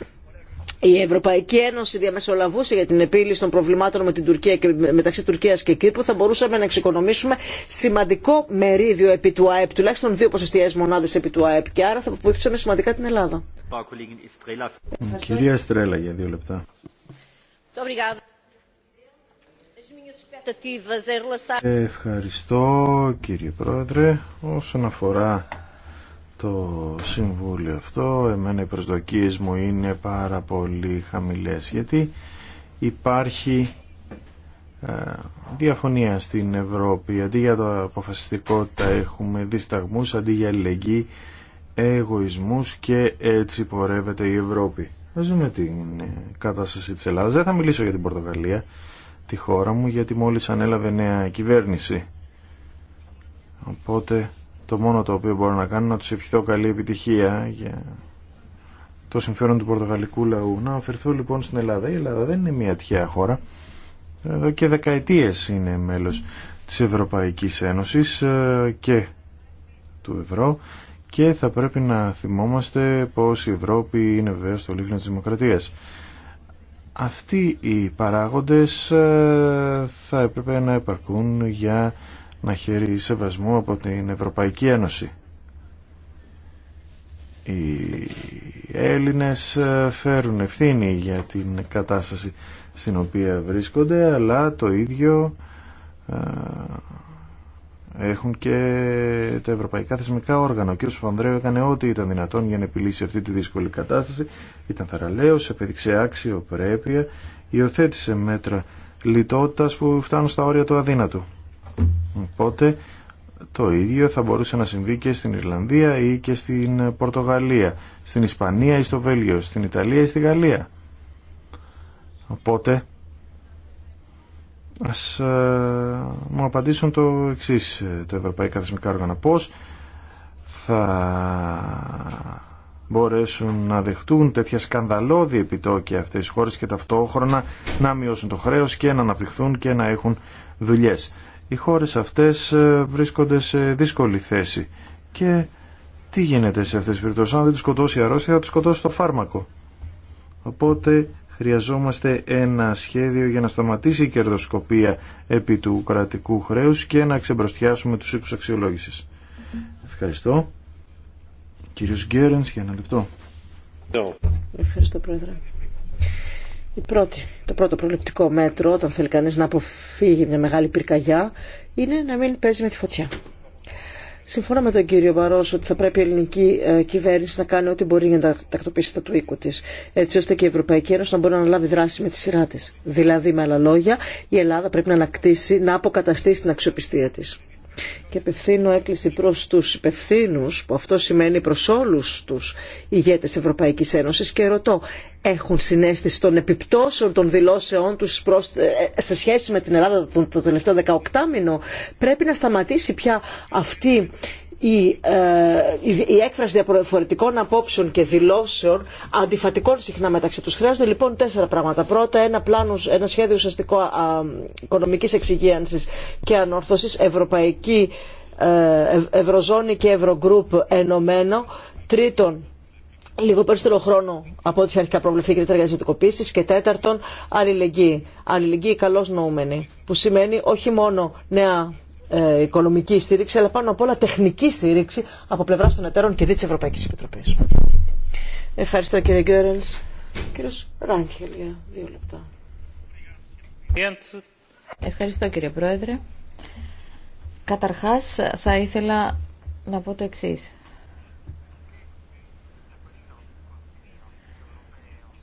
η Ευρωπαϊκή Ένωση διαμεσολαβούσε για την επίλυση των προβλημάτων με την Τουρκία και μεταξύ Τουρκία και Κύπρου, θα μπορούσαμε να εξοικονομήσουμε σημαντικό μερίδιο επί του ΑΕΠ, τουλάχιστον δύο ποσοστιαίε μονάδε επί του ΑΕΠ, και άρα θα βοηθούσαμε σημαντικά την Ελλάδα. Κυρία Στρέλα, για δύο λεπτά. Ευχαριστώ κύριε Πρόεδρε. Όσον αφορά το συμβούλιο αυτό. Εμένα οι προσδοκίες μου είναι πάρα πολύ χαμηλές γιατί υπάρχει ε, διαφωνία στην Ευρώπη. Αντί για το αποφασιστικότητα έχουμε δισταγμούς, αντί για αλληλεγγύη εγωισμούς και έτσι πορεύεται η Ευρώπη. Ας δούμε την ε, κατάσταση της Ελλάδας. Δεν θα μιλήσω για την Πορτογαλία, τη χώρα μου, γιατί μόλις ανέλαβε νέα κυβέρνηση. Οπότε το μόνο το οποίο μπορώ να κάνω να τους ευχηθώ καλή επιτυχία για το συμφέρον του πορτογαλικού λαού. Να αφαιρθώ λοιπόν στην Ελλάδα. Η Ελλάδα δεν είναι μια τυχαία χώρα. Εδώ και δεκαετίες είναι μέλος της Ευρωπαϊκής Ένωσης ε, και του ευρώ και θα πρέπει να θυμόμαστε πως η Ευρώπη είναι βέβαια στο λίγνο της δημοκρατίας. Αυτοί οι παράγοντες ε, θα έπρεπε να υπαρκούν για να χαίρει σεβασμού από την Ευρωπαϊκή Ένωση. Οι Έλληνες ε, φέρουν ευθύνη για την κατάσταση στην οποία βρίσκονται, αλλά το ίδιο ε, έχουν και τα ευρωπαϊκά θεσμικά όργανα. Ο κ. Φανδρέου έκανε ό,τι ήταν δυνατόν για να επιλύσει αυτή τη δύσκολη κατάσταση. Ήταν θαραλέος, επέδειξε άξιο, πρέπεια, υιοθέτησε μέτρα λιτότητας που φτάνουν στα όρια του αδύνατου. Οπότε το ίδιο θα μπορούσε να συμβεί και στην Ιρλανδία ή και στην Πορτογαλία, στην Ισπανία ή στο Βέλγιο, στην Ιταλία ή στη Γαλλία. Οπότε ας ε, μου απαντήσουν το εξής ε, τα ευρωπαϊκά θεσμικά όργανα. Πώς θα μπορέσουν να δεχτούν τέτοια σκανδαλώδη επιτόκια αυτές οι χώρες και ταυτόχρονα να μειώσουν το χρέος και να αναπτυχθούν και να έχουν δουλειές οι χώρες αυτές ε, βρίσκονται σε δύσκολη θέση. Και τι γίνεται σε αυτές τις περιπτώσεις. Αν δεν τους σκοτώσει η αρρώστια θα τους σκοτώσει το φάρμακο. Οπότε χρειαζόμαστε ένα σχέδιο για να σταματήσει η κερδοσκοπία επί του κρατικού χρέους και να ξεμπροστιάσουμε τους οίκους αξιολόγησης. Ευχαριστώ. Κύριος Γκέρενς για ένα λεπτό. Ευχαριστώ Πρόεδρε. Η πρώτη, το πρώτο προληπτικό μέτρο, όταν θέλει κανείς να αποφύγει μια μεγάλη πυρκαγιά, είναι να μην παίζει με τη φωτιά. Συμφωνώ με τον κύριο Μπαρός ότι θα πρέπει η ελληνική ε, κυβέρνηση να κάνει ό,τι μπορεί για να τακτοποιήσει τα του οίκου τη, έτσι ώστε και η Ευρωπαϊκή Ένωση να μπορεί να λάβει δράση με τη σειρά τη. Δηλαδή, με άλλα λόγια, η Ελλάδα πρέπει να ανακτήσει, να αποκαταστήσει την αξιοπιστία τη και απευθύνω έκκληση προς τους υπευθύνου, που αυτό σημαίνει προς όλους τους ηγέτες Ευρωπαϊκής Ένωσης και ρωτώ, έχουν συνέστηση των επιπτώσεων των δηλώσεών τους ε, ε, σε σχέση με την Ελλάδα τον, τον τελευταίο 18 μήνο. Πρέπει να σταματήσει πια αυτή ε, η, έκφραση διαφορετικών απόψεων και δηλώσεων αντιφατικών συχνά μεταξύ τους. Χρειάζονται λοιπόν τέσσερα πράγματα. Πρώτα ένα, ένα σχέδιο ουσιαστικό α, οικονομικής εξυγίανσης και ανόρθωσης, ευρωπαϊκή ε, ευρωζώνη και ευρωγκρουπ ενωμένο. Τρίτον, λίγο περισσότερο χρόνο από ό,τι αρχικά προβλεφθεί και τέτοια ιδιωτικοποίηση Και τέταρτον, αλληλεγγύη. Αλληλεγγύη καλώ νοούμενη. Που σημαίνει όχι μόνο νέα ε, οικονομική στήριξη, αλλά πάνω απ' όλα τεχνική στήριξη από πλευρά των εταίρων και δι τη Ευρωπαϊκή Επιτροπή. Ευχαριστώ κύριε Γκέρεν. Κύριο Ράγκελ για δύο λεπτά. Ευχαριστώ κύριε Πρόεδρε. Καταρχάς θα ήθελα να πω το εξή.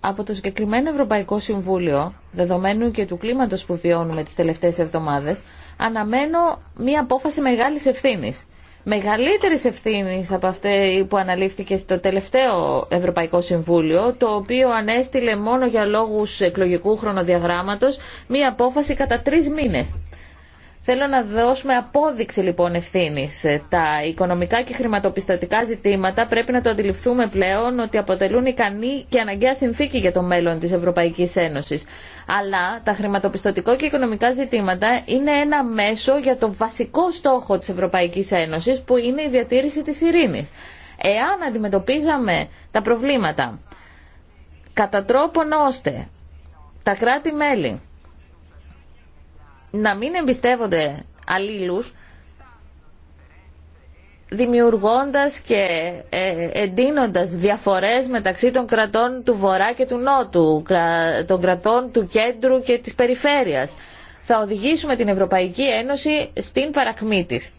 από το συγκεκριμένο Ευρωπαϊκό Συμβούλιο, δεδομένου και του κλίματος που βιώνουμε τις τελευταίες εβδομάδες, αναμένω μία απόφαση μεγάλης ευθύνης. Μεγαλύτερης ευθύνης από αυτή που αναλήφθηκε στο τελευταίο Ευρωπαϊκό Συμβούλιο, το οποίο ανέστηλε μόνο για λόγους εκλογικού χρονοδιαγράμματος μία απόφαση κατά τρεις μήνες. Θέλω να δώσουμε απόδειξη λοιπόν ευθύνη. Ε, τα οικονομικά και χρηματοπιστωτικά ζητήματα πρέπει να το αντιληφθούμε πλέον ότι αποτελούν ικανή και αναγκαία συνθήκη για το μέλλον τη Ευρωπαϊκή Ένωση. Αλλά τα χρηματοπιστωτικό και οικονομικά ζητήματα είναι ένα μέσο για το βασικό στόχο τη Ευρωπαϊκή Ένωση που είναι η διατήρηση τη ειρήνη. Εάν αντιμετωπίζαμε τα προβλήματα κατά τρόπον ώστε τα κράτη-μέλη να μην εμπιστεύονται αλλήλους δημιουργώντας και ε, εντείνοντας διαφορές μεταξύ των κρατών του Βορρά και του Νότου, των κρατών του Κέντρου και της Περιφέρειας. Θα οδηγήσουμε την Ευρωπαϊκή Ένωση στην παρακμή της.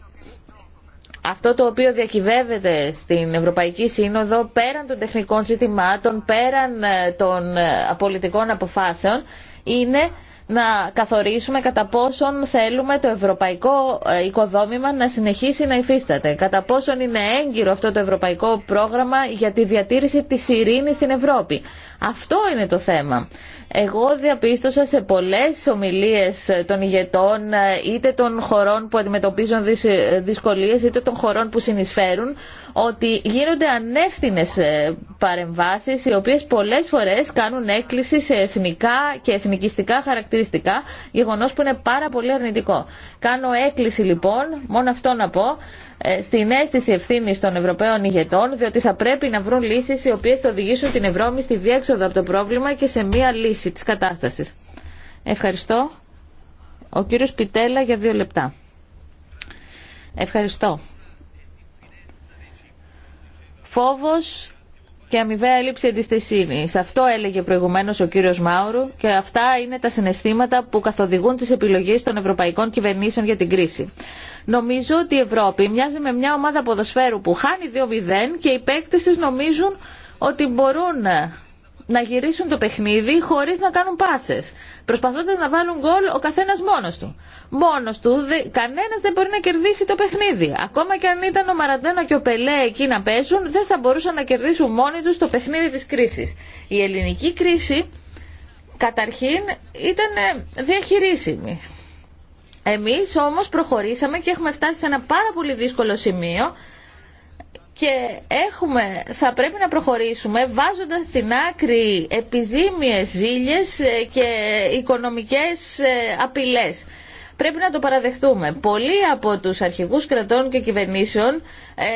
Αυτό το οποίο διακυβεύεται στην Ευρωπαϊκή Σύνοδο πέραν των τεχνικών ζητημάτων, πέραν ε, των ε, πολιτικών αποφάσεων, είναι να καθορίσουμε κατά πόσον θέλουμε το ευρωπαϊκό ε, οικοδόμημα να συνεχίσει να υφίσταται. Κατά πόσον είναι έγκυρο αυτό το ευρωπαϊκό πρόγραμμα για τη διατήρηση της ειρήνης στην Ευρώπη. Αυτό είναι το θέμα. Εγώ διαπίστωσα σε πολλές ομιλίες των ηγετών είτε των χωρών που αντιμετωπίζουν δυσκολίες είτε των χωρών που συνεισφέρουν ότι γίνονται ανεύθυνες ε, παρεμβάσεις οι οποίες πολλές φορές κάνουν έκκληση σε εθνικά και εθνικιστικά χαρακτηριστικά γεγονός που είναι πάρα πολύ αρνητικό. Κάνω έκκληση λοιπόν, μόνο αυτό να πω, ε, στην αίσθηση ευθύνη των Ευρωπαίων ηγετών, διότι θα πρέπει να βρουν λύσει οι οποίε θα οδηγήσουν την Ευρώπη στη διέξοδο από το πρόβλημα και σε μία λύση τη κατάσταση. Ευχαριστώ. Ο κύριος Πιτέλα για δύο λεπτά. Ευχαριστώ. Φόβος και αμοιβαία έλλειψη εμπιστοσύνη. Αυτό έλεγε προηγουμένω ο κύριο Μάουρου και αυτά είναι τα συναισθήματα που καθοδηγούν τι επιλογέ των ευρωπαϊκών κυβερνήσεων για την κρίση. Νομίζω ότι η Ευρώπη μοιάζει με μια ομάδα ποδοσφαίρου που χάνει 2-0 και οι παίκτες της νομίζουν ότι μπορούν να γυρίσουν το παιχνίδι χωρί να κάνουν πάσε. Προσπαθώντα να βάλουν γκολ ο καθένα μόνο του. Μόνο του, κανένα δεν μπορεί να κερδίσει το παιχνίδι. Ακόμα και αν ήταν ο Μαραντένα και ο Πελέ εκεί να παίζουν, δεν θα μπορούσαν να κερδίσουν μόνοι του το παιχνίδι τη κρίση. Η ελληνική κρίση, καταρχήν, ήταν ε, διαχειρίσιμη. Εμείς όμως προχωρήσαμε και έχουμε φτάσει σε ένα πάρα πολύ δύσκολο σημείο και έχουμε, θα πρέπει να προχωρήσουμε βάζοντας στην άκρη επιζήμιες ζήλιες ε, και οικονομικές ε, απειλές. Πρέπει να το παραδεχτούμε. Πολλοί από του αρχηγού κρατών και κυβερνήσεων ε,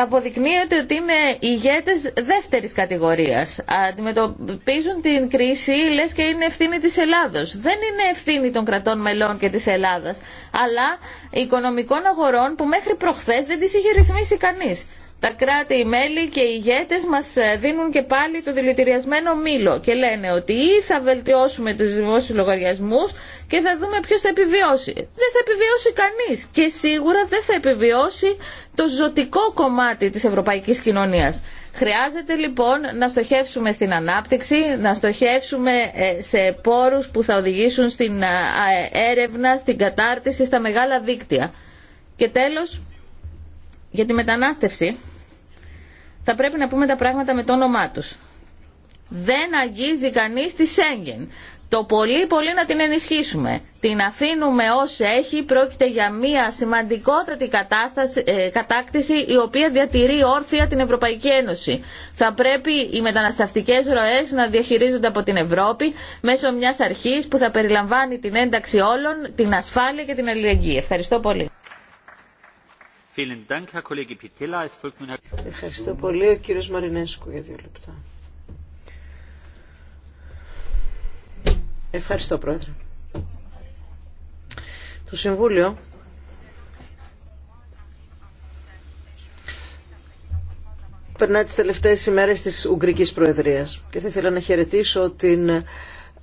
αποδεικνύεται ότι είναι ηγέτες δεύτερη κατηγορία. Αντιμετωπίζουν την κρίση, λε, και είναι ευθύνη τη Ελλάδος. Δεν είναι ευθύνη των κρατών μελών και τη Ελλάδα. αλλά οικονομικών αγορών που μέχρι προχθέ δεν τι είχε ρυθμίσει κανεί. Τα κράτη, οι μέλη και οι ηγέτες μας ε, δίνουν και πάλι το δηλητηριασμένο μήλο και λένε ότι ή θα βελτιώσουμε τους δημόσιους λογαριασμούς και θα δούμε ποιος θα επιβιώσει. Δεν θα επιβιώσει κανείς και σίγουρα δεν θα επιβιώσει το ζωτικό κομμάτι της ευρωπαϊκής κοινωνίας. Χρειάζεται λοιπόν να στοχεύσουμε στην ανάπτυξη, να στοχεύσουμε ε, σε πόρους που θα οδηγήσουν στην ε, ε, έρευνα, στην κατάρτιση, στα μεγάλα δίκτυα. Και τέλος, για τη μετανάστευση, θα πρέπει να πούμε τα πράγματα με το όνομά τους. Δεν αγγίζει κανείς τη Σέγγεν το πολύ πολύ να την ενισχύσουμε. Την αφήνουμε όσο έχει, πρόκειται για μια σημαντικότατη κατάσταση, ε, κατάκτηση η οποία διατηρεί όρθια την Ευρωπαϊκή Ένωση. Θα πρέπει οι μεταναστευτικές ροές να διαχειρίζονται από την Ευρώπη μέσω μιας αρχής που θα περιλαμβάνει την ένταξη όλων, την ασφάλεια και την αλληλεγγύη. Ευχαριστώ πολύ. Ευχαριστώ πολύ Μαρινέσκου για δύο λεπτά. Ευχαριστώ, Πρόεδρε. Το Συμβούλιο περνά τις τελευταίες ημέρες της Ουγγρικής Προεδρίας και θα ήθελα να χαιρετήσω την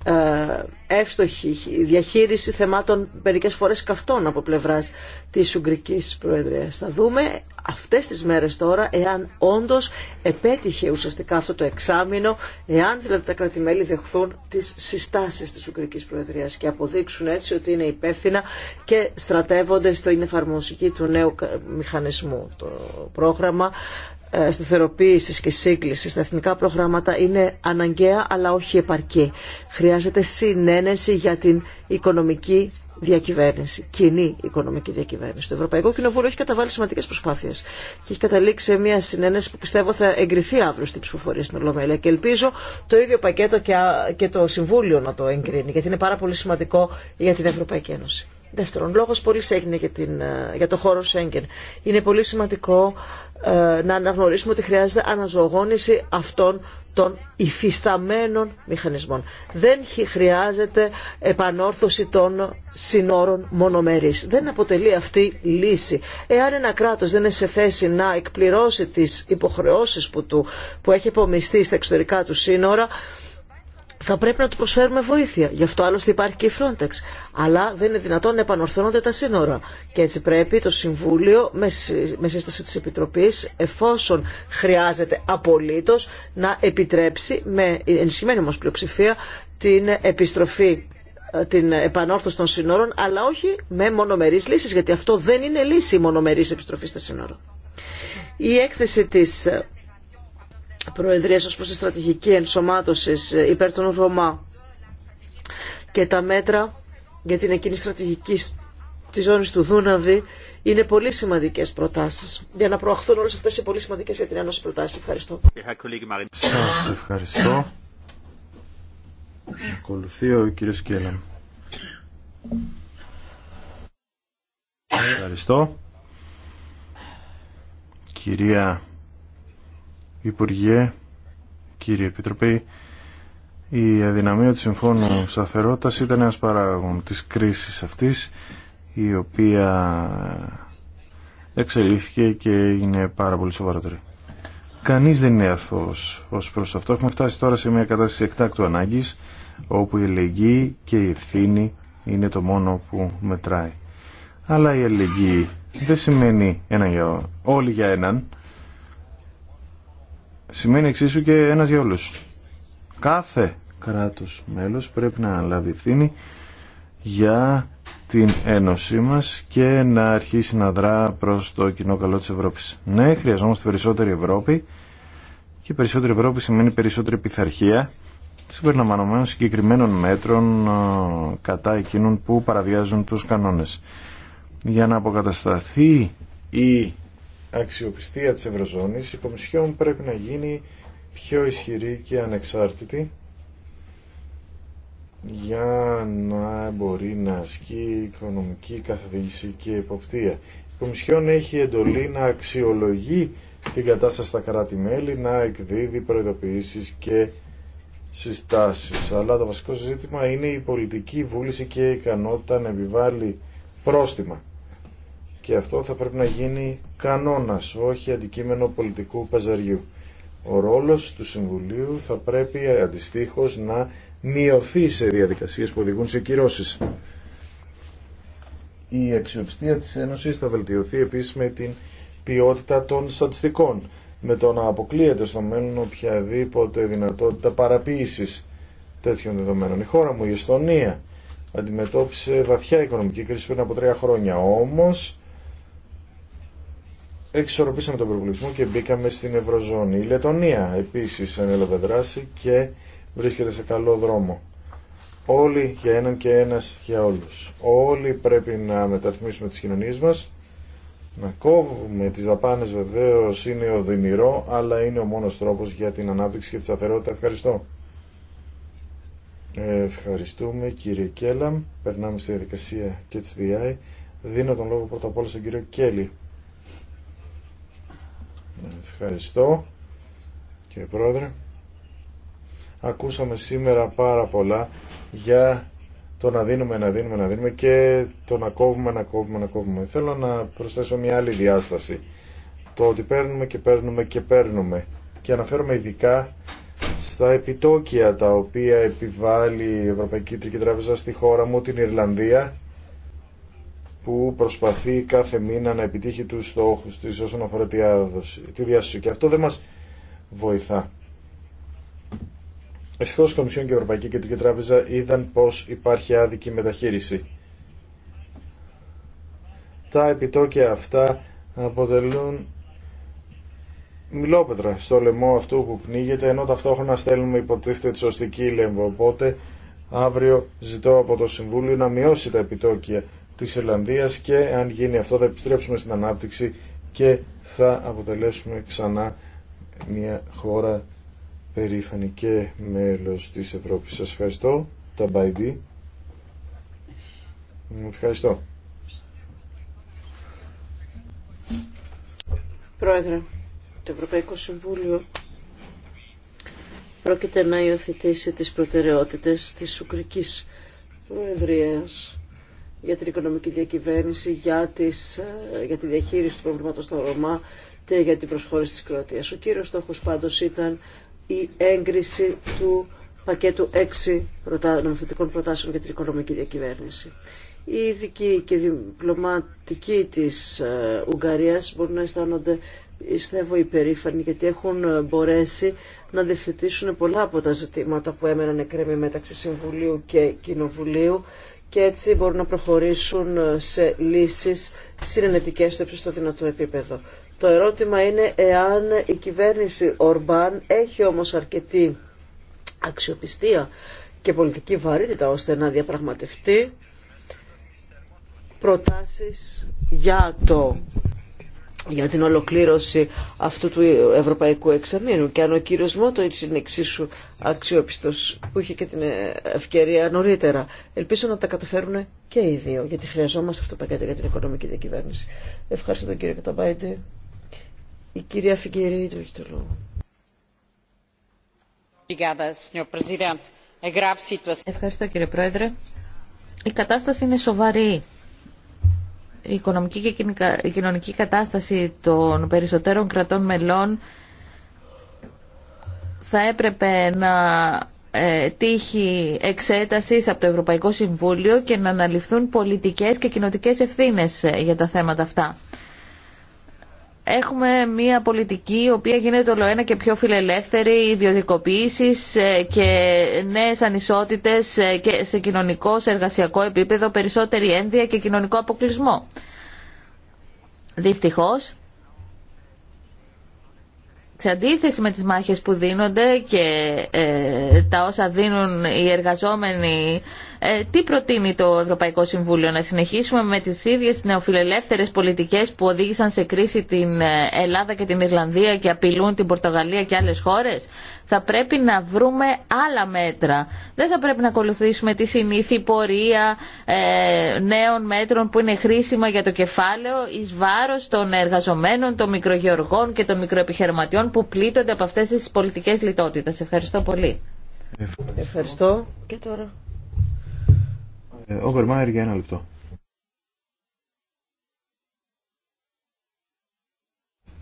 ε, εύστοχη διαχείριση θεμάτων μερικές φορές καυτών από πλευράς της Ουγγρικής Προεδρίας. Θα δούμε αυτές τις μέρες τώρα εάν όντως επέτυχε ουσιαστικά αυτό το εξάμεινο, εάν δηλαδή τα κρατημέλη δεχθούν τις συστάσεις της Ουγγρικής Προεδρίας και αποδείξουν έτσι ότι είναι υπεύθυνα και στρατεύονται στο είναι εφαρμοσική του νέου μηχανισμού το πρόγραμμα ε, σταθεροποίησης και σύγκλησης, στα εθνικά προγράμματα είναι αναγκαία αλλά όχι επαρκή. Χρειάζεται συνένεση για την οικονομική διακυβέρνηση, κοινή οικονομική διακυβέρνηση. Το Ευρωπαϊκό Κοινοβούλιο έχει καταβάλει σημαντικέ προσπάθειε και έχει καταλήξει σε μια συνένεση που πιστεύω θα εγκριθεί αύριο στην ψηφοφορία στην Ολομέλεια και ελπίζω το ίδιο πακέτο και το Συμβούλιο να το εγκρίνει, γιατί είναι πάρα πολύ σημαντικό για την Ευρωπαϊκή Ένωση. Δεύτερον, λόγος πολύ έγινε για, την, ε, για το χώρο Σέγγεν. Είναι πολύ σημαντικό ε, να αναγνωρίσουμε ότι χρειάζεται αναζωογόνηση αυτών των υφισταμένων μηχανισμών. Δεν χρειάζεται επανόρθωση των συνόρων μονομερής. Δεν αποτελεί αυτή λύση. Εάν ένα κράτος δεν είναι σε θέση να εκπληρώσει τις υποχρεώσεις που, του, που έχει υπομειστεί στα εξωτερικά του σύνορα, θα πρέπει να του προσφέρουμε βοήθεια. Γι' αυτό άλλωστε υπάρχει και η Frontex. Αλλά δεν είναι δυνατόν να επανορθώνονται τα σύνορα. Και έτσι πρέπει το Συμβούλιο, με σύσταση τη Επιτροπής εφόσον χρειάζεται απολύτως να επιτρέψει με ενισχυμένη μας πλειοψηφία την επιστροφή ε, την επανόρθωση των σύνορων, αλλά όχι με μονομερείς λύσεις, γιατί αυτό δεν είναι λύση η μονομερής επιστροφή στα σύνορα. Η έκθεση της ε, Προεδρία ως προς τη στρατηγική ενσωμάτωση ε, υπέρ των Ρωμά και τα μέτρα για την εκείνη στρατηγική τη ζώνη του Δούναβη είναι πολύ σημαντικέ προτάσει. Για να προαχθούν όλε αυτέ οι πολύ σημαντικέ για την Ένωση προτάσει. Ευχαριστώ. Σα ευχαριστώ. Ακολουθεί ο Κέλλαν. Ευχαριστώ. Κυρία Υπουργέ, κύριε Επιτροπή, η αδυναμία του Συμφώνου Σταθερότητας ήταν ένας παράγων της κρίσης αυτής, η οποία εξελίχθηκε και είναι πάρα πολύ σοβαρότερη. Κανείς δεν είναι αθώος ως προς αυτό. Έχουμε φτάσει τώρα σε μια κατάσταση εκτάκτου ανάγκης, όπου η ελεγγύη και η ευθύνη είναι το μόνο που μετράει. Αλλά η αλληλεγγύη δεν σημαίνει ένα όλοι για έναν σημαίνει εξίσου και ένας για όλους. Κάθε κράτος μέλος πρέπει να λάβει ευθύνη για την ένωσή μας και να αρχίσει να δρά προς το κοινό καλό της Ευρώπης. Ναι, χρειαζόμαστε περισσότερη Ευρώπη και περισσότερη Ευρώπη σημαίνει περισσότερη πειθαρχία συμπεριλαμβανομένων συγκεκριμένων μέτρων ε, κατά εκείνων που παραβιάζουν τους κανόνες. Για να αποκατασταθεί η αξιοπιστία της Ευρωζώνης, η Κομισιόν πρέπει να γίνει πιο ισχυρή και ανεξάρτητη για να μπορεί να ασκεί οικονομική καθοδήγηση και υποπτία. Η Κομισιόν έχει εντολή να αξιολογεί την κατάσταση στα κράτη-μέλη, να εκδίδει προειδοποιήσεις και συστάσεις. Αλλά το βασικό ζήτημα είναι η πολιτική βούληση και η ικανότητα να επιβάλλει πρόστιμα και αυτό θα πρέπει να γίνει κανόνας, όχι αντικείμενο πολιτικού παζαριού. Ο ρόλος του Συμβουλίου θα πρέπει ε, αντιστοίχως να μειωθεί σε διαδικασίες που οδηγούν σε κυρώσεις. Η αξιοπιστία της Ένωσης θα βελτιωθεί επίσης με την ποιότητα των στατιστικών, με το να αποκλείεται στο μέλλον οποιαδήποτε δυνατότητα παραποίησης τέτοιων δεδομένων. Η χώρα μου, η Εστονία, αντιμετώπισε βαθιά οικονομική κρίση πριν από τρία χρόνια. Όμως, εξορροπήσαμε τον προβλησμό και μπήκαμε στην Ευρωζώνη. Η Λετωνία επίσης ανέλαβε δράση και βρίσκεται σε καλό δρόμο. Όλοι για έναν και ένας για όλους. Όλοι πρέπει να μεταρρυθμίσουμε τις κοινωνίες μας. Να κόβουμε τις δαπάνες βεβαίως είναι οδυνηρό, αλλά είναι ο μόνος τρόπος για την ανάπτυξη και τη σταθερότητα. Ευχαριστώ. Ευχαριστούμε κύριε Κέλαμ. Περνάμε στη διαδικασία και τη Δίνω τον λόγο πρώτα απ' όλα στον κύριο Κέλλη. Ευχαριστώ και Πρόεδρε. Ακούσαμε σήμερα πάρα πολλά για το να δίνουμε, να δίνουμε, να δίνουμε και το να κόβουμε, να κόβουμε, να κόβουμε. Θέλω να προσθέσω μια άλλη διάσταση. Το ότι παίρνουμε και παίρνουμε και παίρνουμε. Και αναφέρομαι ειδικά στα επιτόκια τα οποία επιβάλλει η Ευρωπαϊκή Τρική Τράπεζα στη χώρα μου, την Ιρλανδία, που προσπαθεί κάθε μήνα να επιτύχει τους στόχους της όσον αφορά τη, άδοση, τη διάσωση. Και αυτό δεν μας βοηθά. Ευτυχώς η Κομισιόν και η Ευρωπαϊκή Κεντρική Τράπεζα είδαν πως υπάρχει άδικη μεταχείριση. Τα επιτόκια αυτά αποτελούν μιλόπετρα στο λαιμό αυτού που πνίγεται, ενώ ταυτόχρονα στέλνουμε υποτίθεται τη σωστική λέμβο. Οπότε αύριο ζητώ από το Συμβούλιο να μειώσει τα επιτόκια της Ιρλανδίας και αν γίνει αυτό θα επιστρέψουμε στην ανάπτυξη και θα αποτελέσουμε ξανά μια χώρα περήφανη και μέλος της Ευρώπης. Σας ευχαριστώ. Τα Μπαϊντή. Ευχαριστώ. Πρόεδρε, το Ευρωπαϊκό Συμβούλιο πρόκειται να υιοθετήσει τις προτεραιότητες της Ουκρικής Προεδρίας για την οικονομική διακυβέρνηση, για, τις, ε, για τη διαχείριση του προβλήματος στο Ρωμά και για την προσχώρηση της Κροατίας. Ο κύριος στόχος πάντως ήταν η έγκριση του πακέτου 6 νομοθετικών προτάσεων για την οικονομική διακυβέρνηση. Οι ειδικοί και διπλωματικοί της ε, Ουγγαρίας μπορούν να αισθάνονται πιστεύω υπερήφανοι γιατί έχουν ε, μπορέσει να διευθετήσουν πολλά από τα ζητήματα που έμεναν εκκρέμει μεταξύ Συμβουλίου και Κοινοβουλίου και έτσι μπορούν να προχωρήσουν ε, σε λύσεις συνενετικές στο δυνατό επίπεδο. Το ερώτημα είναι εάν η κυβέρνηση Ορμπάν έχει όμως αρκετή αξιοπιστία και πολιτική βαρύτητα ώστε να διαπραγματευτεί προτάσεις για το για την ολοκλήρωση αυτού του ευρωπαϊκού εξαμήνου και αν ο κύριος Μότο είναι εξίσου αξιόπιστος που είχε και την ευκαιρία νωρίτερα ελπίζω να τα καταφέρουν και οι δύο γιατί χρειαζόμαστε αυτό το πακέτο για την οικονομική διακυβέρνηση Ευχαριστώ τον κύριο Καταμπάιντε η κυρία Φιγκερή του έχει το λόγο Ευχαριστώ κύριε Πρόεδρε η κατάσταση είναι σοβαρή η οικονομική και η κοινωνική κατάσταση των περισσότερων κρατών μελών θα έπρεπε να ε, τύχει εξέταση από το Ευρωπαϊκό Συμβούλιο και να αναλυφθούν πολιτικές και κοινοτικές ευθύνες ε, για τα θέματα αυτά έχουμε μια πολιτική η οποία γίνεται όλο ένα και πιο φιλελεύθερη, ιδιωτικοποίηση ε, και νέε ανισότητε ε, και σε κοινωνικό, σε εργασιακό επίπεδο, περισσότερη ένδυα και κοινωνικό αποκλεισμό. Δυστυχώς, σε αντίθεση με τις μάχες που δίνονται και ε, τα όσα δίνουν οι εργαζόμενοι, ε, τι προτείνει το Ευρωπαϊκό Συμβούλιο να συνεχίσουμε με τις ίδιες νεοφιλελεύθερες πολιτικές που οδήγησαν σε κρίση την ε, Ελλάδα και την Ιρλανδία και απειλούν την Πορτογαλία και άλλες χώρες θα πρέπει να βρούμε άλλα μέτρα. Δεν θα πρέπει να ακολουθήσουμε τη συνήθη πορεία ε, νέων μέτρων που είναι χρήσιμα για το κεφάλαιο εις βάρος των εργαζομένων, των μικρογεωργών και των μικροεπιχειρηματιών που πλήττονται από αυτές τις πολιτικές λιτότητες. Ευχαριστώ πολύ. Ευχαριστώ. Και τώρα. Ε, για ένα λεπτό.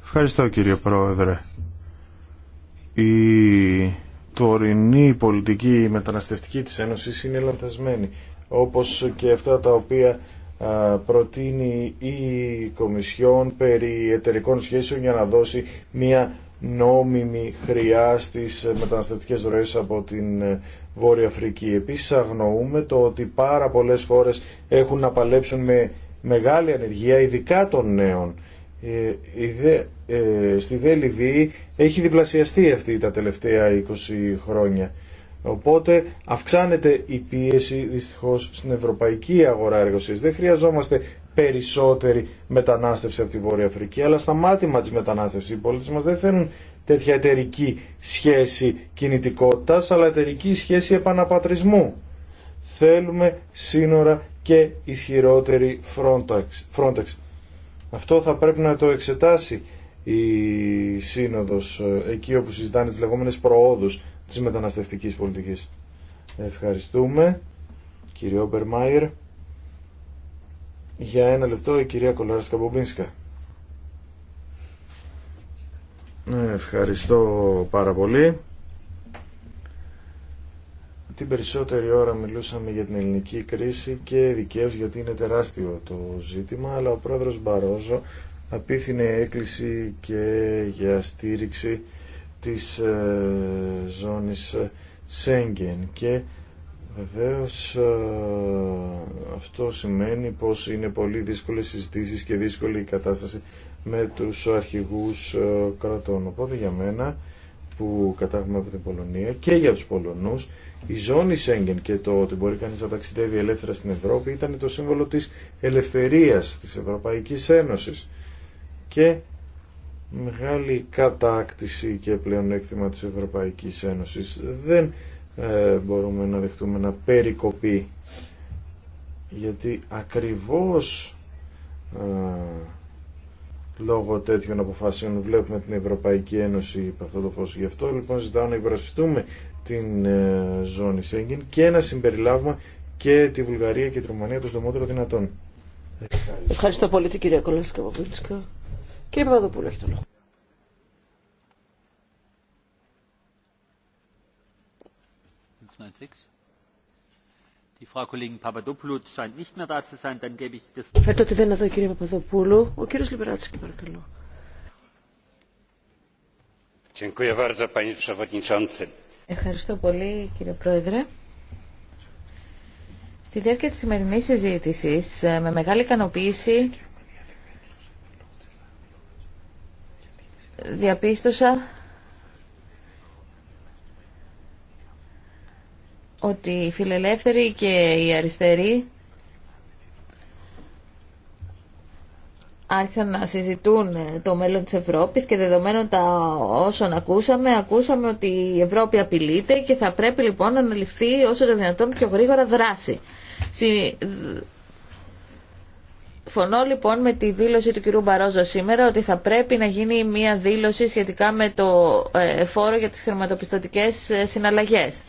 Ευχαριστώ κύριε Πρόεδρε η τωρινή πολιτική μεταναστευτική της Ένωσης είναι λανθασμένη όπως και αυτά τα οποία προτείνει η Κομισιόν περί εταιρικών σχέσεων για να δώσει μια νόμιμη χρειά στις μεταναστευτικές ροές από την ε, Βόρεια Αφρική. Επίσης αγνοούμε το ότι πάρα πολλές φορές έχουν να παλέψουν με μεγάλη ανεργία, ειδικά των νέων ε, ε, στη δε έχει διπλασιαστεί αυτή τα τελευταία 20 χρόνια. Οπότε αυξάνεται η πίεση δυστυχώς στην ευρωπαϊκή αγορά εργασίας. Δεν χρειαζόμαστε περισσότερη μετανάστευση από τη Βόρεια Αφρική, αλλά στα μάτια της μετανάστευσης οι πολίτες μας δεν θέλουν τέτοια εταιρική σχέση κινητικότητας, αλλά εταιρική σχέση επαναπατρισμού. Θέλουμε σύνορα και ισχυρότερη Frontex. Frontex. Αυτό θα πρέπει να το εξετάσει η Σύνοδος ε, εκεί όπου συζητάνε τις λεγόμενες προόδους της μεταναστευτικής πολιτικής. Ευχαριστούμε κύριε Όμπερμαϊρ. Για ένα λεπτό η κυρία Κολάρας Καμπομπίνσκα. Ε, ευχαριστώ πάρα πολύ την περισσότερη ώρα μιλούσαμε για την ελληνική κρίση και δικαίως γιατί είναι τεράστιο το ζήτημα, αλλά ο πρόεδρος Μπαρόζο απίθυνε έκκληση και για στήριξη της ε, ζώνης Σέγγεν και βεβαίως ε, αυτό σημαίνει πως είναι πολύ δύσκολες συζητήσεις και δύσκολη η κατάσταση με τους αρχηγούς ε, κρατών. Οπότε για μένα που κατάγουμε από την Πολωνία και για τους Πολωνούς η ζώνη Σέγγεν και το ότι μπορεί κανείς να ταξιδεύει ελεύθερα στην Ευρώπη ήταν το σύμβολο της ελευθερίας της Ευρωπαϊκής Ένωσης και μεγάλη κατάκτηση και πλεονέκτημα της Ευρωπαϊκής Ένωσης. Δεν ε, μπορούμε να δεχτούμε να περικοπεί γιατί ακριβώς ε, λόγω τέτοιων αποφάσεων βλέπουμε την Ευρωπαϊκή Ένωση υπ' αυτό το Γι' αυτό λοιπόν ζητάω να υπερασπιστούμε την ε, ζώνη Σέγγιν και να συμπεριλάβουμε και τη Βουλγαρία και τη Ρουμανία το συντομότερο δυνατόν. Ευχαριστώ πολύ την κυρία Κολέσκα Βαβίτσκα. Κύριε Παπαδοπούλου, έχει το λόγο. Φέρτε ότι δεν είναι εδώ η κυρία Παπαδοπούλου. Ο κύριος Λιμπεράτσκι, παρακαλώ. Ευχαριστώ πολύ, κύριε Πρόεδρε. Στη διάρκεια της σημερινής συζήτησης, ε, με μεγάλη ικανοποίηση, διαπίστωσα ότι οι φιλελεύθεροι και οι αριστεροί άρχισαν να συζητούν το μέλλον της Ευρώπης και δεδομένων τα όσων ακούσαμε, ακούσαμε ότι η Ευρώπη απειλείται και θα πρέπει λοιπόν να αναλυφθεί όσο το δυνατόν πιο γρήγορα δράση. Φωνώ λοιπόν με τη δήλωση του κυρίου Μπαρόζο σήμερα ότι θα πρέπει να γίνει μια δήλωση σχετικά με το ε, φόρο για τις χρηματοπιστωτικές ε, συναλλαγές.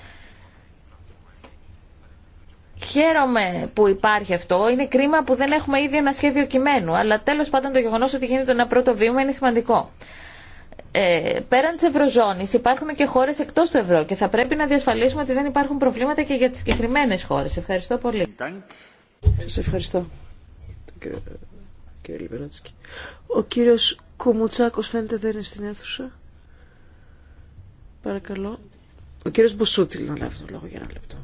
Χαίρομαι που υπάρχει αυτό. Είναι κρίμα που δεν έχουμε ήδη ένα σχέδιο κειμένου. Αλλά τέλο πάντων το γεγονό ότι γίνεται ένα πρώτο βήμα είναι σημαντικό. Ε, πέραν τη Ευρωζώνη υπάρχουν και χώρε εκτό του ευρώ και θα πρέπει να διασφαλίσουμε ότι δεν υπάρχουν προβλήματα και για τι συγκεκριμένε χώρε. Ευχαριστώ πολύ. Σα ευχαριστώ. Ο κύριο Κουμουτσάκο φαίνεται δεν είναι στην αίθουσα. Παρακαλώ. Ο κύριο Μπουσούτιλ να λάβει το λόγο για ένα λεπτό.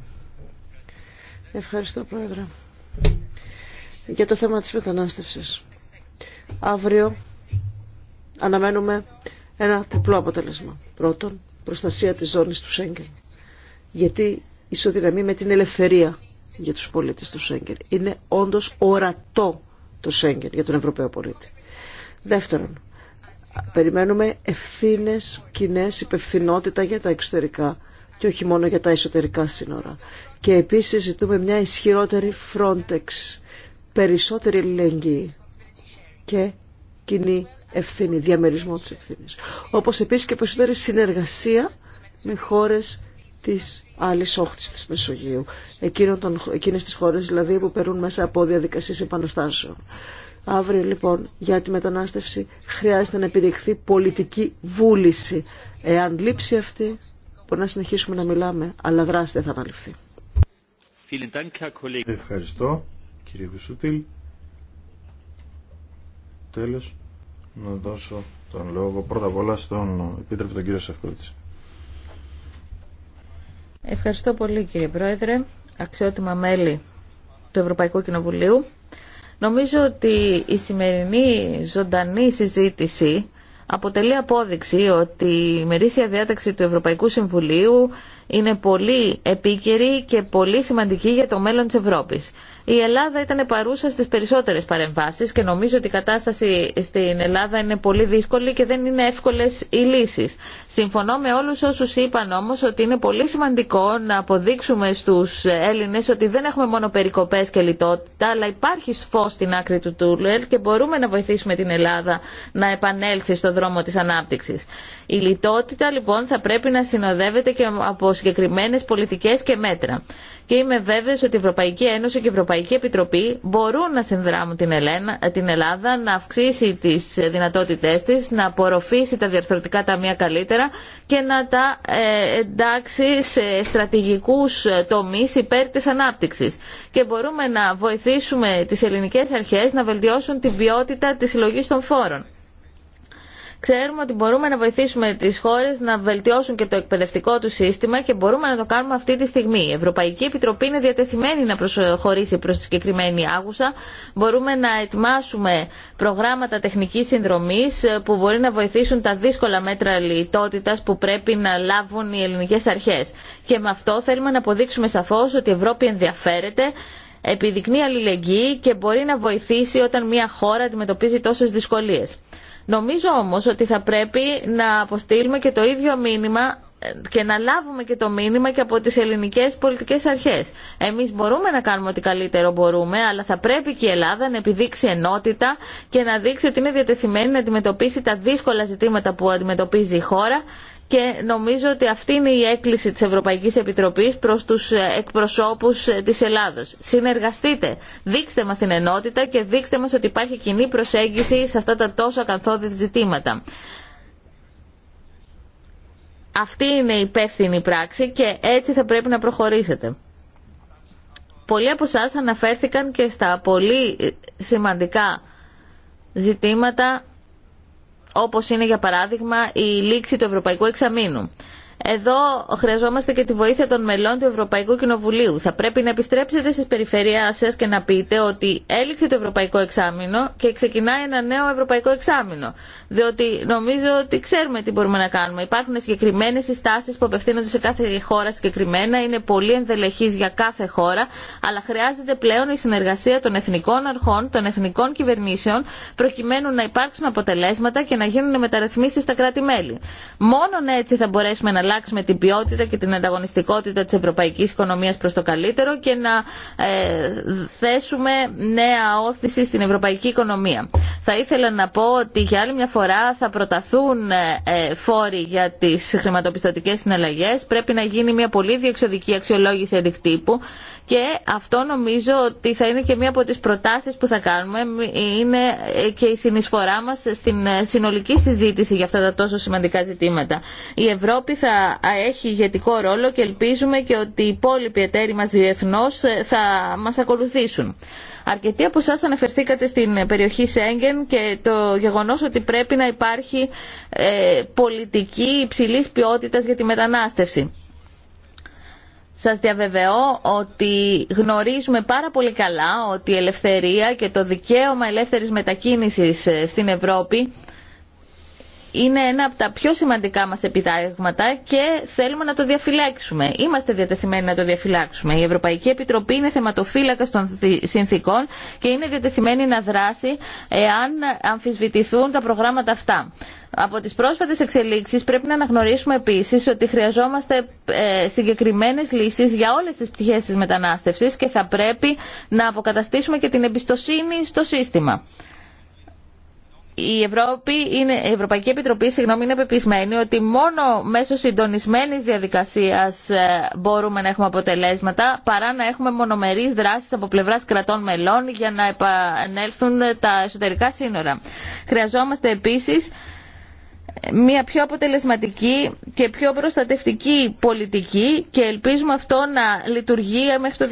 Ευχαριστώ, Πρόεδρε. Για το θέμα της μετανάστευσης. Αύριο αναμένουμε ένα τριπλό αποτέλεσμα. Πρώτον, προστασία της ζώνης του Σέγγεν. Γιατί ισοδυναμεί με την ελευθερία για τους πολίτες του Σέγγεν. Είναι όντως ορατό το Σέγγεν για τον Ευρωπαίο πολίτη. Δεύτερον, περιμένουμε ευθύνε κοινέ υπευθυνότητα για τα εξωτερικά και όχι μόνο για τα εσωτερικά σύνορα και επίσης ζητούμε μια ισχυρότερη Frontex, περισσότερη λέγγυη και κοινή ευθύνη, διαμερισμό της ευθύνης. Όπως επίσης και περισσότερη συνεργασία με χώρες της άλλης όχθης της Μεσογείου, των, εκείνες τις χώρες δηλαδή που περούν μέσα από διαδικασίες επαναστάσεων. Αύριο λοιπόν για τη μετανάστευση χρειάζεται να επιδειχθεί πολιτική βούληση. Εάν λείψει αυτή, μπορεί να συνεχίσουμε να μιλάμε, αλλά δράση δεν θα αναλυφθεί. Ευχαριστώ κύριε Βουσούτιλ. Τέλος, να δώσω τον λόγο πρώτα απ' όλα στον επίτροπο τον κύριο Σαφκούτση. Ευχαριστώ πολύ κύριε Πρόεδρε, αξιότιμα μέλη του Ευρωπαϊκού Κοινοβουλίου. Νομίζω ότι η σημερινή ζωντανή συζήτηση αποτελεί απόδειξη ότι η μερίσια διάταξη του Ευρωπαϊκού Συμβουλίου είναι πολύ επίκαιρη και πολύ σημαντική για το μέλλον της Ευρώπης. Η Ελλάδα ήταν παρούσα στις περισσότερες παρεμβάσεις και νομίζω ότι η κατάσταση στην Ελλάδα είναι πολύ δύσκολη και δεν είναι εύκολες οι λύσεις. Συμφωνώ με όλους όσους είπαν όμως ότι είναι πολύ σημαντικό να αποδείξουμε στους Έλληνες ότι δεν έχουμε μόνο περικοπές και λιτότητα, αλλά υπάρχει φως στην άκρη του τούλερ και μπορούμε να βοηθήσουμε την Ελλάδα να επανέλθει στο δρόμο της ανάπτυξης. Η λιτότητα λοιπόν θα πρέπει να συνοδεύεται και από συγκεκριμένες πολιτικές και μέτρα και είμαι βέβαιος ότι η Ευρωπαϊκή Ένωση και η Ευρωπαϊκή Επιτροπή μπορούν να συνδράμουν την, Ελένα, την Ελλάδα, να αυξήσει τις δυνατότητές της, να απορροφήσει τα διαρθρωτικά ταμεία καλύτερα και να τα ε, εντάξει σε στρατηγικούς ε, τομείς υπέρ τη ανάπτυξη. Και μπορούμε να βοηθήσουμε τις ελληνικές αρχές να βελτιώσουν την ποιότητα τη συλλογή των φόρων. Ξέρουμε ότι μπορούμε να βοηθήσουμε τι χώρε να βελτιώσουν και το εκπαιδευτικό του σύστημα και μπορούμε να το κάνουμε αυτή τη στιγμή. Η Ευρωπαϊκή Επιτροπή είναι διατεθειμένη να προχωρήσει προ τη συγκεκριμένη άγουσα. Μπορούμε να ετοιμάσουμε προγράμματα τεχνική συνδρομή ε, που μπορεί να βοηθήσουν τα δύσκολα μέτρα λιτότητα που πρέπει να λάβουν οι ελληνικέ αρχέ. Και με αυτό θέλουμε να αποδείξουμε σαφώ ότι η Ευρώπη ενδιαφέρεται επιδεικνύει αλληλεγγύη και μπορεί να βοηθήσει όταν μια χώρα αντιμετωπίζει τόσες δυσκολίες. Νομίζω όμως ότι θα πρέπει να αποστείλουμε και το ίδιο μήνυμα ε, και να λάβουμε και το μήνυμα και από τις ελληνικές πολιτικές αρχές. Εμείς μπορούμε να κάνουμε ό,τι καλύτερο μπορούμε, αλλά θα πρέπει και η Ελλάδα να επιδείξει ενότητα και να δείξει ότι είναι διατεθειμένη να αντιμετωπίσει τα δύσκολα ζητήματα που αντιμετωπίζει η χώρα και νομίζω ότι αυτή είναι η έκκληση της Ευρωπαϊκής Επιτροπής προς τους ε, εκπροσώπους ε, της Ελλάδος. Συνεργαστείτε, δείξτε μας την ενότητα και δείξτε μας ότι υπάρχει κοινή προσέγγιση σε αυτά τα τόσο ακαθόδη ζητήματα. Αυτή είναι η υπεύθυνη πράξη και έτσι θα πρέπει να προχωρήσετε. Πολλοί από εσά αναφέρθηκαν και στα πολύ ε, σημαντικά ζητήματα όπως είναι για παράδειγμα η λήξη του Ευρωπαϊκού Εξαμήνου. Εδώ χρειαζόμαστε και τη βοήθεια των μελών του Ευρωπαϊκού Κοινοβουλίου. Θα πρέπει να επιστρέψετε στι περιφερειά σα και να πείτε ότι έληξε το Ευρωπαϊκό Εξάμεινο και ξεκινάει ένα νέο Ευρωπαϊκό Εξάμεινο. Διότι νομίζω ότι ξέρουμε τι μπορούμε να κάνουμε. Υπάρχουν συγκεκριμένε συστάσει που απευθύνονται σε κάθε χώρα συγκεκριμένα, είναι πολύ ενδελεχής για κάθε χώρα, αλλά χρειάζεται πλέον η συνεργασία των εθνικών αρχών, των εθνικών κυβερνήσεων, προκειμένου να υπάρξουν αποτελέσματα και να γίνουν μεταρρυθμίσεις στα κράτη-μέλη. Μόνον έτσι θα μπορέσουμε να αλλάξουμε την ποιότητα και την ανταγωνιστικότητα της ευρωπαϊκής οικονομίας προς το καλύτερο και να ε, θέσουμε νέα όθηση στην ευρωπαϊκή οικονομία. Θα ήθελα να πω ότι για άλλη μια φορά θα προταθούν ε, ε, φόροι για τις χρηματοπιστωτικές συναλλαγές. Πρέπει να γίνει μια πολύ διεξοδική αξιολόγηση αντικτύπου και αυτό νομίζω ότι θα είναι και μία από τις προτάσεις που θα κάνουμε, είναι και η συνεισφορά μας στην συνολική συζήτηση για αυτά τα τόσο σημαντικά ζητήματα. Η Ευρώπη θα έχει ηγετικό ρόλο και ελπίζουμε και ότι οι υπόλοιποι εταίροι μας διεθνώς θα μας ακολουθήσουν. Αρκετοί από εσά αναφερθήκατε στην περιοχή Σέγγεν και το γεγονό ότι πρέπει να υπάρχει ε, πολιτική υψηλή ποιότητα για τη μετανάστευση. Σας διαβεβαιώ ότι γνωρίζουμε πάρα πολύ καλά ότι η ελευθερία και το δικαίωμα ελεύθερης μετακίνησης ε, στην Ευρώπη είναι ένα από τα πιο σημαντικά μας επιτάγματα και θέλουμε να το διαφυλάξουμε. Είμαστε διατεθειμένοι να το διαφυλάξουμε. Η Ευρωπαϊκή Επιτροπή είναι θεματοφύλακα των συνθήκων και είναι διατεθειμένη να δράσει εάν αμφισβητηθούν τα προγράμματα αυτά. Από τις πρόσφατες εξελίξεις πρέπει να αναγνωρίσουμε επίσης ότι χρειαζόμαστε ε, συγκεκριμένες λύσεις για όλες τις πτυχές της μετανάστευσης και θα πρέπει να αποκαταστήσουμε και την εμπιστοσύνη στο σύστημα. Η, Ευρώπη είναι, η Ευρωπαϊκή Επιτροπή συγγνώμη, είναι πεπισμένη ότι μόνο μέσω συντονισμένης διαδικασίας ε, μπορούμε να έχουμε αποτελέσματα παρά να έχουμε μονομερείς δράσει από πλευρά κρατών μελών για να επανέλθουν τα εσωτερικά σύνορα. Χρειαζόμαστε επίση μια πιο αποτελεσματική και πιο προστατευτική πολιτική και ελπίζουμε αυτό να λειτουργεί μέχρι το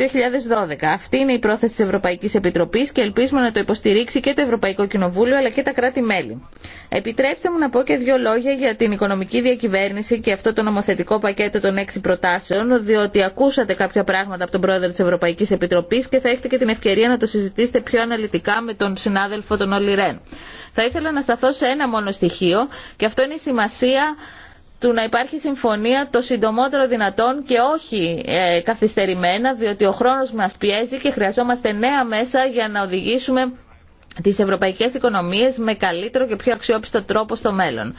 2012. Αυτή είναι η πρόθεση της Ευρωπαϊκής Επιτροπής και ελπίζουμε να το υποστηρίξει και το Ευρωπαϊκό Κοινοβούλιο αλλά και τα κράτη-μέλη. Επιτρέψτε μου να πω και δύο λόγια για την οικονομική διακυβέρνηση και αυτό το νομοθετικό πακέτο των έξι προτάσεων, διότι ακούσατε κάποια πράγματα από τον πρόεδρο της Ευρωπαϊκής Επιτροπής και θα έχετε και την ευκαιρία να το συζητήσετε πιο αναλυτικά με τον συνάδελφο τον θα ήθελα να σταθώ σε ένα μόνο στοιχείο και αυτό είναι η σημασία του να υπάρχει συμφωνία το συντομότερο δυνατόν και όχι ε, καθυστερημένα, διότι ο χρόνος μας πιέζει και χρειαζόμαστε νέα μέσα για να οδηγήσουμε τις ευρωπαϊκές οικονομίες με καλύτερο και πιο αξιόπιστο τρόπο στο μέλλον.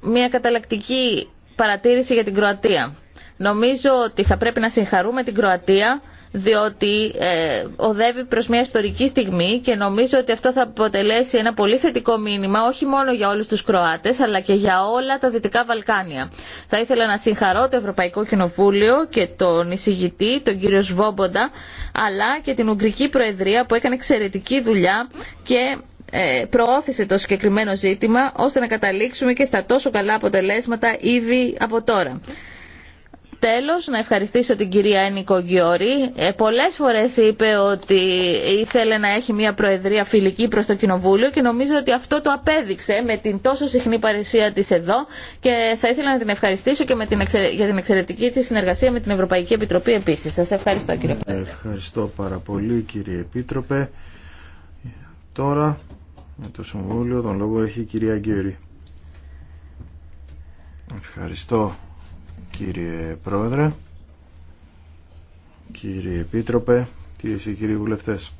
Μια καταλακτική παρατήρηση για την Κροατία. Νομίζω ότι θα πρέπει να συγχαρούμε την Κροατία διότι ε, οδεύει προς μια ιστορική στιγμή και νομίζω ότι αυτό θα αποτελέσει ένα πολύ θετικό μήνυμα όχι μόνο για όλους τους Κροάτες αλλά και για όλα τα Δυτικά Βαλκάνια. Θα ήθελα να συγχαρώ το Ευρωπαϊκό Κοινοβούλιο και τον εισηγητή, τον κύριο Σβόμποντα αλλά και την Ουγγρική Προεδρία που έκανε εξαιρετική δουλειά και ε, προώθησε το συγκεκριμένο ζήτημα ώστε να καταλήξουμε και στα τόσο καλά αποτελέσματα ήδη από τώρα. Τέλος, να ευχαριστήσω την κυρία Ένικο Γκιόρη. Ε, πολλές φορές είπε ότι ήθελε να έχει μια προεδρία φιλική προς το Κοινοβούλιο και νομίζω ότι αυτό το απέδειξε με την τόσο συχνή παρουσία της εδώ και θα ήθελα να την ευχαριστήσω και με την για την εξαιρετική της συνεργασία με την Ευρωπαϊκή Επιτροπή επίσης. Σας ευχαριστώ κύριε Πρόεδρε. Ευχαριστώ πάρα πολύ κύριε Επίτροπε. Τώρα με το Συμβούλιο τον λόγο έχει η κυρία Γκιόρη. Ευχαριστώ κύριε Πρόεδρε, κύριε Επίτροπε, Κύριε και κύριοι βουλευτές.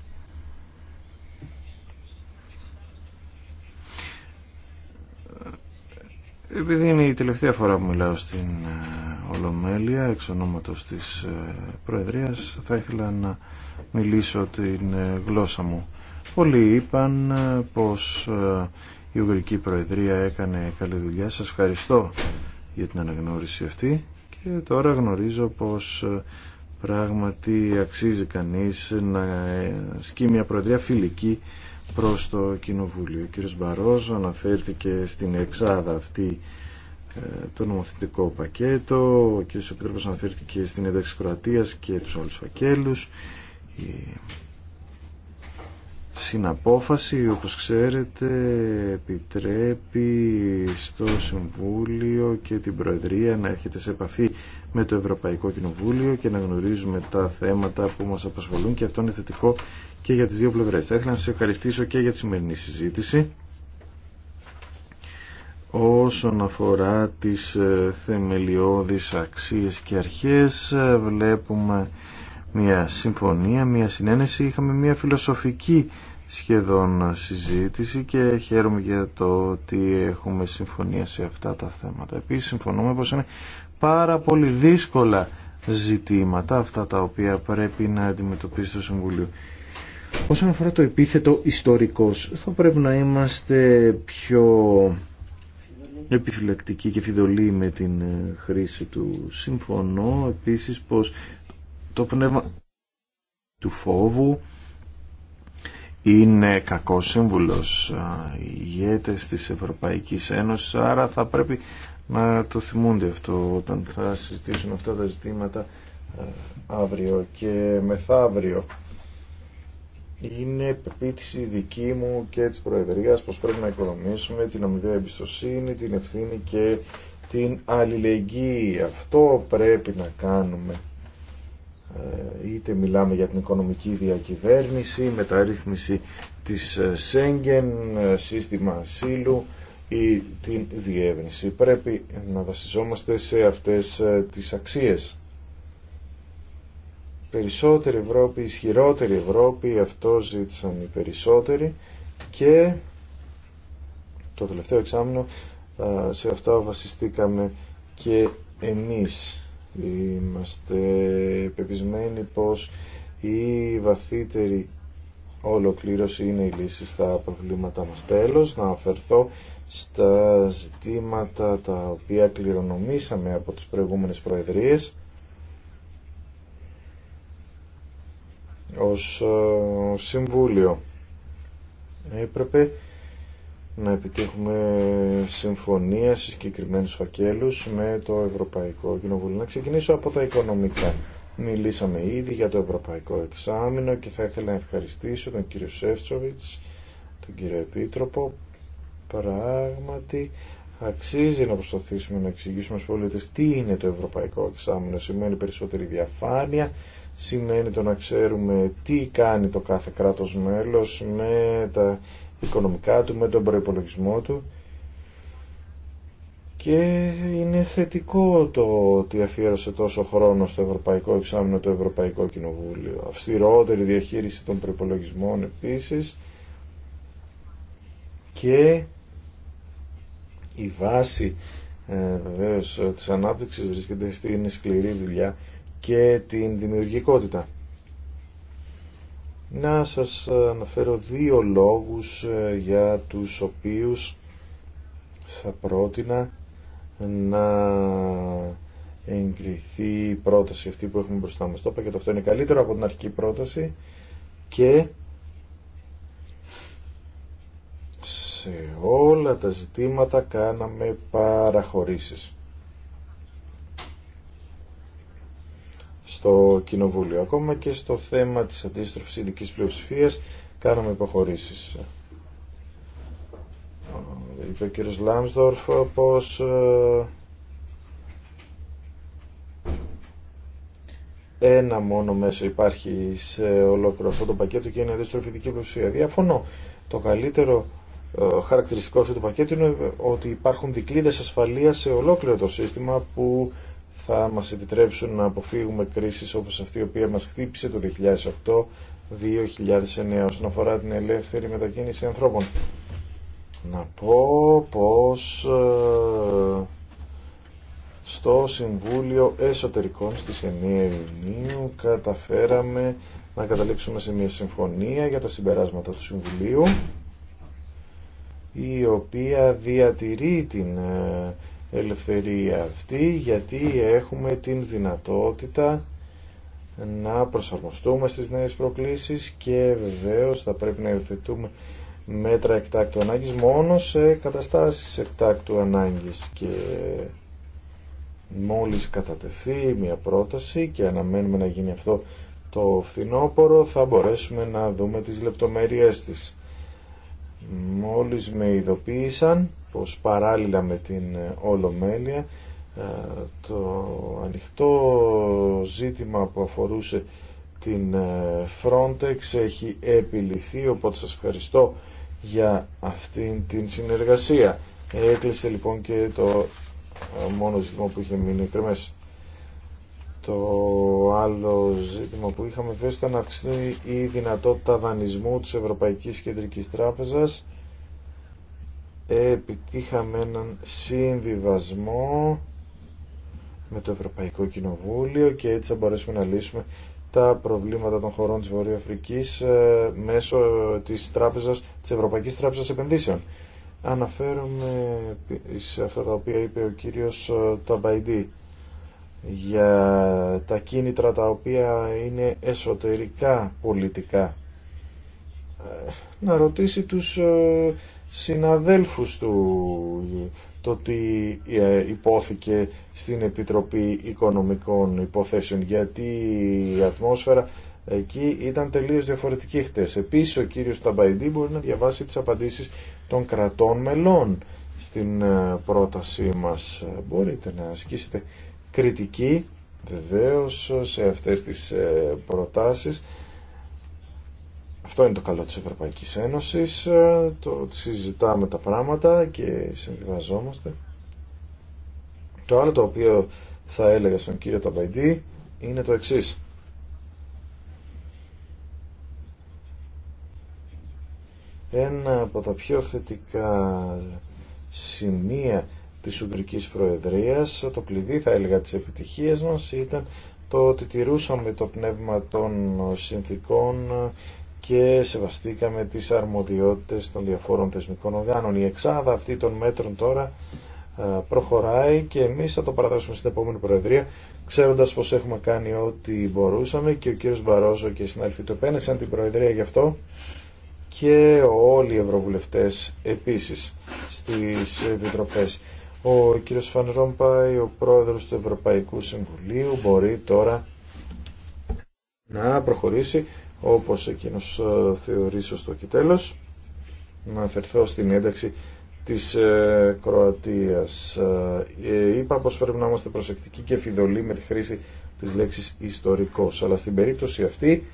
Επειδή είναι η τελευταία φορά που μιλάω στην ε, Ολομέλεια, εξ ονόματος της ε, Προεδρίας, θα ήθελα να μιλήσω την ε, γλώσσα μου. Πολλοί είπαν πως η Ουγγρική Προεδρία έκανε καλή δουλειά. Σας ευχαριστώ για την αναγνώριση αυτή και τώρα γνωρίζω πως ε, πράγματι αξίζει κανείς να ε, σκεί μια προεδρία φιλική προς το Κοινοβούλιο. Ο κ. Μπαρός αναφέρθηκε στην εξάδα αυτή ε, το νομοθετικό πακέτο, ο κ. Σοκτρέπος αναφέρθηκε στην ένταξη Κροατίας και τους άλλους φακέλους, συναπόφαση όπως ξέρετε επιτρέπει στο Συμβούλιο και την Προεδρία να έρχεται σε επαφή με το Ευρωπαϊκό Κοινοβούλιο και να γνωρίζουμε τα θέματα που μας απασχολούν και αυτό είναι θετικό και για τις δύο πλευρές. Θα ήθελα να σας ευχαριστήσω και για τη σημερινή συζήτηση όσον αφορά τις ε, θεμελιώδεις αξίες και αρχές ε, βλέπουμε μια συμφωνία, μια συνένεση. Είχαμε μια φιλοσοφική σχεδόν συζήτηση και χαίρομαι για το ότι έχουμε συμφωνία σε αυτά τα θέματα. Επίσης συμφωνούμε πως είναι πάρα πολύ δύσκολα ζητήματα αυτά τα οποία πρέπει να αντιμετωπίσει το Συμβουλίο. Όσον αφορά το επίθετο ιστορικός, θα πρέπει να είμαστε πιο επιφυλακτικοί και φιδωλοί με την χρήση του. Συμφωνώ επίσης πως το πνεύμα του φόβου είναι κακό σύμβουλος οι ηγέτες της Ευρωπαϊκής Ένωσης άρα θα πρέπει να το θυμούνται αυτό όταν θα συζητήσουν αυτά τα ζητήματα αύριο και μεθαύριο είναι πεποίθηση δική μου και της Προεδρίας πως πρέπει να οικονομήσουμε την ομιλία εμπιστοσύνη, την ευθύνη και την αλληλεγγύη. Αυτό πρέπει να κάνουμε ε, είτε μιλάμε για την οικονομική διακυβέρνηση, μεταρρύθμιση της ε, Σέγγεν, ε, σύστημα ασύλου ή την διεύρυνση. Πρέπει να βασιζόμαστε σε αυτές τις αξίες. Περισσότερη Ευρώπη, ισχυρότερη Ευρώπη, αυτό ζήτησαν οι περισσότεροι και το τελευταίο εξάμεινο σε αυτά βασιστήκαμε και εμείς Είμαστε πεπισμένοι πως η βαθύτερη ολοκλήρωση είναι η λύση στα προβλήματά μας. Τέλος, να αφερθώ στα ζητήματα τα οποία κληρονομήσαμε από τις προηγούμενες προεδρίες ως ε, Συμβούλιο. Έπρεπε να επιτύχουμε συμφωνία σε συγκεκριμένου φακέλους με το Ευρωπαϊκό Κοινοβούλιο. Να ξεκινήσω από τα οικονομικά. Μιλήσαμε ήδη για το Ευρωπαϊκό Εξάμεινο και θα ήθελα να ευχαριστήσω τον κύριο Σεύτσοβιτς, τον κύριο Επίτροπο. Πράγματι, αξίζει να προσπαθήσουμε να εξηγήσουμε στους πολίτες τι είναι το Ευρωπαϊκό Εξάμεινο. Σημαίνει περισσότερη διαφάνεια, σημαίνει το να ξέρουμε τι κάνει το κάθε κράτος μέλος με τα οικονομικά του, με τον προϋπολογισμό του και είναι θετικό το ότι αφιέρωσε τόσο χρόνο στο Ευρωπαϊκό Εξάμεινο το Ευρωπαϊκό Κοινοβούλιο. Αυστηρότερη διαχείριση των προϋπολογισμών επίσης και η βάση ε, βεβαίως της ανάπτυξης βρίσκεται στην σκληρή δουλειά και την δημιουργικότητα. Να σας αναφέρω δύο λόγους ε, για τους οποίους θα πρότεινα να εγκριθεί η πρόταση αυτή που έχουμε μπροστά μας. Το είπα και το αυτό είναι καλύτερο από την αρχική πρόταση και σε όλα τα ζητήματα κάναμε παραχωρήσεις. στο Κοινοβούλιο. Ακόμα και στο θέμα της αντίστροφης ειδική πλειοψηφία κάναμε υποχωρήσεις. Ε, είπε ο κύριο Λάμσδορφ πως ε, ένα μόνο μέσο υπάρχει σε ολόκληρο αυτό το πακέτο και είναι αντίστροφη ειδική πλειοψηφία. Διαφωνώ. Το καλύτερο ε, χαρακτηριστικό αυτού του πακέτου είναι ότι υπάρχουν δικλείδες ασφαλείας σε ολόκληρο το σύστημα που θα μας επιτρέψουν να αποφύγουμε κρίσεις όπως αυτή η οποία μας χτύπησε το 2008-2009 όσον αφορά την ελεύθερη μετακίνηση ανθρώπων. Να πω πως ε, στο Συμβούλιο Εσωτερικών στις 9 Ιουνίου καταφέραμε να καταλήξουμε σε μια συμφωνία για τα συμπεράσματα του Συμβουλίου η οποία διατηρεί την ε, ελευθερία αυτή γιατί έχουμε την δυνατότητα να προσαρμοστούμε στις νέες προκλήσεις και βεβαίως θα πρέπει να υιοθετούμε μέτρα εκτάκτου ανάγκης μόνο σε καταστάσεις εκτάκτου ανάγκης και μόλις κατατεθεί μια πρόταση και αναμένουμε να γίνει αυτό το φθινόπωρο θα μπορέσουμε να δούμε τις λεπτομέρειές της. Μόλις με ειδοποίησαν πως παράλληλα με την ε, Ολομέλεια ε, το ανοιχτό ζήτημα που αφορούσε την ε, Frontex έχει επιληθεί οπότε σας ευχαριστώ για αυτήν την συνεργασία. Έκλεισε λοιπόν και το μόνο ζήτημα που είχε μείνει κρεμές. Το άλλο ζήτημα που είχαμε βέβαια ήταν να η δυνατότητα δανεισμού της Ευρωπαϊκής Κεντρικής Τράπεζας επιτύχαμε έναν συμβιβασμό με το Ευρωπαϊκό Κοινοβούλιο και έτσι θα μπορέσουμε να λύσουμε τα προβλήματα των χωρών της Βορειοαφρικής ε, μέσω ε, της, τράπεζας, της Ευρωπαϊκής Τράπεζας Επενδύσεων. Αναφέρομαι σε αυτά τα οποία είπε ο κύριος ε, Ταμπαϊντή για τα κίνητρα τα οποία είναι εσωτερικά πολιτικά. Να ρωτήσει τους συναδέλφους του το τι ε, υπόθηκε στην Επιτροπή Οικονομικών Υποθέσεων γιατί η ατμόσφαιρα εκεί ήταν τελείως διαφορετική χτες. Επίσης ο κύριος Ταμπαϊντή μπορεί να διαβάσει τις απαντήσεις των κρατών μελών στην ε, πρότασή μας. Μπορείτε να ασκήσετε κριτική βεβαίως σε αυτές τις ε, προτάσεις αυτό είναι το καλό της Ευρωπαϊκής Ένωσης, ε, το ότι συζητάμε τα πράγματα και συνεργαζόμαστε. Το άλλο το οποίο θα έλεγα στον κύριο Ταμπαϊντή είναι το εξής. Ένα από τα πιο θετικά σημεία της Ουγγρικής Προεδρίας, το κλειδί θα έλεγα της επιτυχίας μας, ήταν το ότι τηρούσαμε το πνεύμα των συνθήκων και σεβαστήκαμε τις αρμοδιότητες των διαφόρων θεσμικών οργάνων. Η εξάδα αυτή των μέτρων τώρα προχωράει και εμείς θα το παραδώσουμε στην επόμενη Προεδρία ξέροντας πως έχουμε κάνει ό,τι μπορούσαμε και ο κύριος Μπαρόζο και οι συνάδελφοι του επένεσαν την Προεδρία γι' αυτό και όλοι οι Ευρωβουλευτές επίσης στις επιτροπές. Ο κύριος Φαν ο πρόεδρος του Ευρωπαϊκού Συμβουλίου, μπορεί τώρα να προχωρήσει όπως εκείνος ε, θεωρεί σωστό και τέλος. Να αφαιρθώ στην ένταξη της ε, Κροατίας. Ε, είπα πως πρέπει να είμαστε προσεκτικοί και φιδωλοί με τη χρήση της λέξης ιστορικός. Αλλά στην περίπτωση αυτή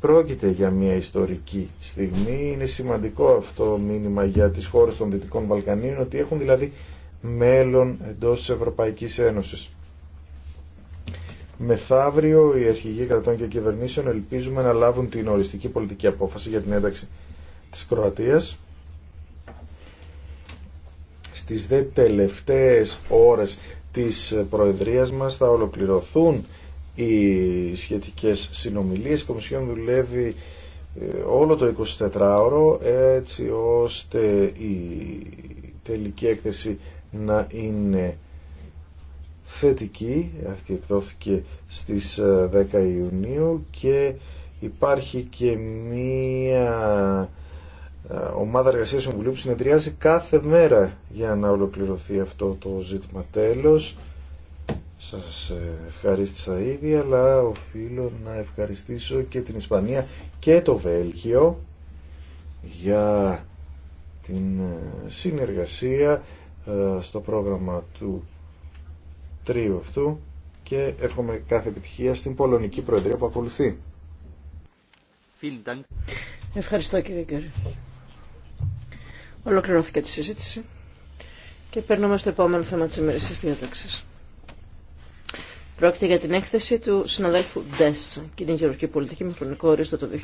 πρόκειται για μια ιστορική στιγμή. Είναι σημαντικό αυτό μήνυμα για τις χώρες των Δυτικών Βαλκανίων ότι έχουν δηλαδή μέλλον εντός της Ευρωπαϊκής Ένωσης. Μεθαύριο οι αρχηγοί κρατών και κυβερνήσεων ελπίζουμε να λάβουν την οριστική πολιτική απόφαση για την ένταξη της Κροατίας. Στις δε τελευταίες ώρες της Προεδρίας μας θα ολοκληρωθούν οι σχετικές συνομιλίες. Η Κομισιόν δουλεύει ε, όλο το 24ωρο έτσι ώστε η τελική έκθεση να είναι θετική, αυτή εκδόθηκε στις 10 ε, Ιουνίου και υπάρχει και μία ε, ομάδα εργασίας Συμβουλίου που συνεδριάζει κάθε μέρα για να ολοκληρωθεί αυτό το ζήτημα τέλος. Σας ευχαρίστησα ήδη, αλλά οφείλω να ευχαριστήσω και την Ισπανία και το Βέλγιο για την ε, συνεργασία στο πρόγραμμα του τρίου αυτού και εύχομαι κάθε επιτυχία στην Πολωνική Προεδρία που ακολουθεί. Ευχαριστώ κύριε Γκέρι. Ολοκληρώθηκε τη συζήτηση και περνούμε στο επόμενο θέμα της ημερησίας διάταξης. Πρόκειται για την έκθεση του συναδέλφου Ντέσσα, κοινή γεωργική πολιτική με χρονικό ορίστο το 2000.